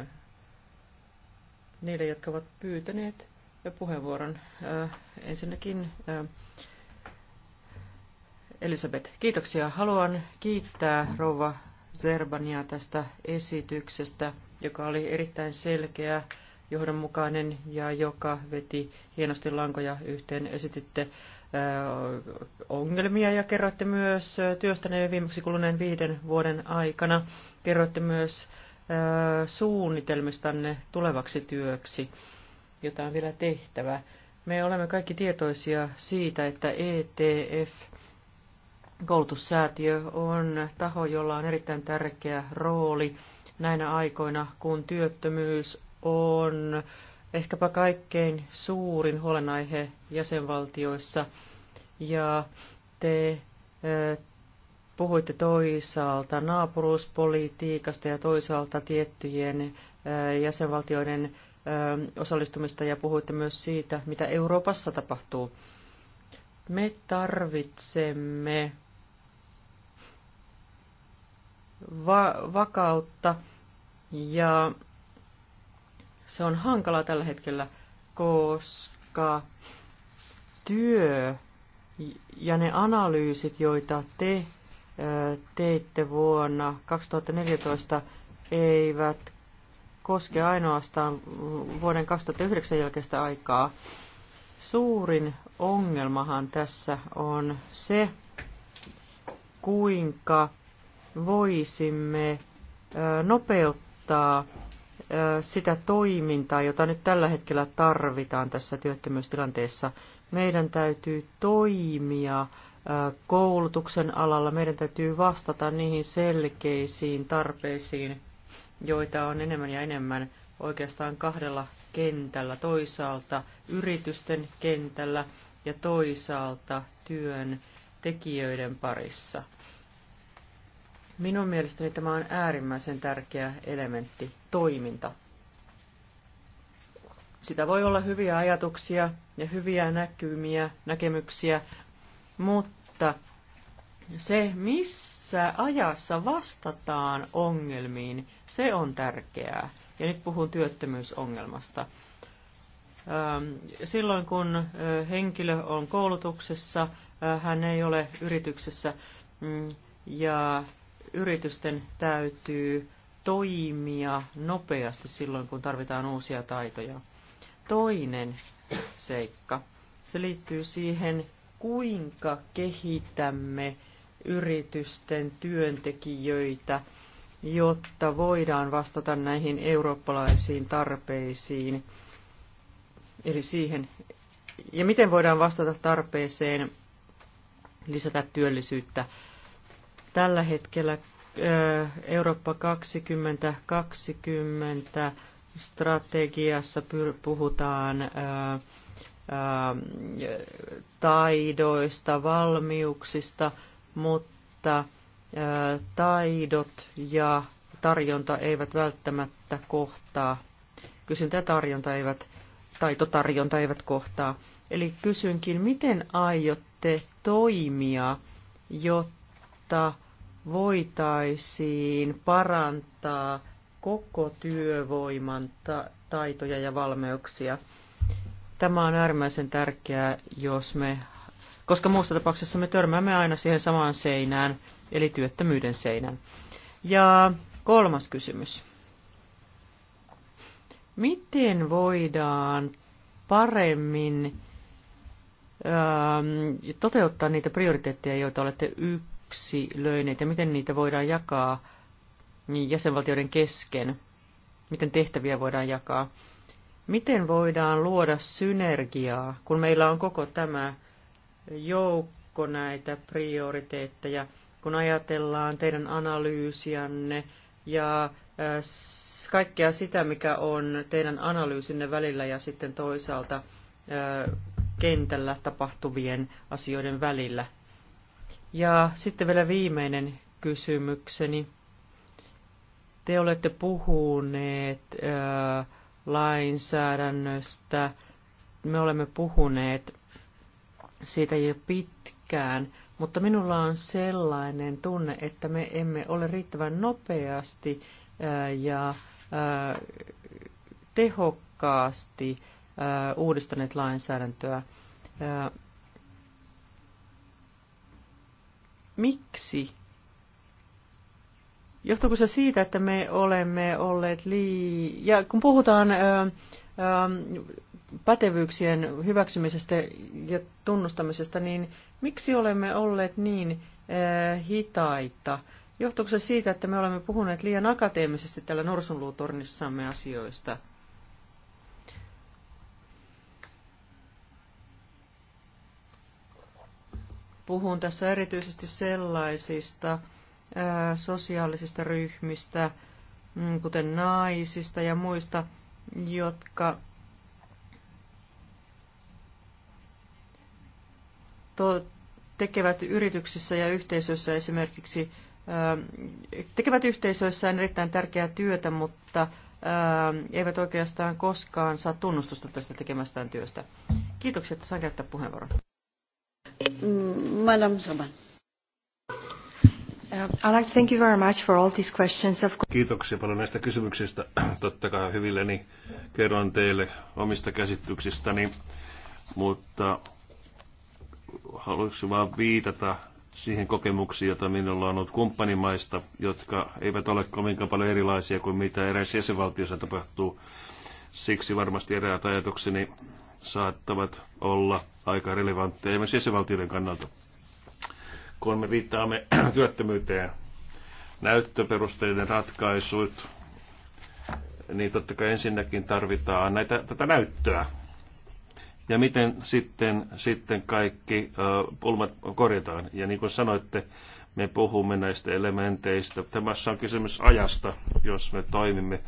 niille, jotka ovat pyytäneet puheenvuoron. Ensinnäkin Elisabeth, kiitoksia. Haluan kiittää rouva Zerbania tästä esityksestä, joka oli erittäin selkeä, johdonmukainen ja joka veti hienosti lankoja yhteen. Esititte ongelmia ja kerroitte myös työstäneen viimeksi kuluneen viiden vuoden aikana. Kerroitte myös suunnitelmistanne tulevaksi työksi, jota on vielä tehtävä. Me olemme kaikki tietoisia siitä, että ETF, koulutussäätiö, on taho, jolla on erittäin tärkeä rooli näinä aikoina, kun työttömyys on ehkäpä kaikkein suurin huolenaihe jäsenvaltioissa. Ja te Puhuitte toisaalta naapuruuspolitiikasta ja toisaalta tiettyjen jäsenvaltioiden osallistumista ja puhuitte myös siitä, mitä Euroopassa tapahtuu. Me tarvitsemme va- vakautta ja se on hankalaa tällä hetkellä, koska työ ja ne analyysit, joita te teitte vuonna 2014 eivät koske ainoastaan vuoden 2009 jälkeistä aikaa. Suurin ongelmahan tässä on se, kuinka voisimme nopeuttaa sitä toimintaa, jota nyt tällä hetkellä tarvitaan tässä työttömyystilanteessa. Meidän täytyy toimia koulutuksen alalla. Meidän täytyy vastata niihin selkeisiin tarpeisiin, joita on enemmän ja enemmän oikeastaan kahdella kentällä. Toisaalta yritysten kentällä ja toisaalta työn tekijöiden parissa. Minun mielestäni tämä on äärimmäisen tärkeä elementti, toiminta. Sitä voi olla hyviä ajatuksia ja hyviä näkymiä, näkemyksiä, mutta se, missä ajassa vastataan ongelmiin, se on tärkeää. Ja nyt puhun työttömyysongelmasta. Silloin kun henkilö on koulutuksessa, hän ei ole yrityksessä mm, ja yritysten täytyy toimia nopeasti silloin, kun tarvitaan uusia taitoja. Toinen seikka, se liittyy siihen kuinka kehitämme yritysten työntekijöitä, jotta voidaan vastata näihin eurooppalaisiin tarpeisiin, eli siihen, ja miten voidaan vastata tarpeeseen lisätä työllisyyttä. Tällä hetkellä Eurooppa 2020 strategiassa puhutaan Ähm, taidoista, valmiuksista, mutta äh, taidot ja tarjonta eivät välttämättä kohtaa. Kysyntä ja tarjonta eivät, taitotarjonta eivät kohtaa. Eli kysynkin, miten aiotte toimia, jotta voitaisiin parantaa koko työvoiman taitoja ja valmiuksia. Tämä on äärimmäisen tärkeää, jos me, koska muussa tapauksessa me törmäämme aina siihen samaan seinään, eli työttömyyden seinään. Ja kolmas kysymys. Miten voidaan paremmin ähm, toteuttaa niitä prioriteetteja, joita olette löyneet, ja miten niitä voidaan jakaa jäsenvaltioiden kesken? Miten tehtäviä voidaan jakaa? Miten voidaan luoda synergiaa, kun meillä on koko tämä joukko näitä prioriteetteja, kun ajatellaan teidän analyysianne ja kaikkea sitä, mikä on teidän analyysinne välillä ja sitten toisaalta kentällä tapahtuvien asioiden välillä. Ja sitten vielä viimeinen kysymykseni. Te olette puhuneet ää, lainsäädännöstä. Me olemme puhuneet siitä jo pitkään, mutta minulla on sellainen tunne, että me emme ole riittävän nopeasti ja tehokkaasti uudistaneet lainsäädäntöä. Miksi Johtuuko se siitä, että me olemme olleet lii... Ja kun puhutaan ö, ö, pätevyyksien hyväksymisestä ja tunnustamisesta, niin miksi olemme olleet niin ö, hitaita? Johtuuko se siitä, että me olemme puhuneet liian akateemisesti täällä norsunluutornissamme asioista? Puhun tässä erityisesti sellaisista sosiaalisista ryhmistä, mm, kuten naisista ja muista, jotka tekevät yrityksissä ja yhteisöissä esimerkiksi tekevät yhteisöissään erittäin tärkeää työtä, mutta eivät oikeastaan koskaan saa tunnustusta tästä tekemästään työstä. Kiitokset, että saan käyttää puheenvuoron. Mm, Madame Saban. Kiitoksia paljon näistä kysymyksistä. <clears throat> Totta kai hyvilleni kerron teille omista käsityksistäni, niin, mutta haluaisin vain viitata siihen kokemuksiin, jota minulla on ollut kumppanimaista, jotka eivät ole kovinkaan paljon erilaisia kuin mitä eräissä jäsenvaltioissa tapahtuu. Siksi varmasti eräät ajatukseni saattavat olla aika relevantteja myös jäsenvaltioiden kannalta kun me viittaamme <clears throat> työttömyyteen. Näyttöperusteiden ratkaisut, niin totta kai ensinnäkin tarvitaan näitä, tätä näyttöä. Ja miten sitten, sitten kaikki pulmat korjataan. Ja niin kuin sanoitte, me puhumme näistä elementeistä. Tämässä on kysymys ajasta, jos me toimimme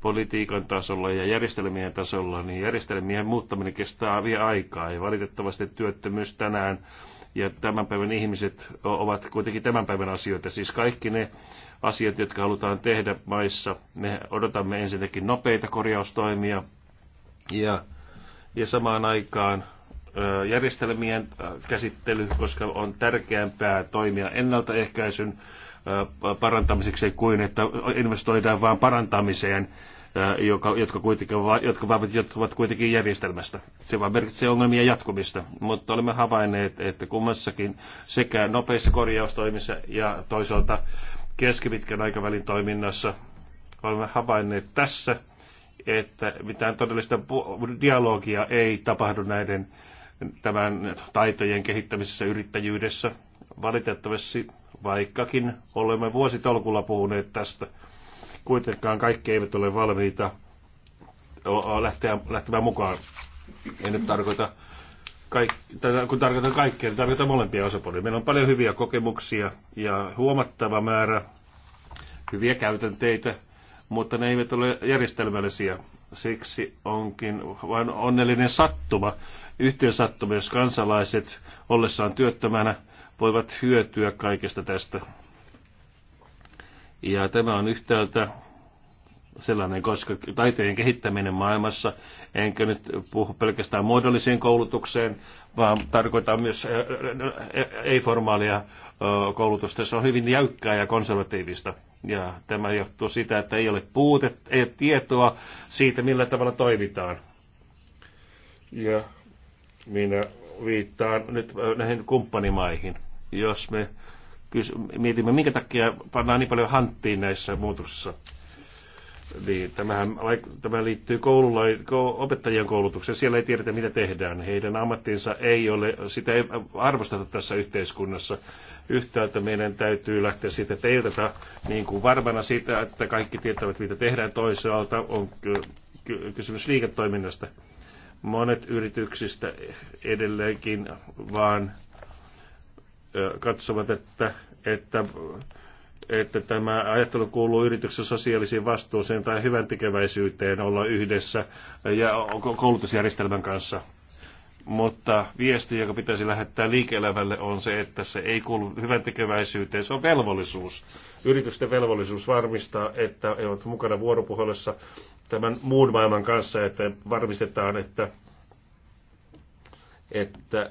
politiikan tasolla ja järjestelmien tasolla, niin järjestelmien muuttaminen kestää vielä aikaa. Ja valitettavasti työttömyys tänään ja tämän päivän ihmiset ovat kuitenkin tämän päivän asioita. Siis kaikki ne asiat, jotka halutaan tehdä maissa, me odotamme ensinnäkin nopeita korjaustoimia ja, ja samaan aikaan järjestelmien käsittely, koska on tärkeämpää toimia ennaltaehkäisyn parantamiseksi kuin että investoidaan vain parantamiseen joka, jotka, kuitenkin, jotka ovat kuitenkin järjestelmästä. Se vain merkitsee ongelmia jatkumista, mutta olemme havainneet, että kummassakin sekä nopeissa korjaustoimissa ja toisaalta keskipitkän aikavälin toiminnassa olemme havainneet tässä, että mitään todellista dialogia ei tapahdu näiden tämän taitojen kehittämisessä yrittäjyydessä. Valitettavasti, vaikkakin olemme vuositolkulla puhuneet tästä, Kuitenkaan kaikki eivät ole valmiita lähteä, lähtemään mukaan. En nyt tarkoita kaik, tai kun tarkoitan kaikkea, niin tarkoitan molempia osapuolia. Meillä on paljon hyviä kokemuksia ja huomattava määrä hyviä käytänteitä, mutta ne eivät ole järjestelmällisiä. Siksi onkin vain onnellinen sattuma, sattuma, jos kansalaiset ollessaan työttömänä voivat hyötyä kaikesta tästä. Ja tämä on yhtäältä sellainen, koska taitojen kehittäminen maailmassa, enkä nyt puhu pelkästään muodolliseen koulutukseen, vaan tarkoitan myös ei-formaalia koulutusta. Se on hyvin jäykkää ja konservatiivista. Ja tämä johtuu siitä, että ei ole puute, ei ole tietoa siitä, millä tavalla toimitaan. Ja minä viittaan nyt näihin kumppanimaihin. Jos me mietimme, minkä takia pannaan niin paljon hanttiin näissä muutoksissa. Niin, tämähän, tämä liittyy koululla, opettajien koulutukseen. Siellä ei tiedetä, mitä tehdään. Heidän ammattinsa ei ole, sitä ei arvosteta tässä yhteiskunnassa. Yhtäältä meidän täytyy lähteä siitä, että ei oteta niin kuin varmana sitä, että kaikki tietävät, mitä tehdään. Toisaalta on kysymys liiketoiminnasta. Monet yrityksistä edelleenkin vaan katsovat, että, että, että tämä ajattelu kuuluu yrityksen sosiaalisiin vastuuseen tai hyvän tekeväisyyteen olla yhdessä ja koulutusjärjestelmän kanssa. Mutta viesti, joka pitäisi lähettää liike on se, että se ei kuulu hyvän tekeväisyyteen, se on velvollisuus. Yritysten velvollisuus varmistaa, että he ovat mukana vuoropuhelussa tämän muun maailman kanssa, että varmistetaan, että, että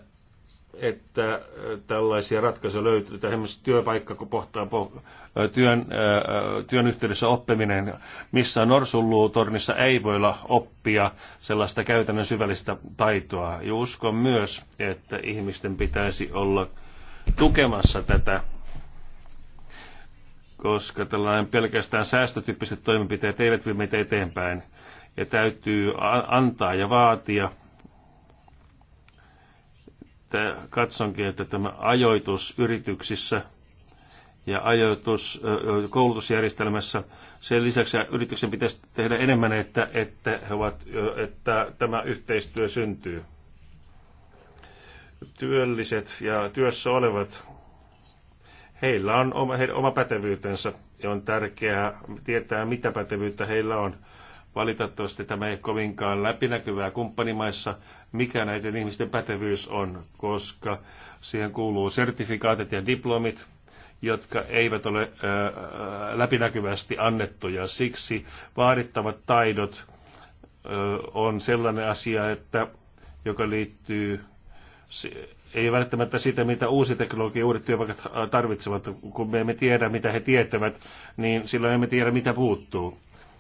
että äh, tällaisia ratkaisuja löytyy. Esimerkiksi työpaikka, kun pohtaa äh, työn, äh, työn yhteydessä oppiminen, missä norsulluutornissa ei voi olla oppia sellaista käytännön syvällistä taitoa. Ja uskon myös, että ihmisten pitäisi olla tukemassa tätä, koska tällainen pelkästään säästötyyppiset toimenpiteet eivät vie meitä eteenpäin. Ja täytyy antaa ja vaatia että katsonkin, että tämä ajoitus yrityksissä ja ajoitus koulutusjärjestelmässä. Sen lisäksi yrityksen pitäisi tehdä enemmän, että, että, he ovat, että tämä yhteistyö syntyy. Työlliset ja työssä olevat, heillä on oma, heidän oma pätevyytensä ja on tärkeää tietää, mitä pätevyyttä heillä on. Valitettavasti tämä ei ole kovinkaan läpinäkyvää kumppanimaissa, mikä näiden ihmisten pätevyys on, koska siihen kuuluu sertifikaatit ja diplomit, jotka eivät ole läpinäkyvästi annettuja. Siksi vaadittavat taidot on sellainen asia, että, joka liittyy ei välttämättä sitä, mitä uusi teknologia ja uudet työpaikat tarvitsevat. Kun me emme tiedä, mitä he tietävät, niin silloin emme tiedä, mitä puuttuu.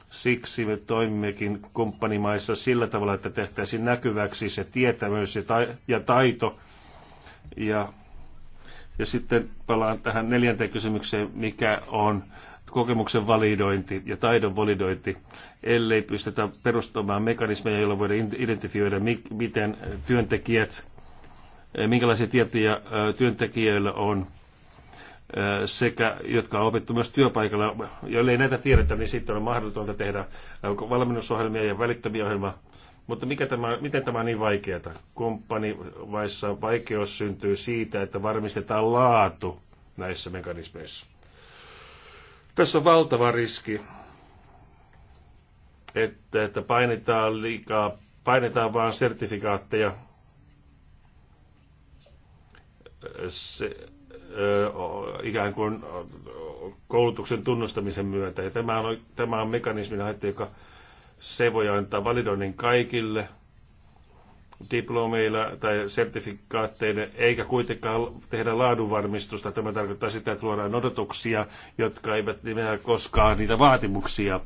Siksi me toimimmekin kumppanimaissa sillä tavalla, että tehtäisiin näkyväksi se tietämys ja taito. Ja, ja sitten palaan tähän neljänteen kysymykseen, mikä on kokemuksen validointi ja taidon validointi, ellei pystytä perustamaan mekanismeja, joilla voidaan identifioida, miten työntekijät, minkälaisia tietoja työntekijöillä on sekä jotka on opittu myös työpaikalla. Jollei näitä tiedetä, niin sitten on mahdotonta tehdä valmennusohjelmia ja välittömiä ohjelmia. Mutta mikä tämä, miten tämä on niin vaikeaa? Kumppanivaissa vaikeus syntyy siitä, että varmistetaan laatu näissä mekanismeissa. Tässä on valtava riski, että, että painetaan liikaa, painetaan vain sertifikaatteja. Se, ikään kuin koulutuksen tunnustamisen myötä. Ja tämä on, tämä on mekanismi, haitta, joka se voi antaa validoinnin kaikille diplomeilla tai sertifikaatteille, eikä kuitenkaan tehdä laadunvarmistusta. Tämä tarkoittaa sitä, että luodaan odotuksia, jotka eivät nimeä koskaan niitä vaatimuksia,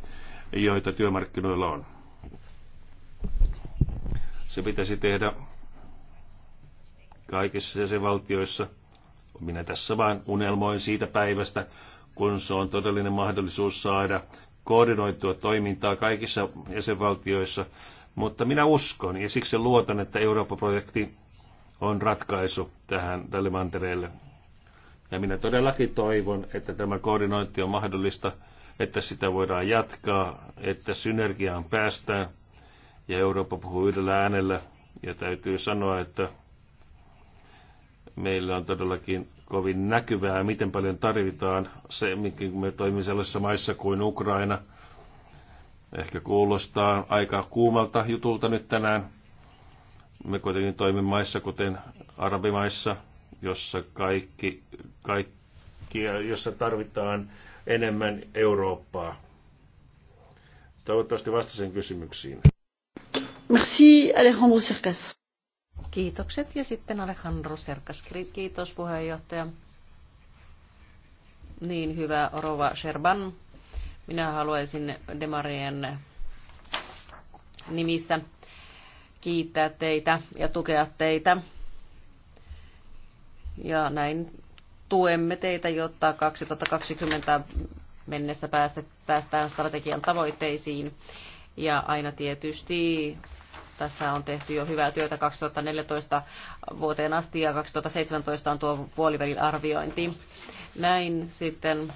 joita työmarkkinoilla on. Se pitäisi tehdä kaikissa jäsenvaltioissa – minä tässä vain unelmoin siitä päivästä, kun se on todellinen mahdollisuus saada koordinoitua toimintaa kaikissa jäsenvaltioissa, mutta minä uskon ja siksi luotan, että Eurooppa-projekti on ratkaisu tähän tälle mantereelle. Ja minä todellakin toivon, että tämä koordinointi on mahdollista, että sitä voidaan jatkaa, että synergiaan päästään. Ja Eurooppa puhuu yhdellä äänellä. Ja täytyy sanoa, että meillä on todellakin kovin näkyvää, miten paljon tarvitaan se, kun me toimimme sellaisissa maissa kuin Ukraina. Ehkä kuulostaa aika kuumalta jutulta nyt tänään. Me kuitenkin toimimme maissa, kuten arabimaissa, jossa, kaikki, kaikki, jossa tarvitaan enemmän Eurooppaa. Toivottavasti vastasin kysymyksiin. Merci Alejandro Serkas. Kiitokset ja sitten Alejandro Serkas. Kiitos puheenjohtaja. Niin hyvä Rova Sherban. Minä haluaisin Demarien nimissä kiittää teitä ja tukea teitä. Ja näin tuemme teitä, jotta 2020 mennessä päästään strategian tavoitteisiin. Ja aina tietysti tässä on tehty jo hyvää työtä 2014 vuoteen asti ja 2017 on tuo puolivälin arviointi. Näin sitten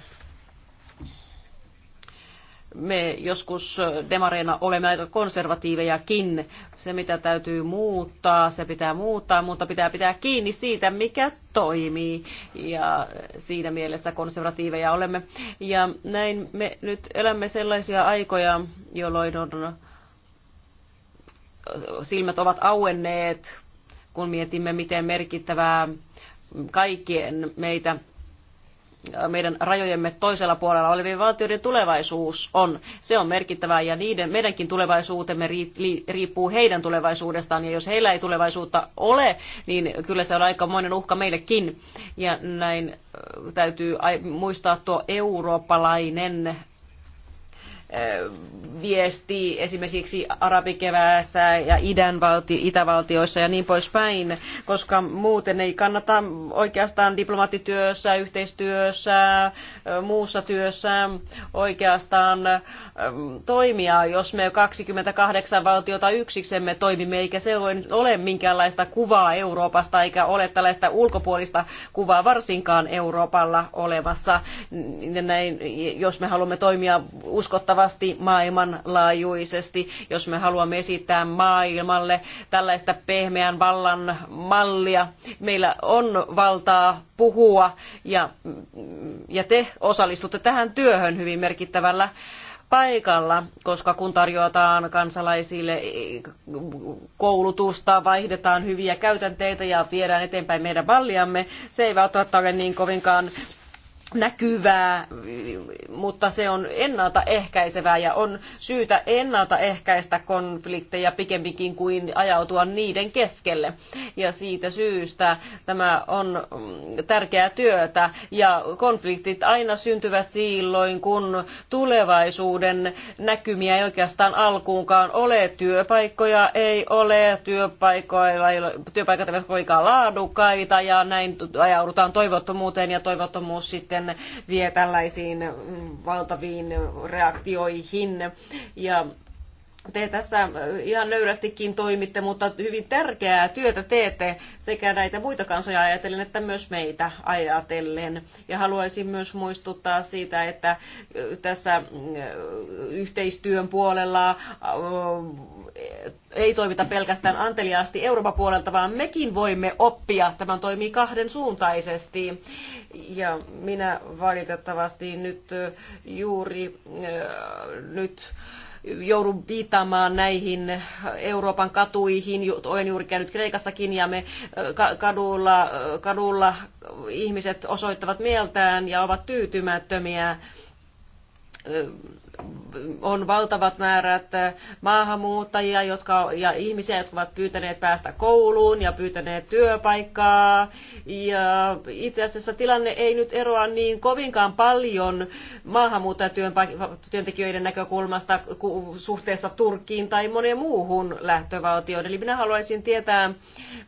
me joskus demareina olemme aika konservatiivejakin. Se, mitä täytyy muuttaa, se pitää muuttaa, mutta pitää pitää kiinni siitä, mikä toimii. Ja siinä mielessä konservatiiveja olemme. Ja näin me nyt elämme sellaisia aikoja, jolloin on silmät ovat auenneet, kun mietimme, miten merkittävää kaikkien meitä meidän rajojemme toisella puolella olevien valtioiden tulevaisuus on. Se on merkittävää ja niiden, meidänkin tulevaisuutemme riippuu heidän tulevaisuudestaan ja jos heillä ei tulevaisuutta ole, niin kyllä se on aikamoinen uhka meillekin. Ja näin täytyy muistaa tuo eurooppalainen viesti esimerkiksi arabikeväässä ja valti, itävaltioissa ja niin poispäin, koska muuten ei kannata oikeastaan diplomaattityössä, yhteistyössä, muussa työssä oikeastaan toimia, jos me 28 valtiota yksiksemme toimimme, eikä se ole minkäänlaista kuvaa Euroopasta, eikä ole tällaista ulkopuolista kuvaa varsinkaan Euroopalla olevassa, näin, jos me haluamme toimia uskottavasti kattavasti maailmanlaajuisesti, jos me haluamme esittää maailmalle tällaista pehmeän vallan mallia. Meillä on valtaa puhua ja, ja te osallistutte tähän työhön hyvin merkittävällä paikalla, koska kun tarjotaan kansalaisille koulutusta, vaihdetaan hyviä käytänteitä ja viedään eteenpäin meidän valliamme se ei välttämättä ole niin kovinkaan näkyvää, mutta se on ennaltaehkäisevää ja on syytä ennaltaehkäistä konflikteja pikemminkin kuin ajautua niiden keskelle. Ja siitä syystä tämä on mm, tärkeää työtä ja konfliktit aina syntyvät silloin, kun tulevaisuuden näkymiä ei oikeastaan alkuunkaan ole. Työpaikkoja ei ole, työpaikoilla ei ole työpaikat eivät laadukkaita ja näin ajaudutaan toivottomuuteen ja toivottomuus sitten sitten vie tällaisiin mm, valtaviin reaktioihin. Ja te tässä ihan nöyrästikin toimitte, mutta hyvin tärkeää työtä teette sekä näitä muita kansoja ajatellen, että myös meitä ajatellen. Ja haluaisin myös muistuttaa siitä, että tässä yhteistyön puolella ei toimita pelkästään anteliaasti Euroopan puolelta, vaan mekin voimme oppia. Tämä toimii kahden suuntaisesti. Ja minä valitettavasti nyt juuri nyt joudu viittaamaan näihin Euroopan katuihin. Olen juuri käynyt Kreikassakin ja me kadulla, kadulla ihmiset osoittavat mieltään ja ovat tyytymättömiä on valtavat määrät maahanmuuttajia jotka, ja ihmisiä, jotka ovat pyytäneet päästä kouluun ja pyytäneet työpaikkaa. Ja itse asiassa tilanne ei nyt eroa niin kovinkaan paljon maahanmuuttajatyöntekijöiden näkökulmasta suhteessa Turkkiin tai moneen muuhun lähtövaltioon. Eli minä haluaisin tietää,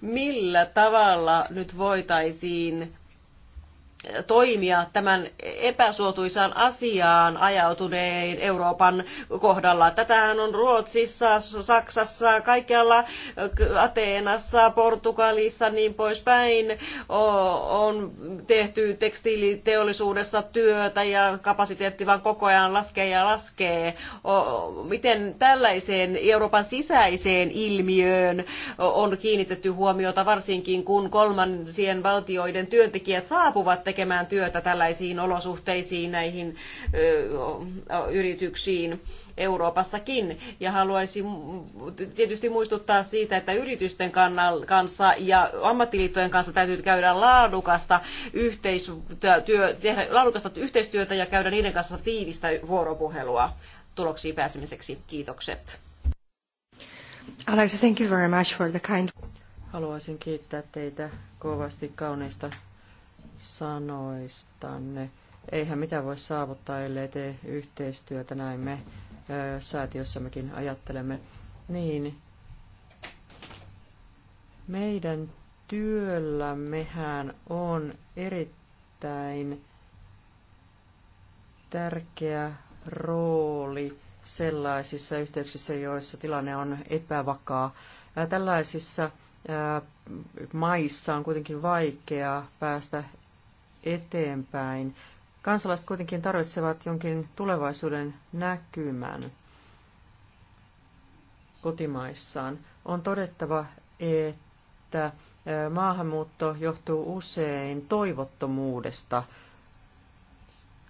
millä tavalla nyt voitaisiin toimia tämän epäsuotuisaan asiaan ajautuneen Euroopan kohdalla. Tätähän on Ruotsissa, Saksassa, kaikkialla Ateenassa, Portugalissa niin poispäin on tehty tekstiiliteollisuudessa työtä ja kapasiteetti vaan koko ajan laskee ja laskee. Miten tällaiseen Euroopan sisäiseen ilmiöön on kiinnitetty huomiota varsinkin kun kolmansien valtioiden työntekijät saapuvat tekemään työtä tällaisiin olosuhteisiin näihin yrityksiin Euroopassakin. Ja haluaisin tietysti muistuttaa siitä, että yritysten kanssa ja ammattiliittojen kanssa täytyy käydä laadukasta, tehdä laadukasta yhteistyötä ja käydä niiden kanssa tiivistä vuoropuhelua tuloksiin pääsemiseksi. Kiitokset. Alex, thank you very much for the kind... Haluaisin kiittää teitä kovasti kauneista sanoistanne. Eihän mitään voi saavuttaa, ellei tee yhteistyötä, näin me säätiössämmekin ajattelemme. Niin, meidän työllämmehän on erittäin tärkeä rooli sellaisissa yhteyksissä, joissa tilanne on epävakaa. Tällaisissa maissa on kuitenkin vaikea päästä eteenpäin. Kansalaiset kuitenkin tarvitsevat jonkin tulevaisuuden näkymän kotimaissaan. On todettava, että maahanmuutto johtuu usein toivottomuudesta.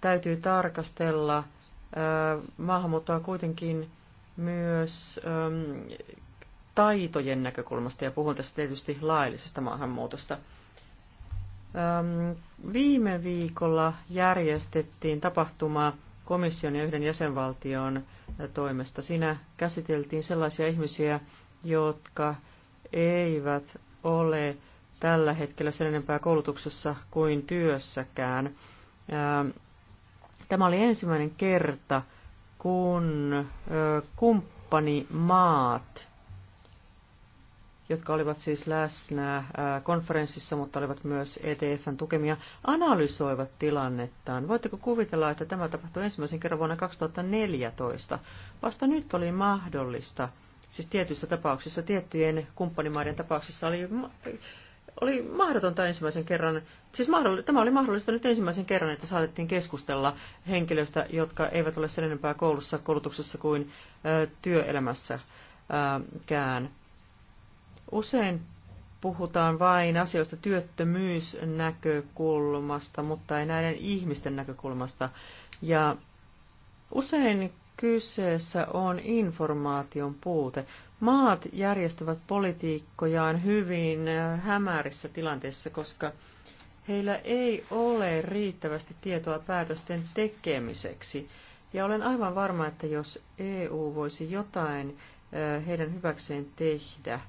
Täytyy tarkastella maahanmuuttoa kuitenkin myös taitojen näkökulmasta, ja puhun tässä tietysti laillisesta maahanmuutosta. Ähm, viime viikolla järjestettiin tapahtuma komission ja yhden jäsenvaltion äh, toimesta. Siinä käsiteltiin sellaisia ihmisiä, jotka eivät ole tällä hetkellä sen enempää koulutuksessa kuin työssäkään. Ähm, tämä oli ensimmäinen kerta, kun äh, kumppanimaat jotka olivat siis läsnä konferenssissa, mutta olivat myös ETFn tukemia, analysoivat tilannettaan. Voitteko kuvitella, että tämä tapahtui ensimmäisen kerran vuonna 2014? Vasta nyt oli mahdollista, siis tietyissä tapauksissa, tiettyjen kumppanimaiden tapauksissa oli oli mahdotonta ensimmäisen kerran, siis mahdollista, tämä oli mahdollista nyt ensimmäisen kerran, että saatettiin keskustella henkilöistä, jotka eivät ole sen enempää koulussa, koulutuksessa kuin ö, työelämässäkään. Usein puhutaan vain asioista työttömyysnäkökulmasta, mutta ei näiden ihmisten näkökulmasta. Ja usein kyseessä on informaation puute. Maat järjestävät politiikkojaan hyvin äh, hämärissä tilanteissa, koska heillä ei ole riittävästi tietoa päätösten tekemiseksi. Ja olen aivan varma, että jos EU voisi jotain äh, heidän hyväkseen tehdä,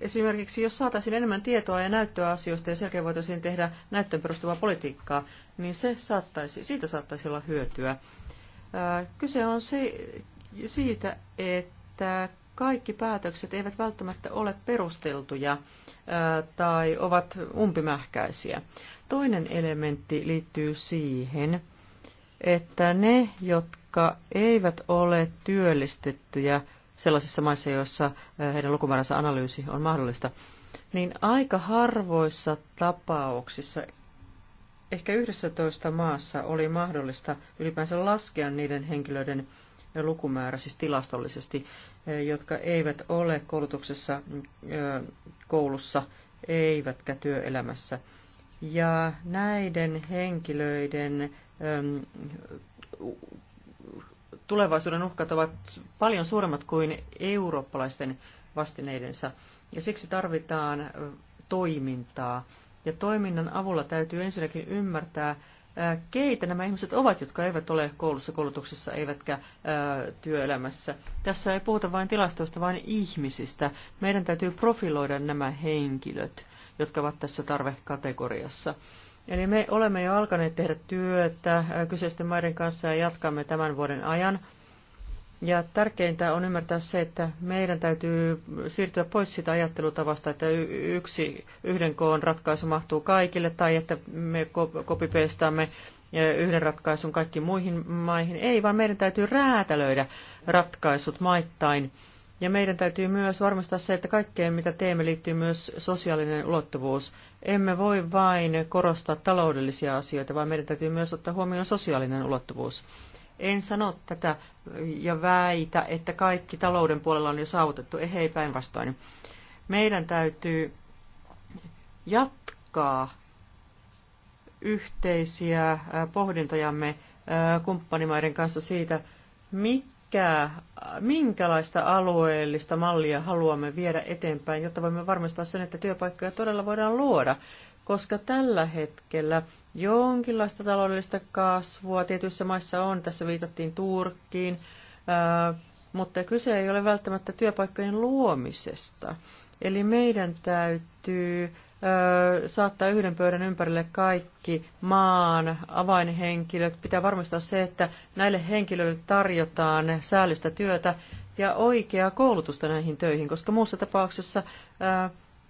esimerkiksi jos saataisiin enemmän tietoa ja näyttöä asioista ja selkeä voitaisiin tehdä näyttöön perustuvaa politiikkaa, niin se saattaisi, siitä saattaisi olla hyötyä. Kyse on se, siitä, että kaikki päätökset eivät välttämättä ole perusteltuja tai ovat umpimähkäisiä. Toinen elementti liittyy siihen, että ne, jotka eivät ole työllistettyjä, sellaisissa maissa, joissa eh, heidän lukumääränsä analyysi on mahdollista, niin aika harvoissa tapauksissa, ehkä 11 maassa oli mahdollista ylipäänsä laskea niiden henkilöiden lukumäärä siis tilastollisesti, eh, jotka eivät ole koulutuksessa, eh, koulussa, eivätkä työelämässä. Ja näiden henkilöiden tulevaisuuden uhkat ovat paljon suuremmat kuin eurooppalaisten vastineidensa. Ja siksi tarvitaan toimintaa. Ja toiminnan avulla täytyy ensinnäkin ymmärtää, keitä nämä ihmiset ovat, jotka eivät ole koulussa, koulutuksessa eivätkä työelämässä. Tässä ei puhuta vain tilastoista, vaan ihmisistä. Meidän täytyy profiloida nämä henkilöt, jotka ovat tässä tarvekategoriassa. kategoriassa Eli me olemme jo alkaneet tehdä työtä äh, kyseisten maiden kanssa ja jatkamme tämän vuoden ajan. Ja tärkeintä on ymmärtää se, että meidän täytyy siirtyä pois siitä ajattelutavasta, että yksi yhden koon ratkaisu mahtuu kaikille tai että me kopipeistämme yhden ratkaisun kaikkiin muihin maihin. Ei, vaan meidän täytyy räätälöidä ratkaisut maittain ja meidän täytyy myös varmistaa se, että kaikkeen mitä teemme liittyy myös sosiaalinen ulottuvuus. Emme voi vain korostaa taloudellisia asioita, vaan meidän täytyy myös ottaa huomioon sosiaalinen ulottuvuus. En sano tätä ja väitä, että kaikki talouden puolella on jo saavutettu. Ei päinvastoin. Meidän täytyy jatkaa yhteisiä pohdintojamme kumppanimaiden kanssa siitä, mitä mikä, minkälaista alueellista mallia haluamme viedä eteenpäin, jotta voimme varmistaa sen, että työpaikkoja todella voidaan luoda. Koska tällä hetkellä jonkinlaista taloudellista kasvua tietyissä maissa on, tässä viitattiin Turkkiin, mutta kyse ei ole välttämättä työpaikkojen luomisesta. Eli meidän täytyy saattaa yhden pöydän ympärille kaikki maan avainhenkilöt. Pitää varmistaa se, että näille henkilöille tarjotaan säällistä työtä ja oikeaa koulutusta näihin töihin, koska muussa tapauksessa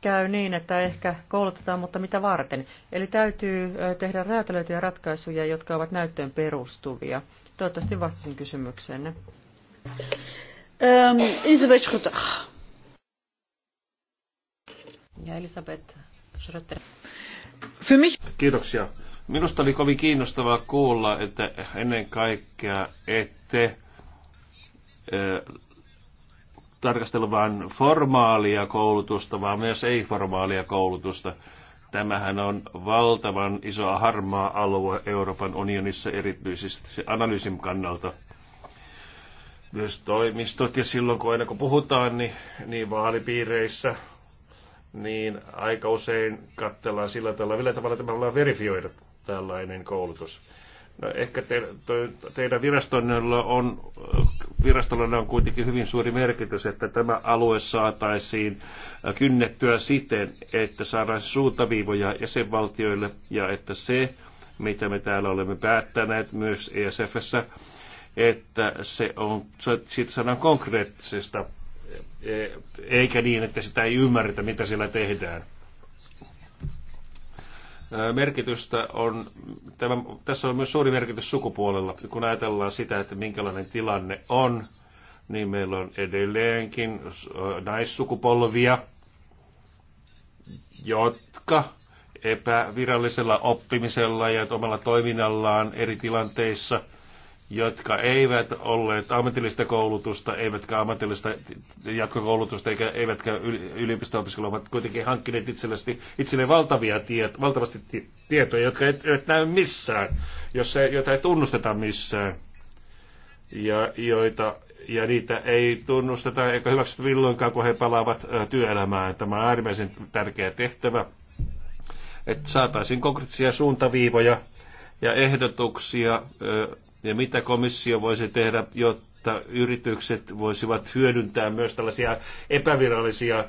käy niin, että ehkä koulutetaan, mutta mitä varten. Eli täytyy tehdä räätälöityjä ratkaisuja, jotka ovat näyttöön perustuvia. Toivottavasti vastasin kysymykseenne. Um, Elisabeth Schutter. Ja Elisabeth Kiitoksia. Minusta oli kovin kiinnostavaa kuulla, että ennen kaikkea ette tarkastella vain formaalia koulutusta, vaan myös ei-formaalia koulutusta. Tämähän on valtavan iso harmaa alue Euroopan unionissa erityisesti analyysin kannalta. Myös toimistot ja silloin kun aina kun puhutaan, niin, niin vaalipiireissä niin aika usein katsellaan sillä tavalla, millä tavalla tämä voidaan verifioida tällainen koulutus. No, ehkä te, te, teidän virastolla on, virastolla on kuitenkin hyvin suuri merkitys, että tämä alue saataisiin kynnettyä siten, että saadaan suuntaviivoja jäsenvaltioille ja että se, mitä me täällä olemme päättäneet myös ESFssä, että se on, siitä saadaan konkreettisesta E, eikä niin, että sitä ei ymmärretä, mitä siellä tehdään. Merkitystä on, tämä, tässä on myös suuri merkitys sukupuolella. Kun ajatellaan sitä, että minkälainen tilanne on, niin meillä on edelleenkin naissukupolvia, jotka epävirallisella oppimisella ja omalla toiminnallaan eri tilanteissa – jotka eivät olleet ammatillista koulutusta, eivätkä ammatillista jatkokoulutusta, eikä, eivätkä yliopisto-opiskelua, ovat kuitenkin hankkineet itselleen, itselleen valtavia tiet, valtavasti tietoja, jotka eivät näy missään, jos ei, joita ei tunnusteta missään, ja, joita, ja niitä ei tunnusteta eikä hyväksytä villoinkaan, kun he palaavat työelämään. Tämä on äärimmäisen tärkeä tehtävä, että saataisiin konkreettisia suuntaviivoja ja ehdotuksia ja mitä komissio voisi tehdä, jotta yritykset voisivat hyödyntää myös tällaisia epävirallisia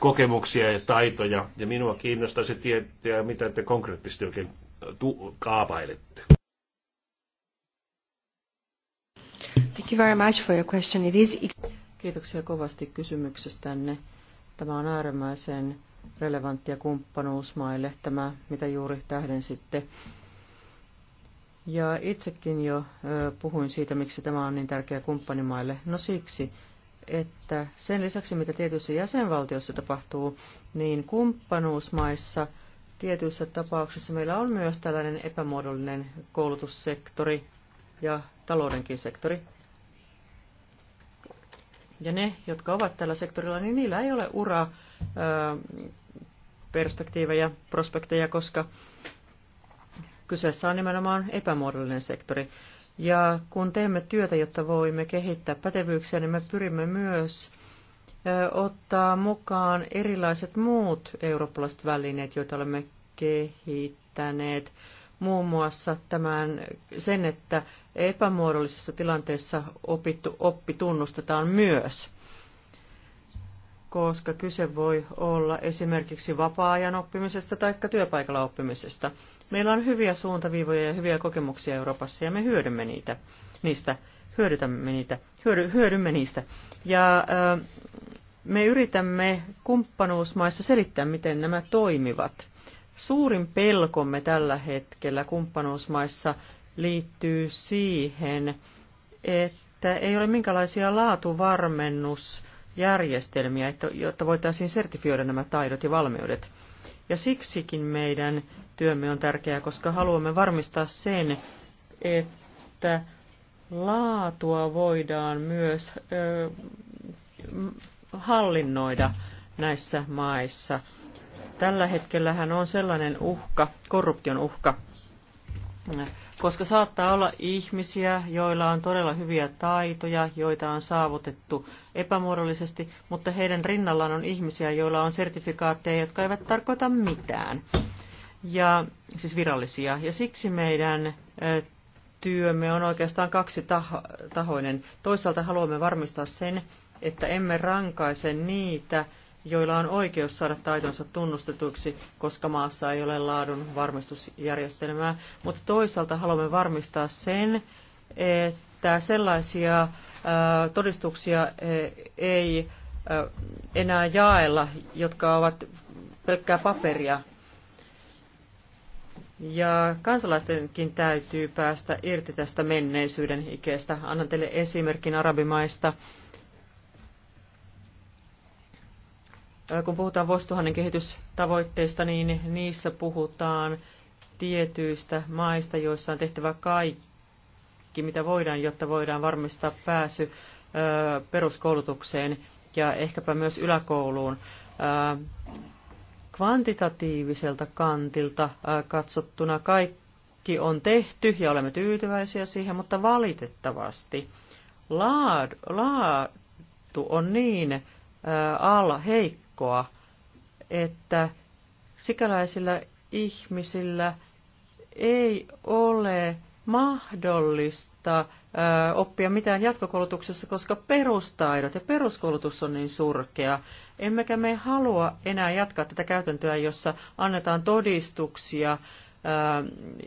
kokemuksia ja taitoja? Ja minua kiinnostaisi tietää, mitä te konkreettisesti oikein kaavailette. Thank you very much for your question. It is... Kiitoksia kovasti kysymyksestänne. Tämä on äärimmäisen relevanttia kumppanuusmaille, tämä mitä juuri tähdensitte. sitten ja itsekin jo puhuin siitä, miksi tämä on niin tärkeä kumppanimaille. No siksi, että sen lisäksi, mitä tietyissä jäsenvaltioissa tapahtuu, niin kumppanuusmaissa tietyissä tapauksissa meillä on myös tällainen epämuodollinen koulutussektori ja taloudenkin sektori. Ja ne, jotka ovat tällä sektorilla, niin niillä ei ole ura perspektiivejä, prospekteja, koska Kyseessä on nimenomaan epämuodollinen sektori. Ja kun teemme työtä, jotta voimme kehittää pätevyyksiä, niin me pyrimme myös ottaa mukaan erilaiset muut eurooppalaiset välineet, joita olemme kehittäneet. Muun muassa tämän, sen, että epämuodollisessa tilanteessa opittu oppi tunnustetaan myös, koska kyse voi olla esimerkiksi vapaa-ajan oppimisesta tai työpaikalla oppimisesta. Meillä on hyviä suuntaviivoja ja hyviä kokemuksia Euroopassa ja me hyödymme niitä, niistä, hyödytämme niitä, hyödy, hyödymme niistä. Ja ö, me yritämme kumppanuusmaissa selittää, miten nämä toimivat. Suurin pelkomme tällä hetkellä kumppanuusmaissa liittyy siihen, että ei ole minkälaisia laatuvarmennusjärjestelmiä, jotta voitaisiin sertifioida nämä taidot ja valmiudet – ja siksikin meidän työmme on tärkeää, koska haluamme varmistaa sen, että laatua voidaan myös ö, hallinnoida näissä maissa. Tällä hetkellähän on sellainen uhka, korruption uhka, koska saattaa olla ihmisiä, joilla on todella hyviä taitoja, joita on saavutettu epämuodollisesti, mutta heidän rinnallaan on ihmisiä, joilla on sertifikaatteja, jotka eivät tarkoita mitään, ja, siis virallisia. Ja siksi meidän työmme on oikeastaan kaksi tahoinen. Toisaalta haluamme varmistaa sen, että emme rankaise niitä, joilla on oikeus saada taitonsa tunnustetuiksi, koska maassa ei ole laadun varmistusjärjestelmää. Mutta toisaalta haluamme varmistaa sen, että sellaisia todistuksia ei enää jaella, jotka ovat pelkkää paperia. Ja kansalaistenkin täytyy päästä irti tästä menneisyyden ikeestä. Annan teille esimerkin arabimaista. kun puhutaan vuosituhannen kehitystavoitteista, niin niissä puhutaan tietyistä maista, joissa on tehtävä kaikki, mitä voidaan, jotta voidaan varmistaa pääsy peruskoulutukseen ja ehkäpä myös yläkouluun. Kvantitatiiviselta kantilta katsottuna kaikki on tehty ja olemme tyytyväisiä siihen, mutta valitettavasti laadu on niin alla heikko, uskoa, että sikäläisillä ihmisillä ei ole mahdollista oppia mitään jatkokoulutuksessa, koska perustaidot ja peruskoulutus on niin surkea. Emmekä me halua enää jatkaa tätä käytäntöä, jossa annetaan todistuksia,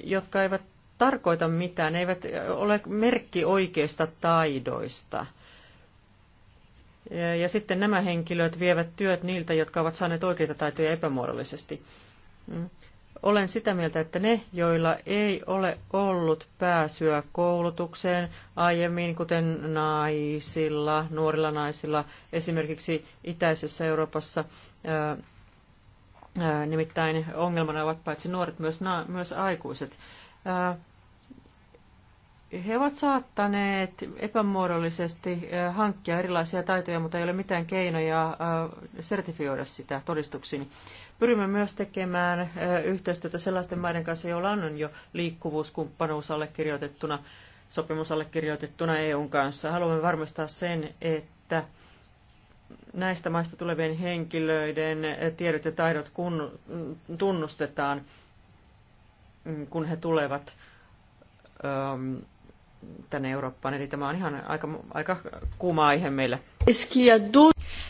jotka eivät tarkoita mitään, ne eivät ole merkki oikeista taidoista. Ja sitten nämä henkilöt vievät työt niiltä, jotka ovat saaneet oikeita taitoja epämuodollisesti. Mm. Olen sitä mieltä, että ne, joilla ei ole ollut pääsyä koulutukseen aiemmin, kuten naisilla, nuorilla naisilla, esimerkiksi itäisessä Euroopassa, nimittäin ongelmana ovat paitsi nuoret, myös, na- myös aikuiset he ovat saattaneet epämuodollisesti eh, hankkia erilaisia taitoja, mutta ei ole mitään keinoja eh, sertifioida sitä todistuksiin. Pyrimme myös tekemään eh, yhteistyötä sellaisten maiden kanssa, joilla on jo liikkuvuuskumppanuus allekirjoitettuna, sopimus allekirjoitettuna EUn kanssa. Haluamme varmistaa sen, että näistä maista tulevien henkilöiden tiedot ja taidot kun, mm, tunnustetaan, mm, kun he tulevat ehm, tänne Eurooppaan. Eli tämä on ihan aika, aika kuuma aihe meille.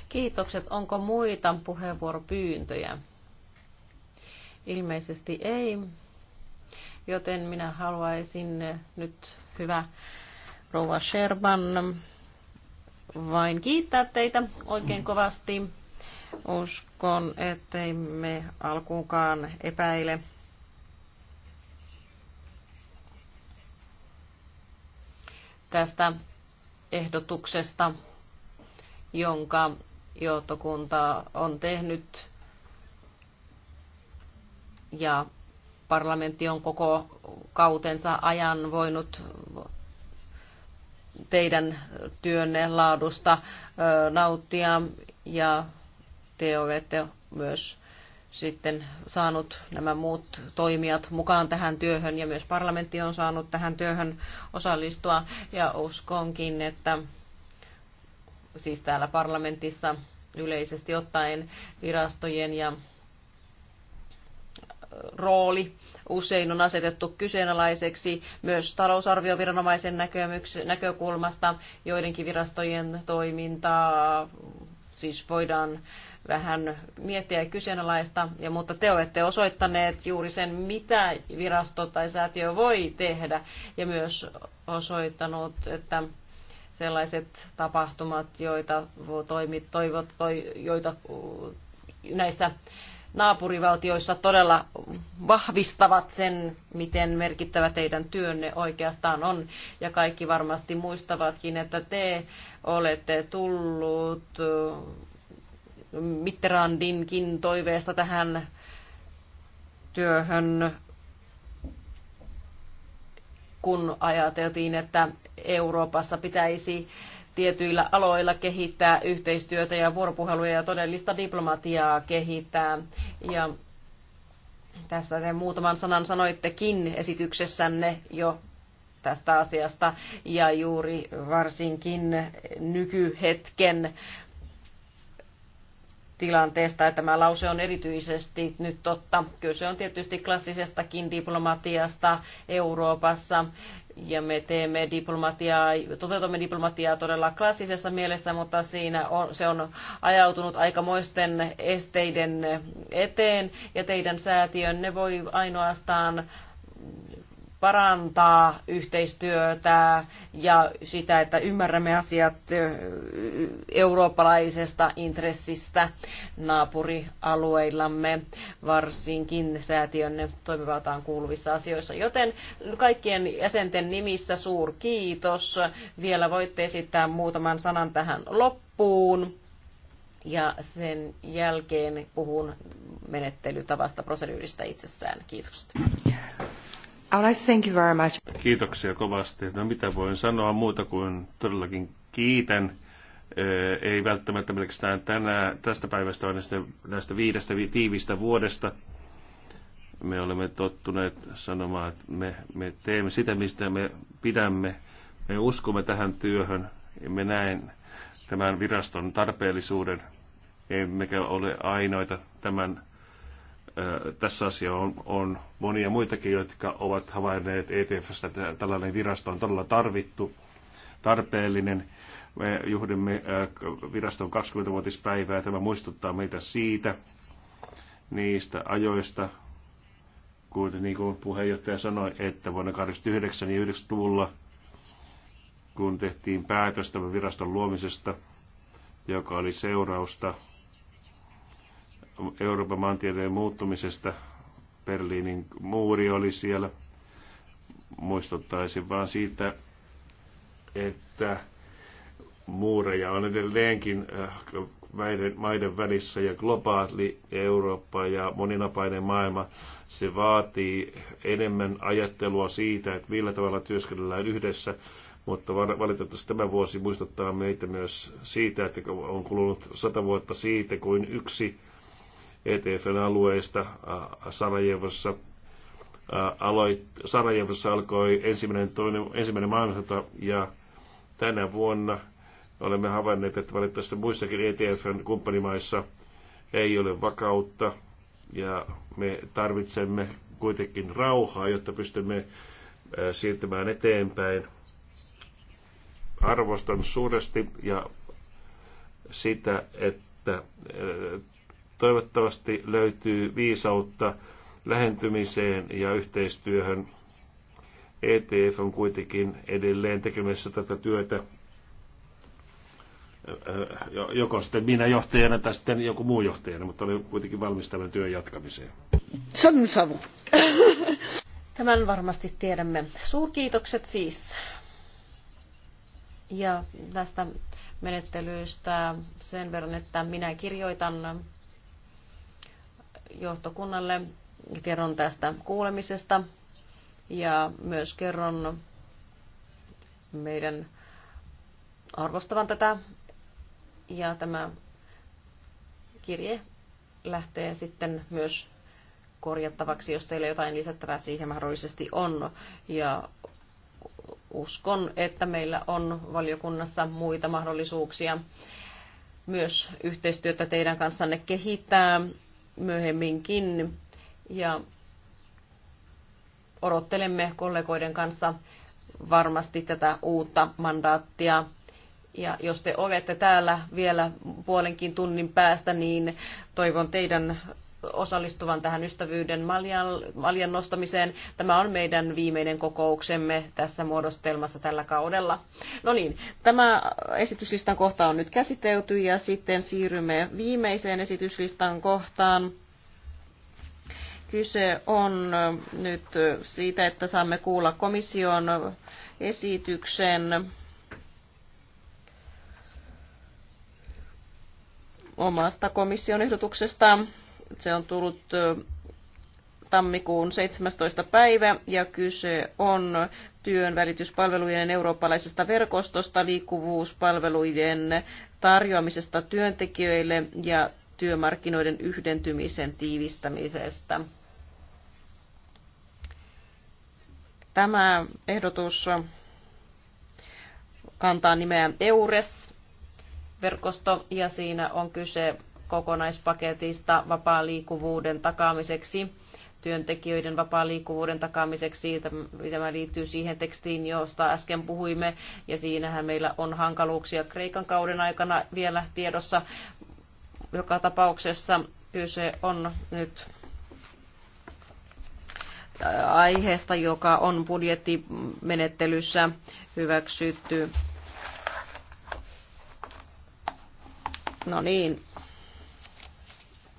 Kiitokset. Onko muita puheenvuoropyyntöjä? Ilmeisesti ei, joten minä haluaisin nyt hyvä rouva Sherman vain kiittää teitä oikein kovasti. Uskon, ettei me alkuunkaan epäile tästä ehdotuksesta, jonka johtokunta on tehnyt ja parlamentti on koko kautensa ajan voinut teidän työnne laadusta nauttia ja te olette myös sitten saanut nämä muut toimijat mukaan tähän työhön ja myös parlamentti on saanut tähän työhön osallistua ja uskonkin, että siis täällä parlamentissa yleisesti ottaen virastojen ja rooli usein on asetettu kyseenalaiseksi myös talousarvioviranomaisen näkökulmasta. Joidenkin virastojen toimintaa siis voidaan vähän miettiä ja kyseenalaista, ja, mutta te olette osoittaneet juuri sen, mitä virasto tai säätiö voi tehdä, ja myös osoittanut, että sellaiset tapahtumat, joita, toimit, toivot, toi, joita uh, näissä naapurivaltioissa todella vahvistavat sen, miten merkittävä teidän työnne oikeastaan on. Ja kaikki varmasti muistavatkin, että te olette tullut uh, Mitterandinkin toiveesta tähän työhön, kun ajateltiin, että Euroopassa pitäisi tietyillä aloilla kehittää yhteistyötä ja vuoropuheluja ja todellista diplomatiaa kehittää. Ja tässä te muutaman sanan sanoittekin esityksessänne jo tästä asiasta ja juuri varsinkin nykyhetken tilanteesta, että tämä lause on erityisesti nyt totta. Kyse on tietysti klassisestakin diplomatiasta Euroopassa, ja me teemme diplomatiaa, toteutamme diplomatiaa todella klassisessa mielessä, mutta siinä on, se on ajautunut aikamoisten esteiden eteen, ja teidän säätiönne voi ainoastaan parantaa yhteistyötä ja sitä, että ymmärrämme asiat eurooppalaisesta intressistä naapurialueillamme, varsinkin säätiön toimivaltaan kuuluvissa asioissa. Joten kaikkien jäsenten nimissä suur kiitos. Vielä voitte esittää muutaman sanan tähän loppuun. Ja sen jälkeen puhun menettelytavasta proseduurista itsessään. Kiitos thank you very much. Kiitoksia kovasti. No mitä voin sanoa muuta kuin todellakin kiitän. Eh, ei välttämättä melkein tänään, tästä päivästä, vaan näistä, näistä viidestä tiivistä vuodesta. Me olemme tottuneet sanomaan, että me, me teemme sitä, mistä me pidämme. Me uskomme tähän työhön me näen tämän viraston tarpeellisuuden. Emmekä ole ainoita tämän tässä asia on, on monia muitakin, jotka ovat havainneet ETFstä, että tällainen virasto on todella tarvittu, tarpeellinen. Me juhdimme viraston 20-vuotispäivää. Tämä muistuttaa meitä siitä, niistä ajoista, kun niin kuin puheenjohtaja sanoi, että vuonna 1989 ja 90-luvulla, kun tehtiin päätös tämän viraston luomisesta, joka oli seurausta Euroopan maantieteen muuttumisesta. Berliinin muuri oli siellä. Muistuttaisin vaan siitä, että muureja on edelleenkin maiden, äh, maiden välissä ja globaali Eurooppa ja moninapainen maailma, se vaatii enemmän ajattelua siitä, että millä tavalla työskennellään yhdessä, mutta valitettavasti tämä vuosi muistuttaa meitä myös siitä, että on kulunut sata vuotta siitä, kuin yksi ETFn alueista Sarajevossa. Aloit, Sarajevossa alkoi ensimmäinen, toinen, ensimmäinen maailmansota ja tänä vuonna olemme havainneet, että valitettavasti muissakin ETFn kumppanimaissa ei ole vakautta ja me tarvitsemme kuitenkin rauhaa, jotta pystymme siirtymään eteenpäin. Arvostan suuresti ja sitä, että Toivottavasti löytyy viisautta lähentymiseen ja yhteistyöhön. ETF on kuitenkin edelleen tekemässä tätä työtä, joko sitten minä johtajana tai sitten joku muu johtajana, mutta olen kuitenkin valmis tämän työn jatkamiseen. Savu. <laughs> Tämän varmasti tiedämme. Suurkiitokset siis. Ja tästä menettelystä sen verran, että minä kirjoitan johtokunnalle. Kerron tästä kuulemisesta ja myös kerron meidän arvostavan tätä. Ja tämä kirje lähtee sitten myös korjattavaksi, jos teillä jotain lisättävää siihen mahdollisesti on. Ja uskon, että meillä on valiokunnassa muita mahdollisuuksia myös yhteistyötä teidän kanssanne kehittää myöhemminkin. Ja odottelemme kollegoiden kanssa varmasti tätä uutta mandaattia. Ja jos te olette täällä vielä puolenkin tunnin päästä, niin toivon teidän osallistuvan tähän ystävyyden maljan, maljan nostamiseen. Tämä on meidän viimeinen kokouksemme tässä muodostelmassa tällä kaudella. No niin, tämä esityslistan kohta on nyt käsitelty ja sitten siirrymme viimeiseen esityslistan kohtaan. Kyse on nyt siitä, että saamme kuulla komission esityksen omasta komission ehdotuksesta se on tullut tammikuun 17. päivä ja kyse on välityspalvelujen eurooppalaisesta verkostosta, liikkuvuuspalvelujen tarjoamisesta työntekijöille ja työmarkkinoiden yhdentymisen tiivistämisestä. Tämä ehdotus kantaa nimeä EURES-verkosto ja siinä on kyse kokonaispaketista vapaan liikkuvuuden takaamiseksi työntekijöiden vapaan liikkuvuuden takaamiseksi. Tämä liittyy siihen tekstiin, josta äsken puhuimme, ja siinähän meillä on hankaluuksia Kreikan kauden aikana vielä tiedossa. Joka tapauksessa kyse on nyt aiheesta, joka on budjettimenettelyssä hyväksytty. No niin,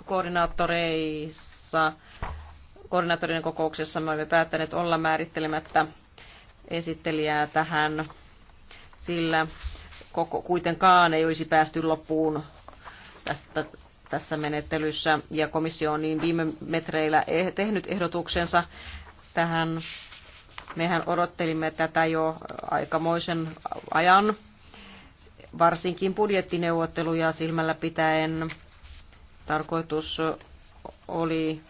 koordinaattoreissa, koordinaattorien kokouksessa me olemme päättäneet olla määrittelemättä esittelijää tähän, sillä koko, kuitenkaan ei olisi päästy loppuun tästä, tässä menettelyssä, ja komissio on niin viime metreillä e, tehnyt ehdotuksensa tähän. Mehän odottelimme tätä jo aikamoisen ajan, varsinkin budjettineuvotteluja silmällä pitäen Tarkoitus oli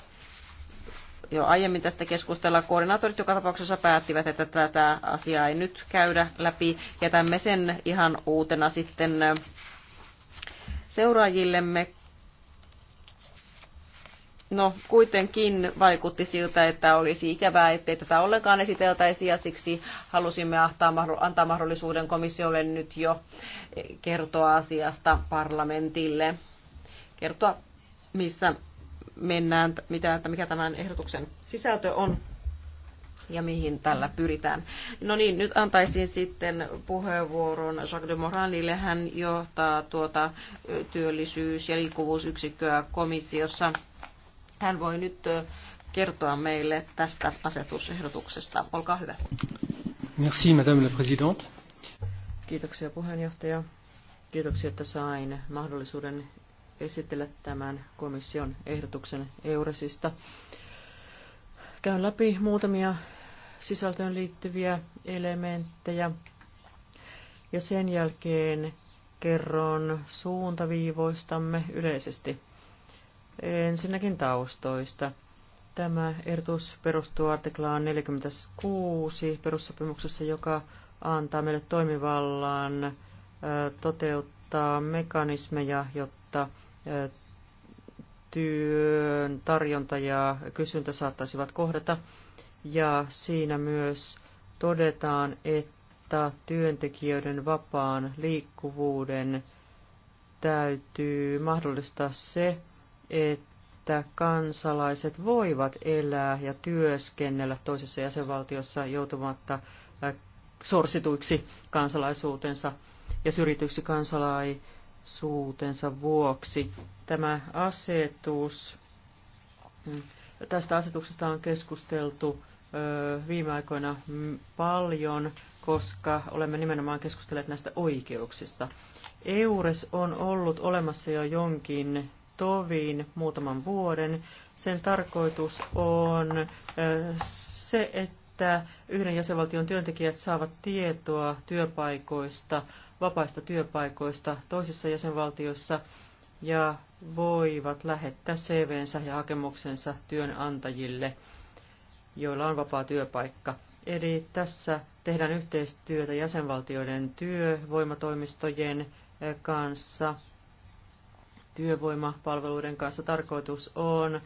jo aiemmin tästä keskustella. Koordinaattorit joka tapauksessa päättivät, että tätä asiaa ei nyt käydä läpi. Jätämme sen ihan uutena sitten seuraajillemme. No, kuitenkin vaikutti siltä, että olisi ikävää, ettei tätä ollenkaan esiteltäisi ja siksi halusimme antaa mahdollisuuden komissiolle nyt jo kertoa asiasta parlamentille kertoa, missä mennään, mitä, että mikä tämän ehdotuksen sisältö on ja mihin tällä pyritään. No niin, nyt antaisin sitten puheenvuoron Jacques de Moranille. Hän johtaa tuota työllisyys- ja liikkuvuusyksikköä komissiossa. Hän voi nyt kertoa meille tästä asetusehdotuksesta. Olkaa hyvä. Merci, Madame la Présidente. Kiitoksia puheenjohtaja. Kiitoksia, että sain mahdollisuuden esitellä tämän komission ehdotuksen Euresista. Käyn läpi muutamia sisältöön liittyviä elementtejä ja sen jälkeen kerron suuntaviivoistamme yleisesti. Ensinnäkin taustoista. Tämä ehdotus perustuu artiklaan 46 perussopimuksessa, joka antaa meille toimivallan toteuttaa mekanismeja, jotta työn tarjonta ja kysyntä saattaisivat kohdata. Ja siinä myös todetaan, että työntekijöiden vapaan liikkuvuuden täytyy mahdollistaa se, että kansalaiset voivat elää ja työskennellä toisessa jäsenvaltiossa joutumatta äh, sorsituiksi kansalaisuutensa ja syrjityksi kansalai, suutensa vuoksi. Tämä asetus, tästä asetuksesta on keskusteltu viime aikoina paljon, koska olemme nimenomaan keskustelleet näistä oikeuksista. EURES on ollut olemassa jo jonkin toviin muutaman vuoden. Sen tarkoitus on se, että yhden jäsenvaltion työntekijät saavat tietoa työpaikoista vapaista työpaikoista toisissa jäsenvaltioissa ja voivat lähettää CVnsä ja hakemuksensa työnantajille, joilla on vapaa työpaikka. Eli tässä tehdään yhteistyötä jäsenvaltioiden työvoimatoimistojen eh, kanssa, työvoimapalveluiden kanssa. Tarkoitus on eh,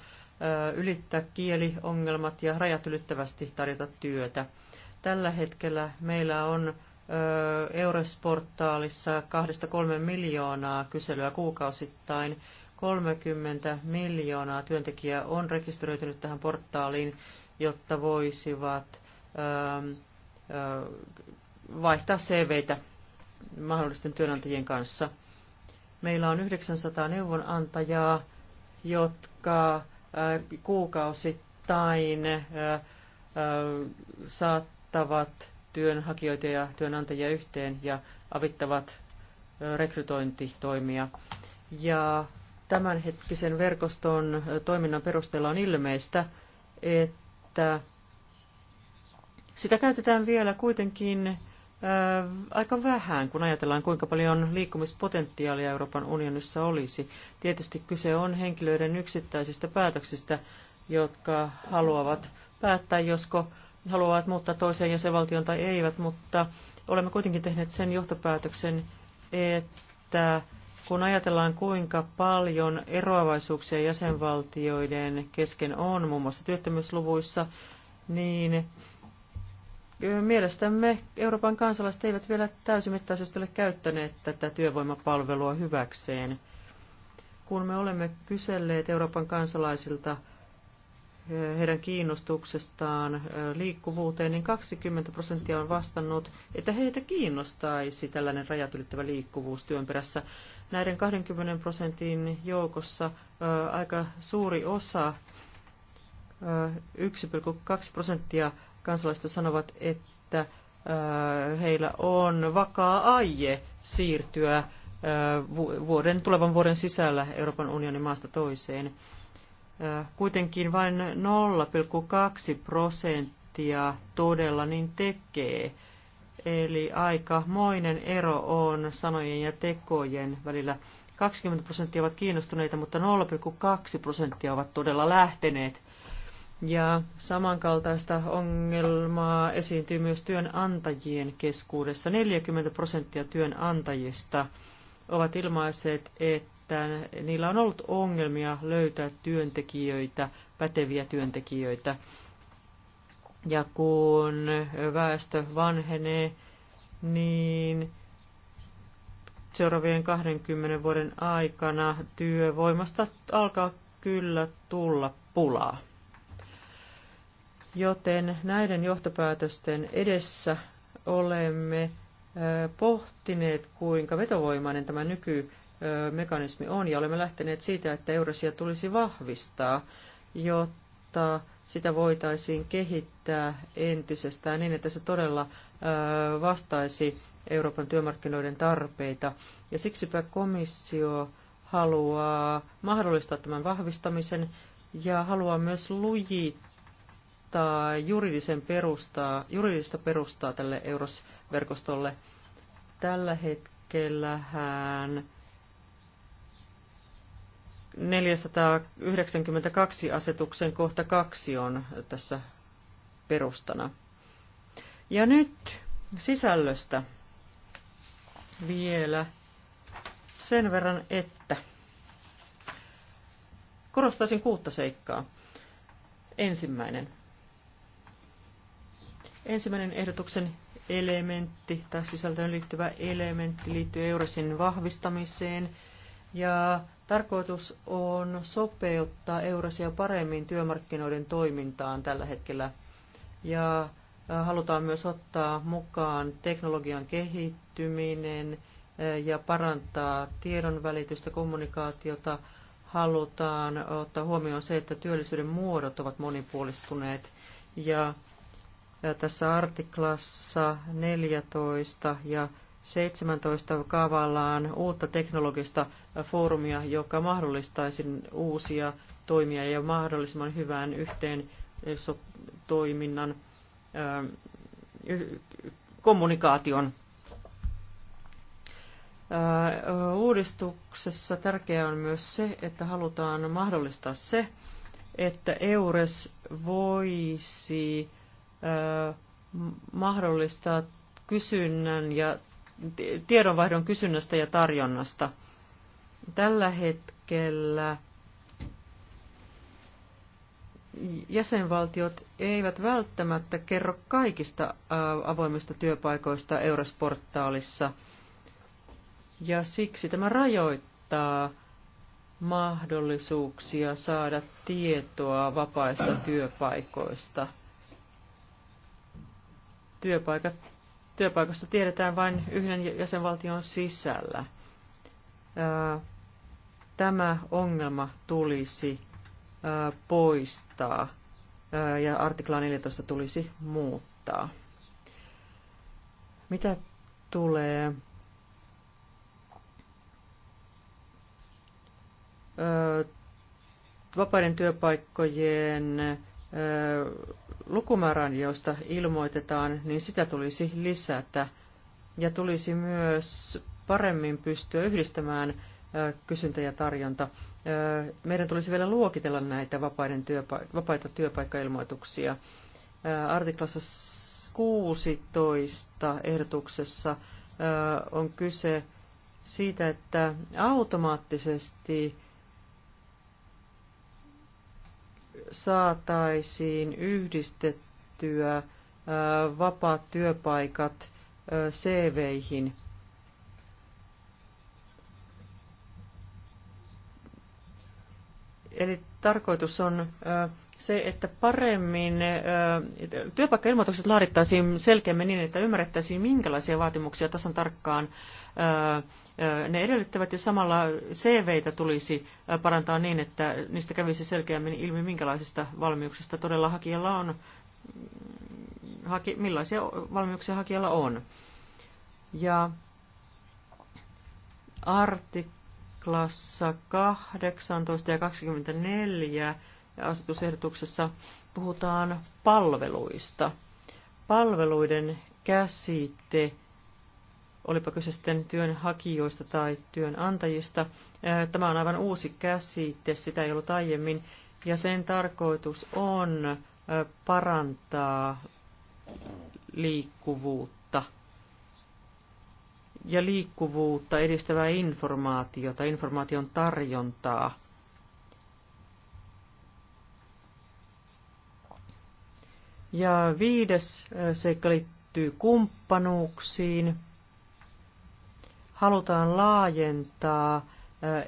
ylittää kieliongelmat ja rajat ylittävästi tarjota työtä. Tällä hetkellä meillä on Eurosportaalissa 2-3 miljoonaa kyselyä kuukausittain. 30 miljoonaa työntekijää on rekisteröitynyt tähän portaaliin, jotta voisivat ähm, äh, vaihtaa CVitä mahdollisten työnantajien kanssa. Meillä on 900 neuvonantajaa, jotka äh, kuukausittain äh, saattavat työnhakijoita ja työnantajia yhteen ja avittavat rekrytointitoimia. Ja tämänhetkisen verkoston toiminnan perusteella on ilmeistä, että sitä käytetään vielä kuitenkin aika vähän, kun ajatellaan, kuinka paljon liikkumispotentiaalia Euroopan unionissa olisi. Tietysti kyse on henkilöiden yksittäisistä päätöksistä, jotka haluavat päättää, josko haluavat muuttaa toiseen jäsenvaltioon tai eivät, mutta olemme kuitenkin tehneet sen johtopäätöksen, että kun ajatellaan kuinka paljon eroavaisuuksia jäsenvaltioiden kesken on, muun muassa työttömyysluvuissa, niin mielestämme Euroopan kansalaiset eivät vielä täysimittaisesti ole käyttäneet tätä työvoimapalvelua hyväkseen. Kun me olemme kyselleet Euroopan kansalaisilta, heidän kiinnostuksestaan liikkuvuuteen, niin 20 prosenttia on vastannut, että heitä kiinnostaisi tällainen rajat ylittävä liikkuvuus työn perässä. Näiden 20 prosentin joukossa aika suuri osa, 1,2 prosenttia kansalaista sanovat, että heillä on vakaa aie siirtyä vuoden, tulevan vuoden sisällä Euroopan unionin maasta toiseen. Kuitenkin vain 0,2 prosenttia todella niin tekee. Eli aika moinen ero on sanojen ja tekojen välillä. 20 prosenttia ovat kiinnostuneita, mutta 0,2 prosenttia ovat todella lähteneet. Ja samankaltaista ongelmaa esiintyy myös työnantajien keskuudessa. 40 prosenttia työnantajista ovat ilmaiset, että että niillä on ollut ongelmia löytää työntekijöitä, päteviä työntekijöitä. Ja kun väestö vanhenee, niin seuraavien 20 vuoden aikana työvoimasta alkaa kyllä tulla pulaa. Joten näiden johtopäätösten edessä olemme pohtineet, kuinka vetovoimainen tämä nyky mekanismi on, ja olemme lähteneet siitä, että Eurasia tulisi vahvistaa, jotta sitä voitaisiin kehittää entisestään niin, että se todella vastaisi Euroopan työmarkkinoiden tarpeita. Ja siksipä komissio haluaa mahdollistaa tämän vahvistamisen ja haluaa myös lujittaa juridisen perustaa, juridista perustaa tälle eurosverkostolle. Tällä hetkellähän 492 asetuksen kohta 2 on tässä perustana. Ja nyt sisällöstä vielä sen verran, että korostaisin kuutta seikkaa. Ensimmäinen. Ensimmäinen ehdotuksen elementti tai sisältöön liittyvä elementti liittyy Euresin vahvistamiseen ja Tarkoitus on sopeuttaa Eurasia paremmin työmarkkinoiden toimintaan tällä hetkellä ja halutaan myös ottaa mukaan teknologian kehittyminen ja parantaa tiedonvälitystä, kommunikaatiota. Halutaan ottaa huomioon se, että työllisyyden muodot ovat monipuolistuneet ja tässä artiklassa 14 ja 17 kaavaillaan uutta teknologista foorumia, joka mahdollistaisi uusia toimia ja mahdollisimman hyvän yhteen toiminnan kommunikaation. Uudistuksessa tärkeää on myös se, että halutaan mahdollistaa se, että EURES voisi mahdollistaa kysynnän ja tiedonvaihdon kysynnästä ja tarjonnasta. Tällä hetkellä jäsenvaltiot eivät välttämättä kerro kaikista avoimista työpaikoista Eurosportaalissa, ja siksi tämä rajoittaa mahdollisuuksia saada tietoa vapaista työpaikoista. Työpaikat työpaikasta tiedetään vain yhden jäsenvaltion sisällä. Tämä ongelma tulisi poistaa ja artikla 14 tulisi muuttaa. Mitä tulee vapaiden työpaikkojen lukumäärän, joista ilmoitetaan, niin sitä tulisi lisätä ja tulisi myös paremmin pystyä yhdistämään kysyntä ja tarjonta. Meidän tulisi vielä luokitella näitä vapaiden vapaita työpaikkailmoituksia. Artiklassa 16 ehdotuksessa on kyse siitä, että automaattisesti saataisiin yhdistettyä vapaat työpaikat CV-ihin. Eli tarkoitus on se, että paremmin työpaikkailmoitukset laadittaisiin selkeämmin niin, että ymmärrettäisiin, minkälaisia vaatimuksia tasan tarkkaan ne edellyttävät, ja samalla CVitä tulisi parantaa niin, että niistä kävisi selkeämmin ilmi, minkälaisista valmiuksista todella hakijalla on, millaisia valmiuksia hakijalla on. Ja artiklassa 18 ja 24 asetusehdotuksessa puhutaan palveluista. Palveluiden käsite, olipa kyse sitten työnhakijoista tai työnantajista, tämä on aivan uusi käsite, sitä ei ollut aiemmin, ja sen tarkoitus on parantaa liikkuvuutta ja liikkuvuutta edistävää informaatiota, informaation tarjontaa Ja viides seikka liittyy kumppanuuksiin. Halutaan laajentaa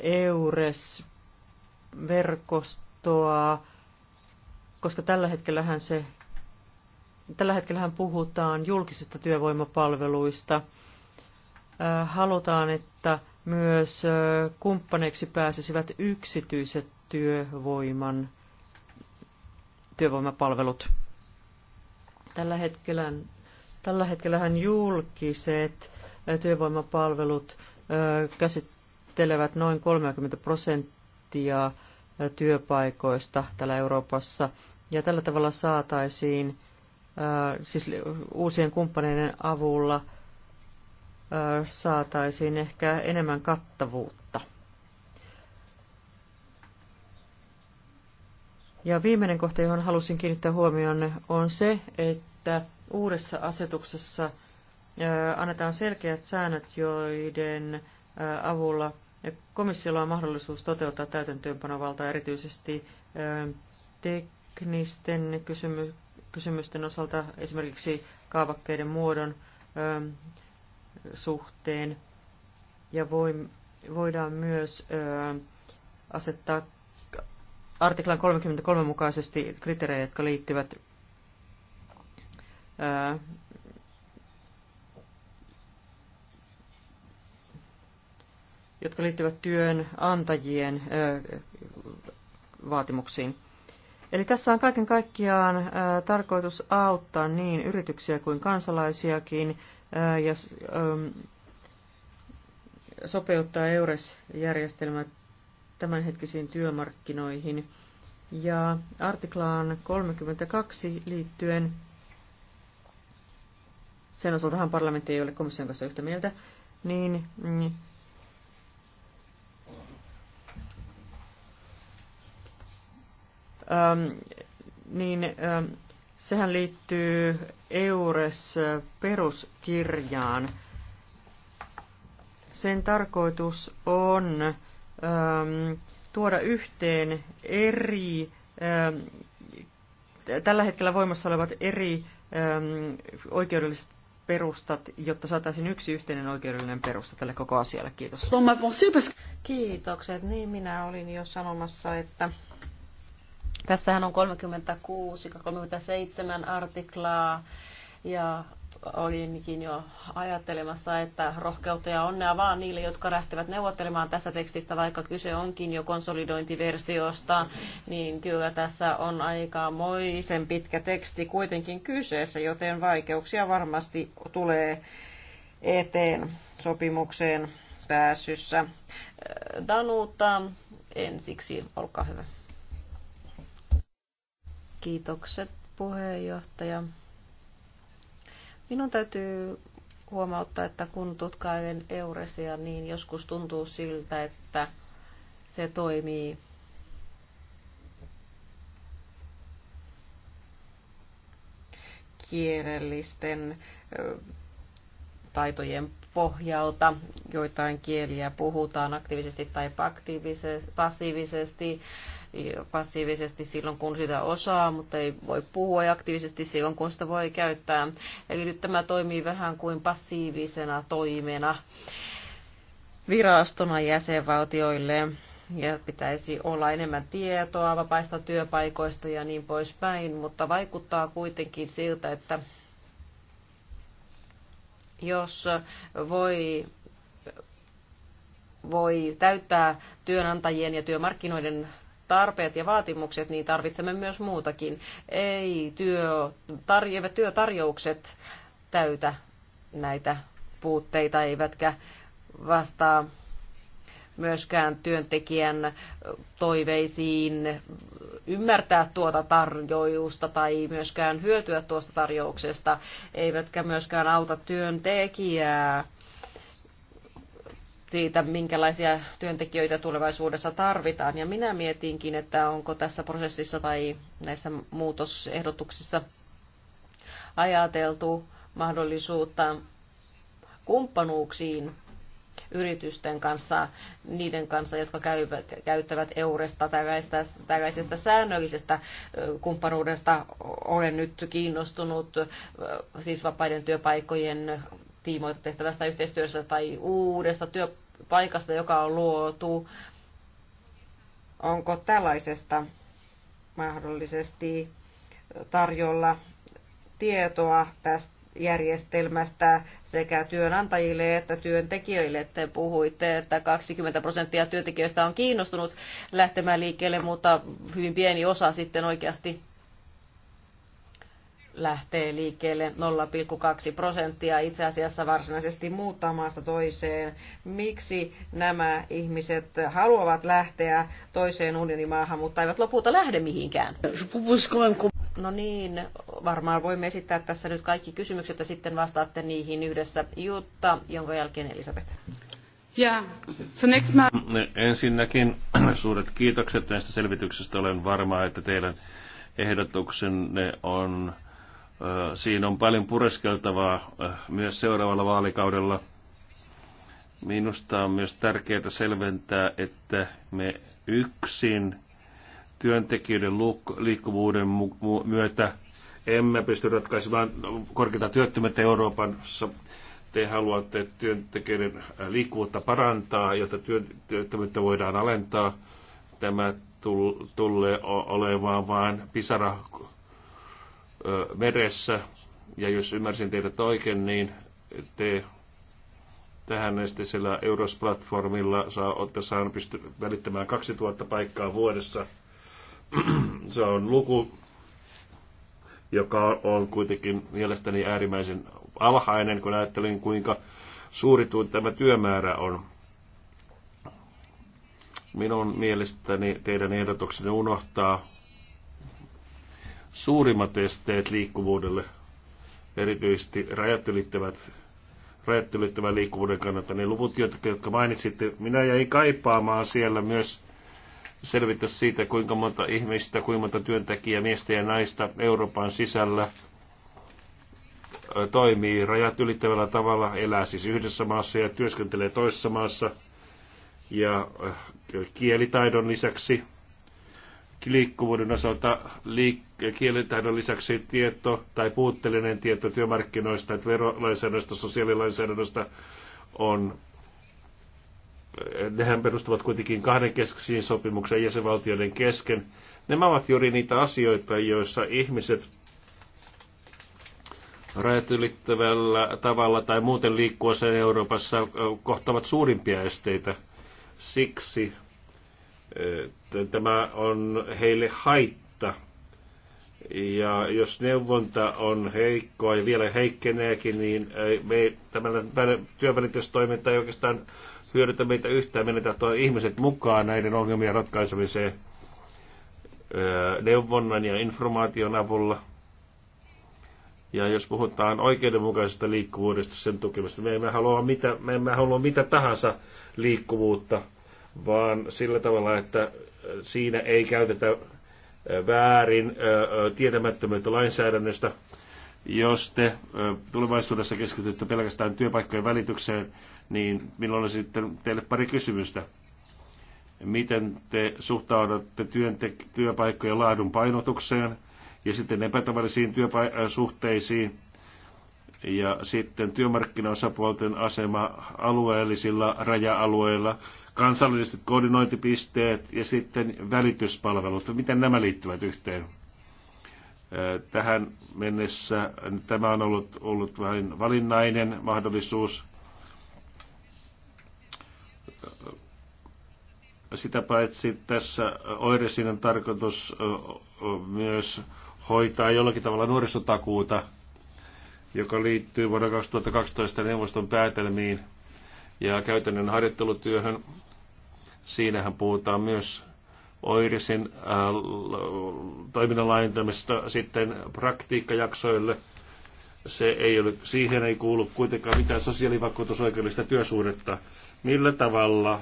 EURES-verkostoa, koska tällä hetkellähän se Tällä hetkellähän puhutaan julkisista työvoimapalveluista. Halutaan, että myös kumppaneiksi pääsisivät yksityiset työvoiman, työvoimapalvelut. Tällä hetkellä, tällä hetkellähän julkiset työvoimapalvelut käsittelevät noin 30 prosenttia työpaikoista täällä Euroopassa. Ja tällä tavalla saataisiin siis uusien kumppaneiden avulla saataisiin ehkä enemmän kattavuutta. Ja viimeinen kohta, johon halusin kiinnittää huomioon, on se, että että uudessa asetuksessa annetaan selkeät säännöt, joiden avulla komissiolla on mahdollisuus toteuttaa täytäntöönpanovaltaa erityisesti teknisten kysymysten osalta, esimerkiksi kaavakkeiden muodon suhteen. Ja voidaan myös asettaa artiklan 33 mukaisesti kriteerejä, jotka liittyvät jotka liittyvät työnantajien vaatimuksiin. Eli tässä on kaiken kaikkiaan tarkoitus auttaa niin yrityksiä kuin kansalaisiakin ja sopeuttaa eures järjestelmät tämänhetkisiin työmarkkinoihin. Ja artiklaan 32 liittyen sen osaltahan parlamentti ei ole komission kanssa yhtä mieltä, niin mm, ähm, niin ähm, sehän liittyy EURES-peruskirjaan. Sen tarkoitus on ähm, tuoda yhteen eri, ähm, tällä hetkellä voimassa olevat eri ähm, oikeudelliset perustat, jotta saataisiin yksi yhteinen oikeudellinen perusta tälle koko asialle. Kiitos. Kiitokset. Niin minä olin jo sanomassa, että tässähän on 36-37 artiklaa ja olinkin jo ajattelemassa, että rohkeutta ja onnea vaan niille, jotka lähtevät neuvottelemaan tässä tekstistä, vaikka kyse onkin jo konsolidointiversiosta, niin kyllä tässä on aika moisen pitkä teksti kuitenkin kyseessä, joten vaikeuksia varmasti tulee eteen sopimukseen pääsyssä. Danuta ensiksi, olkaa hyvä. Kiitokset puheenjohtaja. Minun täytyy huomauttaa, että kun tutkailen Euresia, niin joskus tuntuu siltä, että se toimii kielellisten taitojen pohjalta. Joitain kieliä puhutaan aktiivisesti tai passiivisesti passiivisesti silloin, kun sitä osaa, mutta ei voi puhua ja aktiivisesti silloin, kun sitä voi käyttää. Eli nyt tämä toimii vähän kuin passiivisena toimena virastona jäsenvaltioille ja pitäisi olla enemmän tietoa vapaista työpaikoista ja niin poispäin, mutta vaikuttaa kuitenkin siltä, että jos voi voi täyttää työnantajien ja työmarkkinoiden tarpeet ja vaatimukset, niin tarvitsemme myös muutakin. Ei työ, tar, eivät työtarjoukset täytä näitä puutteita, eivätkä vastaa myöskään työntekijän toiveisiin ymmärtää tuota tarjousta tai myöskään hyötyä tuosta tarjouksesta, eivätkä myöskään auta työntekijää siitä, minkälaisia työntekijöitä tulevaisuudessa tarvitaan. Ja minä mietinkin, että onko tässä prosessissa tai näissä muutosehdotuksissa ajateltu mahdollisuutta kumppanuuksiin yritysten kanssa, niiden kanssa, jotka käyvät, käyttävät Euresta tällaisesta, tällaisesta säännöllisestä kumppanuudesta. Olen nyt kiinnostunut siis vapaiden työpaikkojen tiimoilta tehtävästä yhteistyöstä tai uudesta työpaikasta, joka on luotu. Onko tällaisesta mahdollisesti tarjolla tietoa tästä järjestelmästä sekä työnantajille että työntekijöille. Te puhuitte, että 20 prosenttia työntekijöistä on kiinnostunut lähtemään liikkeelle, mutta hyvin pieni osa sitten oikeasti lähtee liikkeelle 0,2 prosenttia itse asiassa varsinaisesti muuttaa maasta toiseen. Miksi nämä ihmiset haluavat lähteä toiseen unionimaahan, mutta eivät lopulta lähde mihinkään? No niin, varmaan voimme esittää tässä nyt kaikki kysymykset ja sitten vastaatte niihin yhdessä Jutta, jonka jälkeen Elisabeth. Yeah. So next ma- mm, Ensinnäkin <clears throat> suuret kiitokset näistä selvityksestä. Olen varma, että teidän ehdotuksenne on Siinä on paljon pureskeltavaa myös seuraavalla vaalikaudella. Minusta on myös tärkeää selventää, että me yksin työntekijöiden liikkuvuuden myötä emme pysty ratkaisemaan korkeita työttömyyttä Euroopassa. Te haluatte työntekijöiden liikkuvuutta parantaa, jotta työttömyyttä voidaan alentaa. Tämä tulee olemaan vain pisara meressä. Ja jos ymmärsin teidät oikein, niin te tähän estisellä Euros-platformilla saa, olette saaneet pysty välittämään 2000 paikkaa vuodessa. <clears throat> Se on luku, joka on kuitenkin mielestäni äärimmäisen alhainen, kun ajattelin kuinka suuri tämä työmäärä on. Minun mielestäni teidän ehdotuksenne unohtaa suurimmat esteet liikkuvuudelle, erityisesti rajat ylittävät rajat ylittävän liikkuvuuden kannalta. niin luvut, jotka mainitsitte, minä jäin kaipaamaan siellä myös selvitys siitä, kuinka monta ihmistä, kuinka monta työntekijää, miestä ja naista Euroopan sisällä toimii rajat ylittävällä tavalla, elää siis yhdessä maassa ja työskentelee toisessa maassa. Ja kielitaidon lisäksi liikkuvuuden osalta liik- kielitaidon lisäksi tieto tai puutteellinen tieto työmarkkinoista, että verolainsäädännöstä, sosiaalilainsäädännöstä on nehän perustuvat kuitenkin kahdenkeskisiin sopimukseen jäsenvaltioiden kesken. Nämä ovat juuri niitä asioita, joissa ihmiset rajat ylittävällä tavalla tai muuten liikkuessaan Euroopassa kohtavat suurimpia esteitä. Siksi tämä on heille haitta. Ja jos neuvonta on heikkoa ja vielä heikkeneekin, niin me, tämän työvälitystoiminta ei oikeastaan hyödytä meitä yhtään. Meidän täytyy ihmiset mukaan näiden ongelmien ratkaisemiseen neuvonnan ja informaation avulla. Ja jos puhutaan oikeudenmukaisesta liikkuvuudesta, sen tukemista, me emme halua mitä, me emme halua mitä tahansa liikkuvuutta, vaan sillä tavalla, että siinä ei käytetä väärin tietämättömyyttä lainsäädännöstä. Jos te tulevaisuudessa keskitytte pelkästään työpaikkojen välitykseen, niin milloin on sitten teille pari kysymystä. Miten te suhtaudutte työntek- työpaikkojen laadun painotukseen ja sitten epätavallisiin työsuhteisiin? ja sitten työmarkkinaosapuolten asema alueellisilla raja-alueilla, kansalliset koordinointipisteet ja sitten välityspalvelut. Miten nämä liittyvät yhteen? Tähän mennessä tämä on ollut, ollut vain valinnainen mahdollisuus. Sitä paitsi tässä oiresin on tarkoitus myös hoitaa jollakin tavalla nuorisotakuuta, joka liittyy vuonna 2012 neuvoston päätelmiin ja käytännön harjoittelutyöhön Siinähän puhutaan myös OIRISin äh, toiminnan laajentamista sitten praktiikkajaksoille. Se ei ole, siihen ei kuulu kuitenkaan mitään sosiaalivakuutusoikeudellista työsuhdetta. Millä tavalla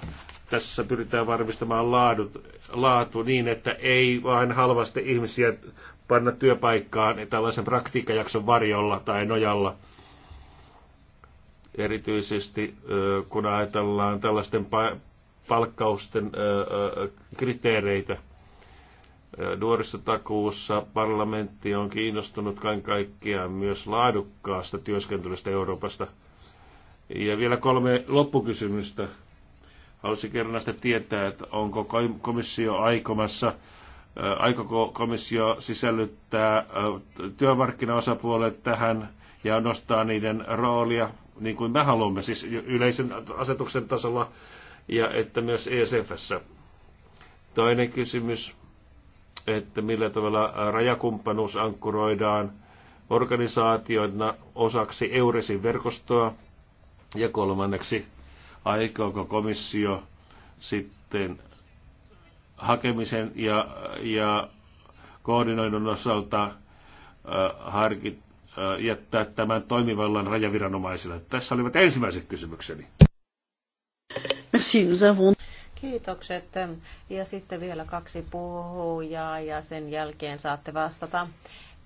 tässä pyritään varmistamaan laadut, laatu niin, että ei vain halvasti ihmisiä panna työpaikkaan tällaisen praktiikkajakson varjolla tai nojalla. Erityisesti kun ajatellaan tällaisten palkkausten kriteereitä. Nuorisotakuussa parlamentti on kiinnostunut kaiken kaikkiaan myös laadukkaasta työskentelystä Euroopasta. Ja vielä kolme loppukysymystä. Haluaisin kerran näistä tietää, että onko komissio aikomassa aikoko komissio sisällyttää työmarkkinaosapuolet tähän ja nostaa niiden roolia, niin kuin me haluamme, siis yleisen asetuksen tasolla ja että myös ESFssä. Toinen kysymys, että millä tavalla rajakumppanuus ankkuroidaan organisaatioina osaksi Euresin verkostoa. Ja kolmanneksi, aikooko komissio sitten hakemisen ja, ja koordinoidun osalta äh, harkit, äh, jättää tämän toimivallan rajaviranomaisille. Tässä olivat ensimmäiset kysymykseni. Merci, nous avons... Kiitokset. Ja sitten vielä kaksi puhujaa ja sen jälkeen saatte vastata.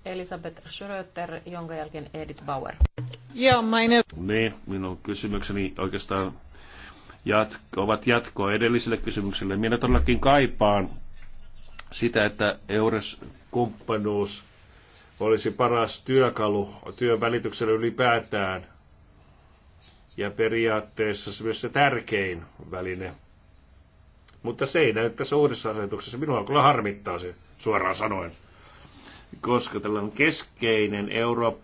Elisabeth Schröter, jonka jälkeen Edith Bauer. Ja meine... Niin, minun kysymykseni oikeastaan jatko, ovat jatkoa edelliselle kysymykselle. Minä todellakin kaipaan sitä, että EURES-kumppanuus olisi paras työkalu työn välityksellä ylipäätään ja periaatteessa se myös se tärkein väline. Mutta se ei näy tässä uudessa asetuksessa. Minua kyllä harmittaa se, suoraan sanoen. Koska tällainen keskeinen, euro,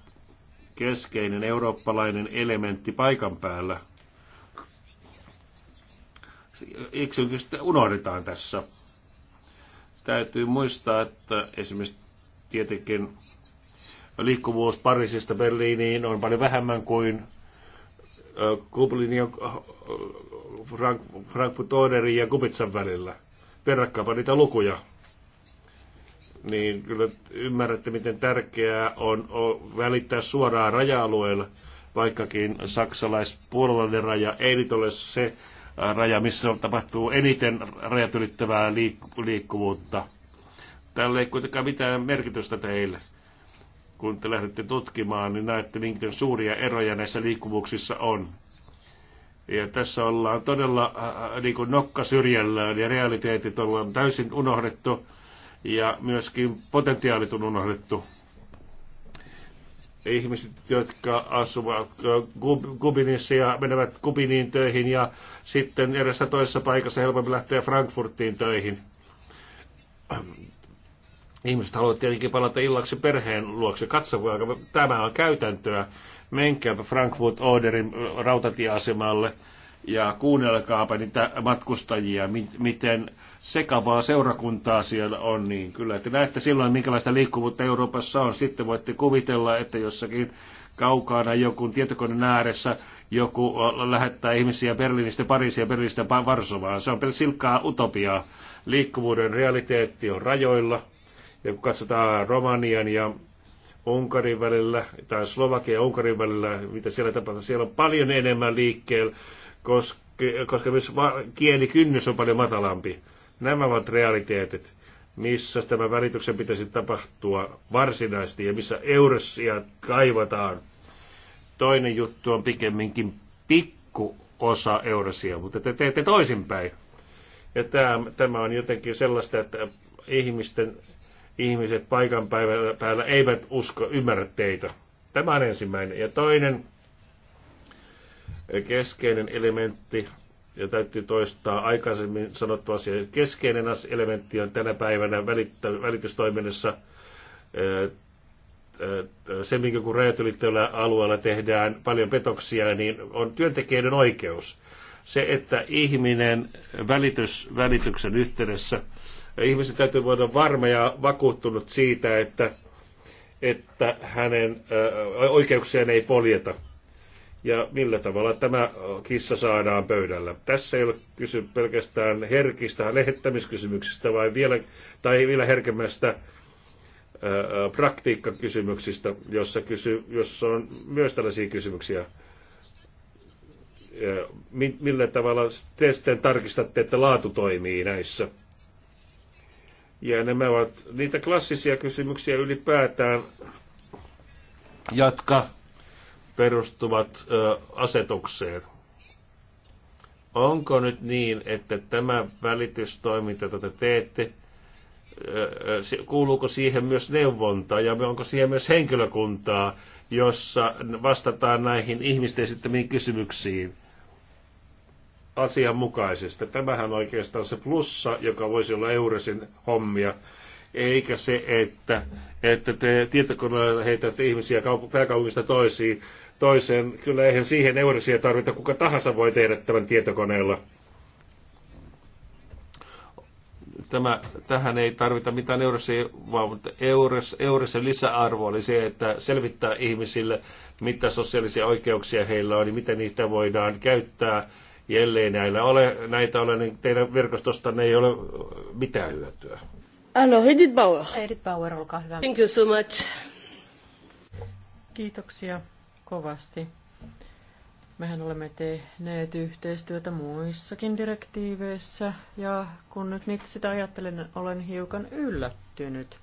keskeinen eurooppalainen elementti paikan päällä, yksinkertaisesti unohdetaan tässä. Täytyy muistaa, että esimerkiksi tietenkin liikkuvuus Pariisista Berliiniin on paljon vähemmän kuin ja Frank, Frankfurt Oderin ja Kubitsan välillä. Verrakkaapa niitä lukuja. Niin kyllä ymmärrätte, miten tärkeää on, on välittää suoraan raja-alueella, vaikkakin saksalais-puolalainen raja ei nyt ole se raja, missä tapahtuu eniten rajat ylittävää liik- liikkuvuutta. Tällä ei kuitenkaan mitään merkitystä teille kun te lähdette tutkimaan, niin näette, minkä suuria eroja näissä liikkuvuuksissa on. Ja tässä ollaan todella äh, äh, niin kuin nokka syrjällään ja realiteetit ollaan täysin unohdettu ja myöskin potentiaalit on unohdettu. Ihmiset, jotka asuvat Kubinissa ja menevät Kubiniin töihin ja sitten edessä toisessa paikassa helpompi lähteä Frankfurtiin töihin Ihmiset haluavat tietenkin palata illaksi perheen luokse. Katsokaa, tämä on käytäntöä. Menkääpä Frankfurt Orderin rautatieasemalle ja kuunnelkaapa niitä matkustajia, miten sekavaa seurakuntaa siellä on, niin kyllä, että näette silloin, minkälaista liikkuvuutta Euroopassa on. Sitten voitte kuvitella, että jossakin kaukana joku tietokoneen ääressä joku lähettää ihmisiä Berliinistä Pariisiin ja Berliinistä Varsovaan. Se on pelkästään silkkaa utopiaa. Liikkuvuuden realiteetti on rajoilla, ja kun katsotaan Romanian ja Unkarin välillä, tai Slovakia ja Unkarin välillä, mitä siellä tapahtuu, siellä on paljon enemmän liikkeellä, koska, koska myös kielikynnys on paljon matalampi. Nämä ovat realiteetit, missä tämä välityksen pitäisi tapahtua varsinaisesti ja missä eurossia kaivataan. Toinen juttu on pikemminkin pikku osa eurosia, mutta te teette toisinpäin. Ja tämä, tämä on jotenkin sellaista, että ihmisten ihmiset paikan päällä eivät usko, ymmärrä teitä. Tämä on ensimmäinen. Ja toinen keskeinen elementti, ja täytyy toistaa aikaisemmin sanottu asia, keskeinen elementti on tänä päivänä välitystoiminnassa se, minkä kun rajat alueella tehdään paljon petoksia, niin on työntekijöiden oikeus. Se, että ihminen välitys, välityksen yhteydessä ihmisen täytyy voida varma ja vakuuttunut siitä, että, että hänen oikeuksiaan ei poljeta. Ja millä tavalla tämä kissa saadaan pöydällä. Tässä ei ole kysy pelkästään herkistä lehettämiskysymyksistä vai vielä, tai vielä herkemmästä praktiikkakysymyksistä, jossa, kysy, jossa on myös tällaisia kysymyksiä. Millä tavalla te sitten tarkistatte, että laatu toimii näissä? Ja nämä ovat niitä klassisia kysymyksiä ylipäätään, jotka perustuvat ö, asetukseen. Onko nyt niin, että tämä välitystoiminta, jota te teette, kuuluuko siihen myös neuvontaa ja onko siihen myös henkilökuntaa, jossa vastataan näihin ihmisten esittämiin kysymyksiin? asianmukaisesti. Tämähän on oikeastaan se plussa, joka voisi olla Euresin hommia, eikä se, että, että te tietokoneella heitätte ihmisiä kaup- pääkaupungista toisiin, toiseen. Kyllä eihän siihen Euresia tarvita, kuka tahansa voi tehdä tämän tietokoneella. Tämä, tähän ei tarvita mitään Euresia, vaan Eures, Euresen lisäarvo oli se, että selvittää ihmisille, mitä sosiaalisia oikeuksia heillä on, niin miten niitä voidaan käyttää ja näillä ole, näitä ole, niin teidän ne ei ole mitään hyötyä. Anno, Edith Bauer. Edith Bauer, olkaa hyvä. Thank you so much. Kiitoksia kovasti. Mehän olemme tehneet yhteistyötä muissakin direktiiveissä ja kun nyt niitä sitä ajattelen, olen hiukan yllättynyt.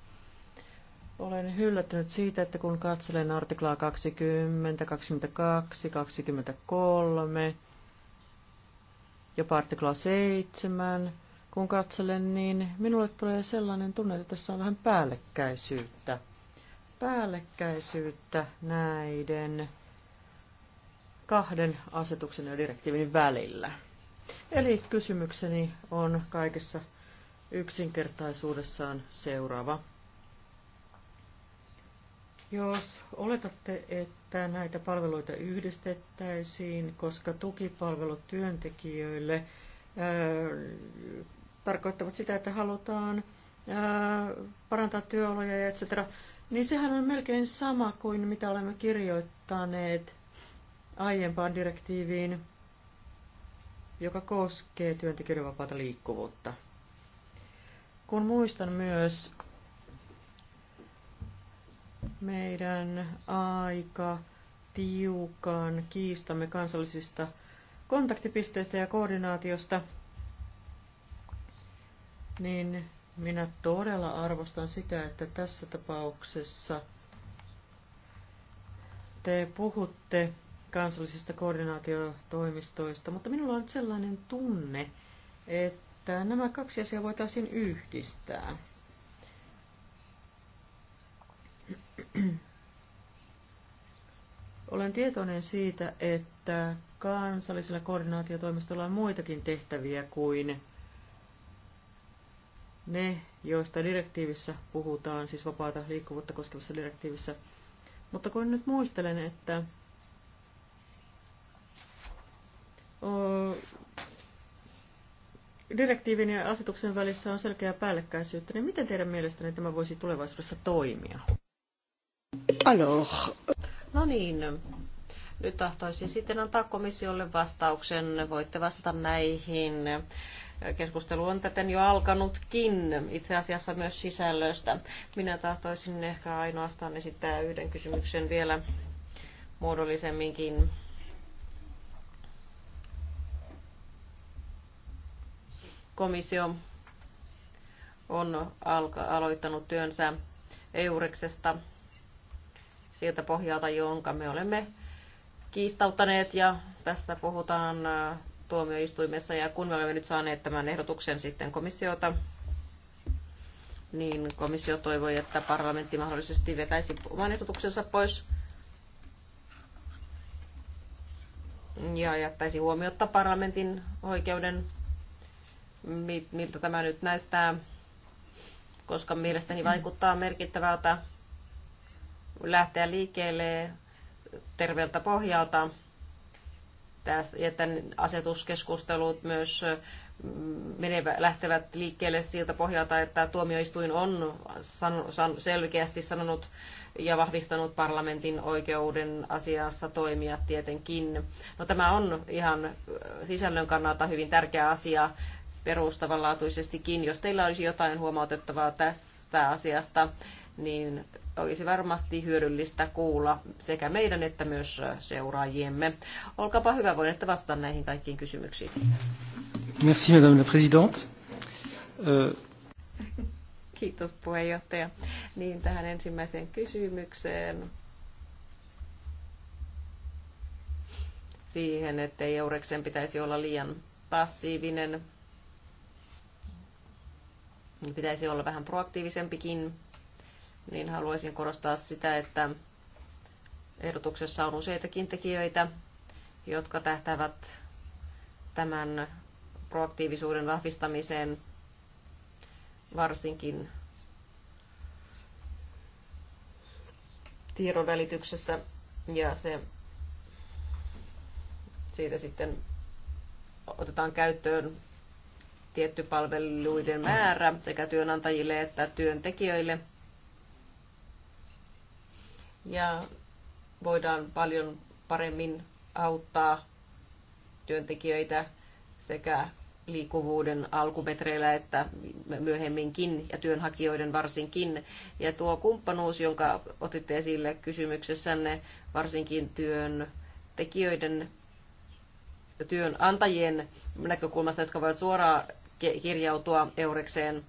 Olen yllättynyt siitä, että kun katselen artiklaa 20, 22, 23, ja partikla 7, kun katselen, niin minulle tulee sellainen tunne, että tässä on vähän päällekkäisyyttä. Päällekkäisyyttä näiden kahden asetuksen ja direktiivin välillä. Eli kysymykseni on kaikessa yksinkertaisuudessaan seuraava. Jos oletatte, että näitä palveluita yhdistettäisiin, koska tukipalvelut työntekijöille ää, äh, tarkoittavat sitä, että halutaan ää, äh, parantaa työoloja, etc., niin sehän on melkein sama kuin mitä olemme kirjoittaneet aiempaan direktiiviin, joka koskee työntekijöiden vapaata liikkuvuutta. Kun muistan myös meidän aika tiukan kiistamme kansallisista kontaktipisteistä ja koordinaatiosta, niin minä todella arvostan sitä, että tässä tapauksessa te puhutte kansallisista koordinaatiotoimistoista, mutta minulla on nyt sellainen tunne, että nämä kaksi asiaa voitaisiin yhdistää. <clears throat> Olen tietoinen siitä, että kansallisella koordinaatiotoimistolla on muitakin tehtäviä kuin ne, joista direktiivissä puhutaan, siis vapaata liikkuvuutta koskevassa direktiivissä. Mutta kun nyt muistelen, että direktiivin ja asetuksen välissä on selkeää päällekkäisyyttä, niin miten teidän mielestänne tämä voisi tulevaisuudessa toimia? Alors. No niin. Nyt tahtoisin sitten antaa komissiolle vastauksen. Voitte vastata näihin. Keskustelu on täten jo alkanutkin, itse asiassa myös sisällöstä. Minä tahtoisin ehkä ainoastaan esittää yhden kysymyksen vielä muodollisemminkin. Komissio on alka- aloittanut työnsä Eureksesta siltä pohjalta, jonka me olemme kiistauttaneet ja tästä puhutaan tuomioistuimessa ja kun me olemme nyt saaneet tämän ehdotuksen sitten komissiota, niin komissio toivoi, että parlamentti mahdollisesti vetäisi oman ehdotuksensa pois ja jättäisi huomiotta parlamentin oikeuden, miltä tämä nyt näyttää, koska mielestäni vaikuttaa merkittävältä lähteä liikkeelle terveeltä pohjalta. Ja tämän asetuskeskustelut myös mm, menevät, lähtevät liikkeelle siltä pohjalta, että tuomioistuin on selkeästi sanonut ja vahvistanut parlamentin oikeuden asiassa toimia tietenkin. No, tämä on ihan äh, sisällön kannalta hyvin tärkeä asia perustavanlaatuisestikin. Jos teillä olisi jotain huomautettavaa tästä asiasta, niin olisi varmasti hyödyllistä kuulla sekä meidän että myös seuraajiemme. Olkaapa hyvä, voinette vastata näihin kaikkiin kysymyksiin. Merci, madame la présidente. Kiitos puheenjohtaja. Niin tähän ensimmäiseen kysymykseen. Siihen, että Eureksen pitäisi olla liian passiivinen. Pitäisi olla vähän proaktiivisempikin niin haluaisin korostaa sitä, että ehdotuksessa on useitakin tekijöitä, jotka tähtävät tämän proaktiivisuuden vahvistamiseen varsinkin välityksessä ja se siitä sitten otetaan käyttöön tietty palveluiden määrä sekä työnantajille että työntekijöille – ja voidaan paljon paremmin auttaa työntekijöitä sekä liikkuvuuden alkumetreillä että myöhemminkin ja työnhakijoiden varsinkin. Ja tuo kumppanuus, jonka otitte esille kysymyksessänne, varsinkin työntekijöiden työnantajien näkökulmasta, jotka voivat suoraan kirjautua Eurekseen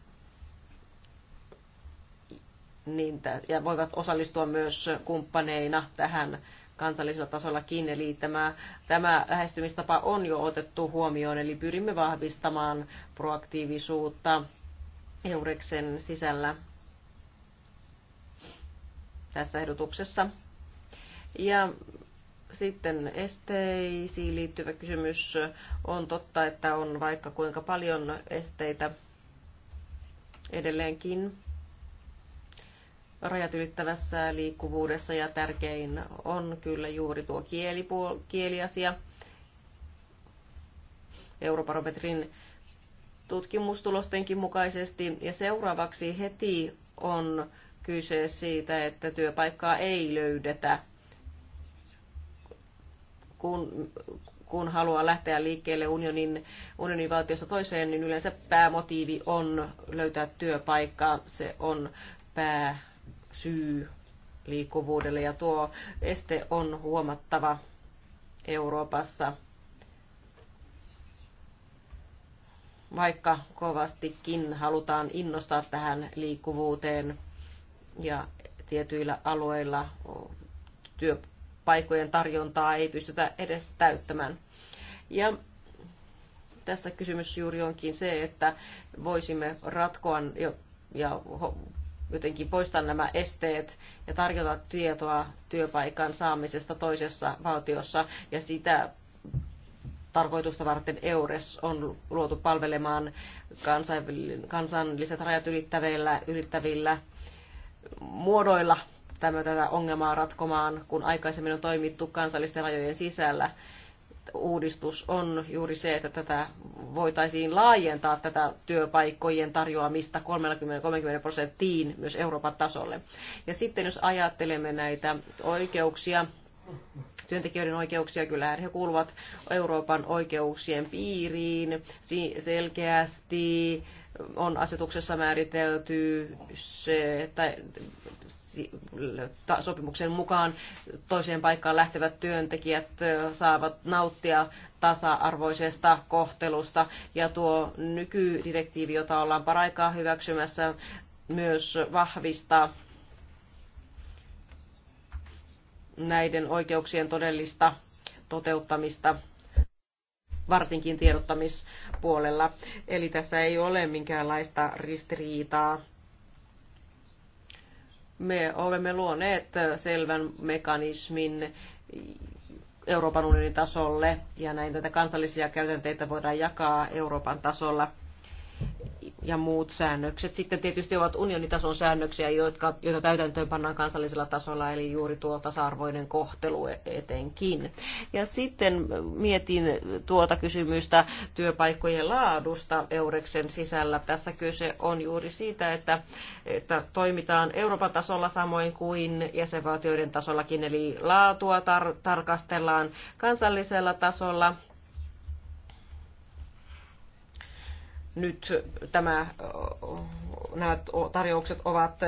niin, ja voivat osallistua myös kumppaneina tähän kansallisella tasollakin. Eli tämä, tämä lähestymistapa on jo otettu huomioon, eli pyrimme vahvistamaan proaktiivisuutta Eureksen sisällä tässä ehdotuksessa. Ja sitten esteisiin liittyvä kysymys. On totta, että on vaikka kuinka paljon esteitä edelleenkin rajat ylittävässä liikkuvuudessa ja tärkein on kyllä juuri tuo kielipuol- kieliasia. Eurobarometrin tutkimustulostenkin mukaisesti ja seuraavaksi heti on kyse siitä, että työpaikkaa ei löydetä, kun, kun haluaa lähteä liikkeelle unionin, unionin valtiosta toiseen, niin yleensä päämotiivi on löytää työpaikkaa. Se on pää syy liikkuvuudelle ja tuo este on huomattava Euroopassa. Vaikka kovastikin halutaan innostaa tähän liikkuvuuteen ja tietyillä alueilla työpaikojen tarjontaa ei pystytä edes täyttämään. Ja tässä kysymys juuri onkin se, että voisimme ratkoa ja jotenkin poistaa nämä esteet ja tarjota tietoa työpaikan saamisesta toisessa valtiossa ja sitä tarkoitusta varten EURES on luotu palvelemaan kansalliset rajat ylittävillä, ylittävillä muodoilla tämä, tätä ongelmaa ratkomaan, kun aikaisemmin on toimittu kansallisten rajojen sisällä uudistus on juuri se, että tätä voitaisiin laajentaa tätä työpaikkojen tarjoamista 30-30 prosenttiin myös Euroopan tasolle. Ja sitten jos ajattelemme näitä oikeuksia, työntekijöiden oikeuksia, kyllähän he kuuluvat Euroopan oikeuksien piiriin selkeästi on asetuksessa määritelty se, että sopimuksen mukaan toiseen paikkaan lähtevät työntekijät saavat nauttia tasa-arvoisesta kohtelusta. Ja tuo nykydirektiivi, jota ollaan paraikaa hyväksymässä, myös vahvistaa näiden oikeuksien todellista toteuttamista varsinkin tiedottamispuolella. Eli tässä ei ole minkäänlaista ristiriitaa me olemme luoneet selvän mekanismin Euroopan unionin tasolle ja näin tätä kansallisia käytänteitä voidaan jakaa Euroopan tasolla ja muut säännökset sitten tietysti ovat unionitason säännöksiä, jotka, joita täytäntöön pannaan kansallisella tasolla, eli juuri tuo tasa-arvoinen kohtelu e- etenkin. Ja sitten mietin tuota kysymystä työpaikkojen laadusta Eureksen sisällä. Tässä kyse on juuri siitä, että, että toimitaan Euroopan tasolla samoin kuin jäsenvaltioiden tasollakin, eli laatua tar- tarkastellaan kansallisella tasolla nyt tämä, nämä tarjoukset ovat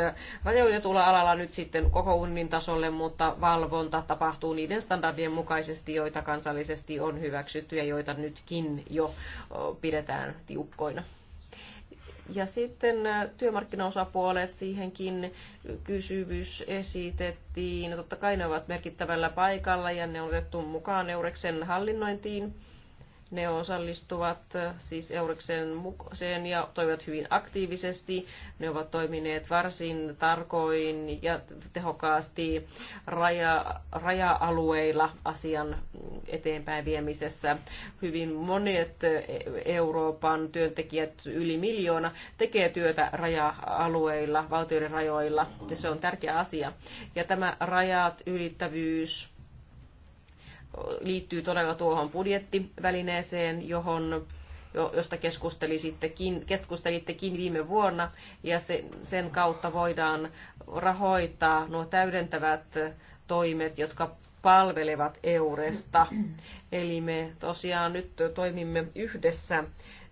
rajoitetulla alalla nyt sitten koko unnin tasolle, mutta valvonta tapahtuu niiden standardien mukaisesti, joita kansallisesti on hyväksytty ja joita nytkin jo pidetään tiukkoina. Ja sitten työmarkkinaosapuolet, siihenkin kysymys esitettiin. No totta kai ne ovat merkittävällä paikalla ja ne on otettu mukaan Eureksen hallinnointiin ne osallistuvat äh, siis Euriksen mukaiseen ja toimivat hyvin aktiivisesti. Ne ovat toimineet varsin tarkoin ja tehokkaasti raja, raja-alueilla asian eteenpäin viemisessä. Hyvin monet äh, Euroopan työntekijät, yli miljoona, tekee työtä raja-alueilla, valtioiden rajoilla. Ja se on tärkeä asia. Ja tämä rajat ylittävyys liittyy todella tuohon budjettivälineeseen, johon josta keskustelittekin, keskustelittekin viime vuonna, ja sen kautta voidaan rahoittaa nuo täydentävät toimet, jotka palvelevat Euresta. Eli me tosiaan nyt toimimme yhdessä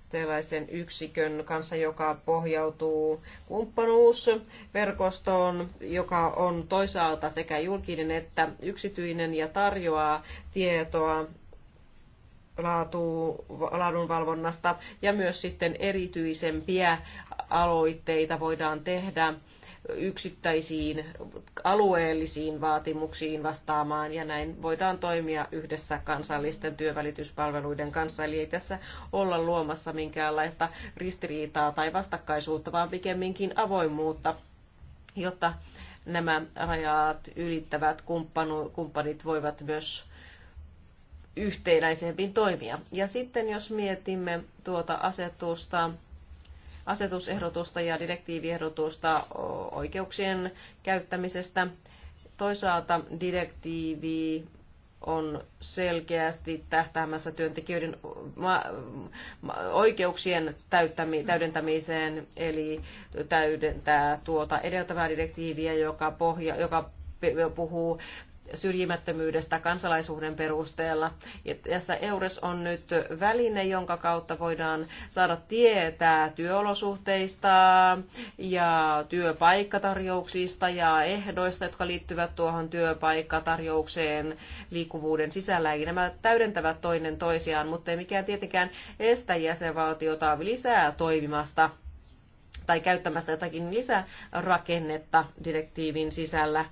tällaisen yksikön kanssa, joka pohjautuu kumppanuusverkostoon, joka on toisaalta sekä julkinen että yksityinen ja tarjoaa tietoa laatu, laadunvalvonnasta ja myös sitten erityisempiä aloitteita voidaan tehdä yksittäisiin alueellisiin vaatimuksiin vastaamaan ja näin voidaan toimia yhdessä kansallisten työvälityspalveluiden kanssa. Eli ei tässä olla luomassa minkäänlaista ristiriitaa tai vastakkaisuutta, vaan pikemminkin avoimuutta, jotta nämä rajat ylittävät kumppanit voivat myös yhtenäisemmin toimia. Ja sitten jos mietimme tuota asetusta, asetusehdotusta ja direktiiviehdotusta oikeuksien käyttämisestä. Toisaalta direktiivi on selkeästi tähtäämässä työntekijöiden oikeuksien täydentämiseen, eli täydentää tuota edeltävää direktiiviä, joka, pohja, joka puhuu syrjimättömyydestä kansalaisuuden perusteella. Ja tässä EURES on nyt väline, jonka kautta voidaan saada tietää työolosuhteista ja työpaikkatarjouksista ja ehdoista, jotka liittyvät tuohon työpaikkatarjoukseen liikkuvuuden sisällä. Eli nämä täydentävät toinen toisiaan, mutta ei mikään tietenkään estä jäsenvaltiota lisää toimimasta tai käyttämästä jotakin lisärakennetta direktiivin sisällä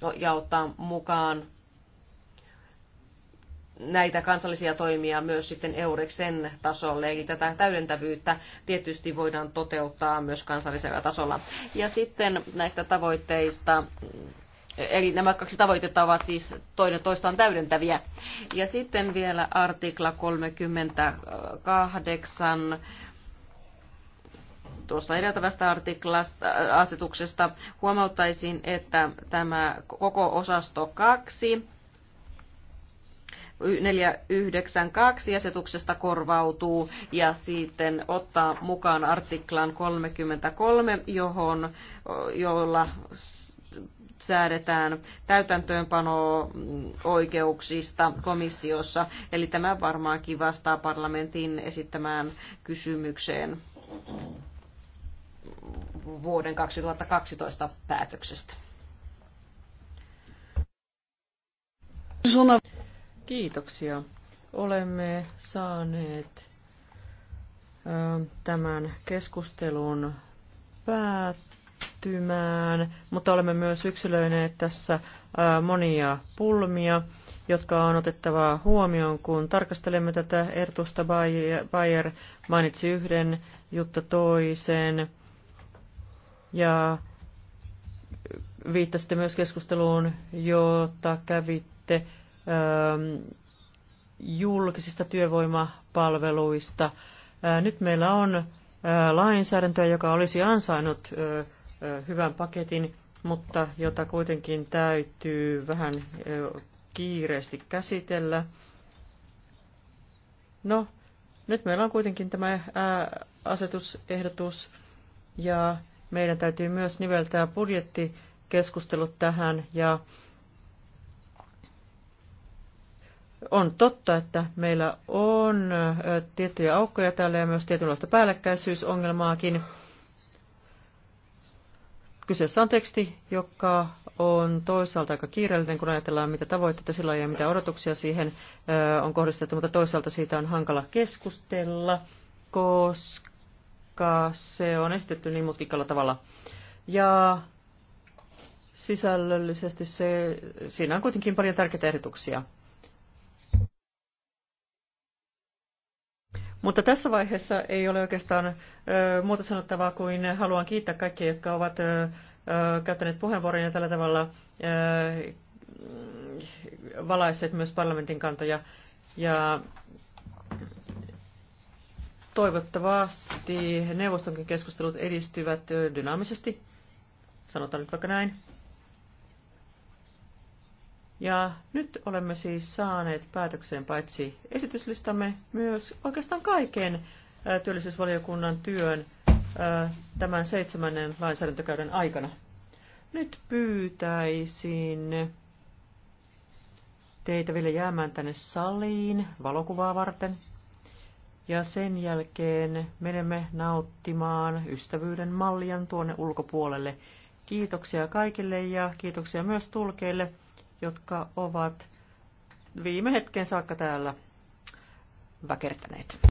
No, ja ottaa mukaan näitä kansallisia toimia myös sitten Eureksen tasolle, eli tätä täydentävyyttä tietysti voidaan toteuttaa myös kansallisella tasolla. Ja sitten näistä tavoitteista, eli nämä kaksi tavoitetta ovat siis toinen toistaan täydentäviä. Ja sitten vielä artikla 38 tuosta edeltävästä artiklasta, äh, asetuksesta huomauttaisin, että tämä koko osasto 2 492 asetuksesta korvautuu ja sitten ottaa mukaan artiklan 33, johon, jolla säädetään täytäntöönpano-oikeuksista komissiossa. Eli tämä varmaankin vastaa parlamentin esittämään kysymykseen vuoden 2012 päätöksestä. Kiitoksia. Olemme saaneet tämän keskustelun päättymään, mutta olemme myös yksilöineet tässä monia pulmia, jotka on otettava huomioon, kun tarkastelemme tätä ertusta Bayer mainitsi yhden, Jutta toisen ja viittasitte myös keskusteluun, jota kävitte ähm, julkisista työvoimapalveluista. Äh, nyt meillä on äh, lainsäädäntöä, joka olisi ansainnut äh, hyvän paketin, mutta jota kuitenkin täytyy vähän kiireesti käsitellä. No, nyt meillä on kuitenkin tämä asetusehdotus ja meidän täytyy myös niveltää budjettikeskustelut tähän ja on totta, että meillä on tiettyjä aukkoja täällä ja myös tietynlaista päällekkäisyysongelmaakin. Kyseessä on teksti, joka on toisaalta aika kiireellinen, kun ajatellaan, mitä tavoitteita sillä ja mitä odotuksia siihen on kohdistettu, mutta toisaalta siitä on hankala keskustella, koska koska se on esitetty niin mutkikalla tavalla. Ja sisällöllisesti se, siinä on kuitenkin paljon tärkeitä ehdotuksia. Mutta tässä vaiheessa ei ole oikeastaan ö, muuta sanottavaa kuin haluan kiittää kaikkia, jotka ovat ö, käyttäneet puheenvuoroja ja tällä tavalla ö, valaisseet myös parlamentin kantoja. Ja Toivottavasti neuvostonkin keskustelut edistyvät dynaamisesti, sanotaan nyt vaikka näin. Ja nyt olemme siis saaneet päätökseen paitsi esityslistamme myös oikeastaan kaiken työllisyysvaliokunnan työn tämän seitsemännen lainsäädäntökäyden aikana. Nyt pyytäisin teitä vielä jäämään tänne saliin valokuvaa varten. Ja sen jälkeen menemme nauttimaan ystävyyden mallian tuonne ulkopuolelle. Kiitoksia kaikille ja kiitoksia myös tulkeille, jotka ovat viime hetken saakka täällä väkertäneet.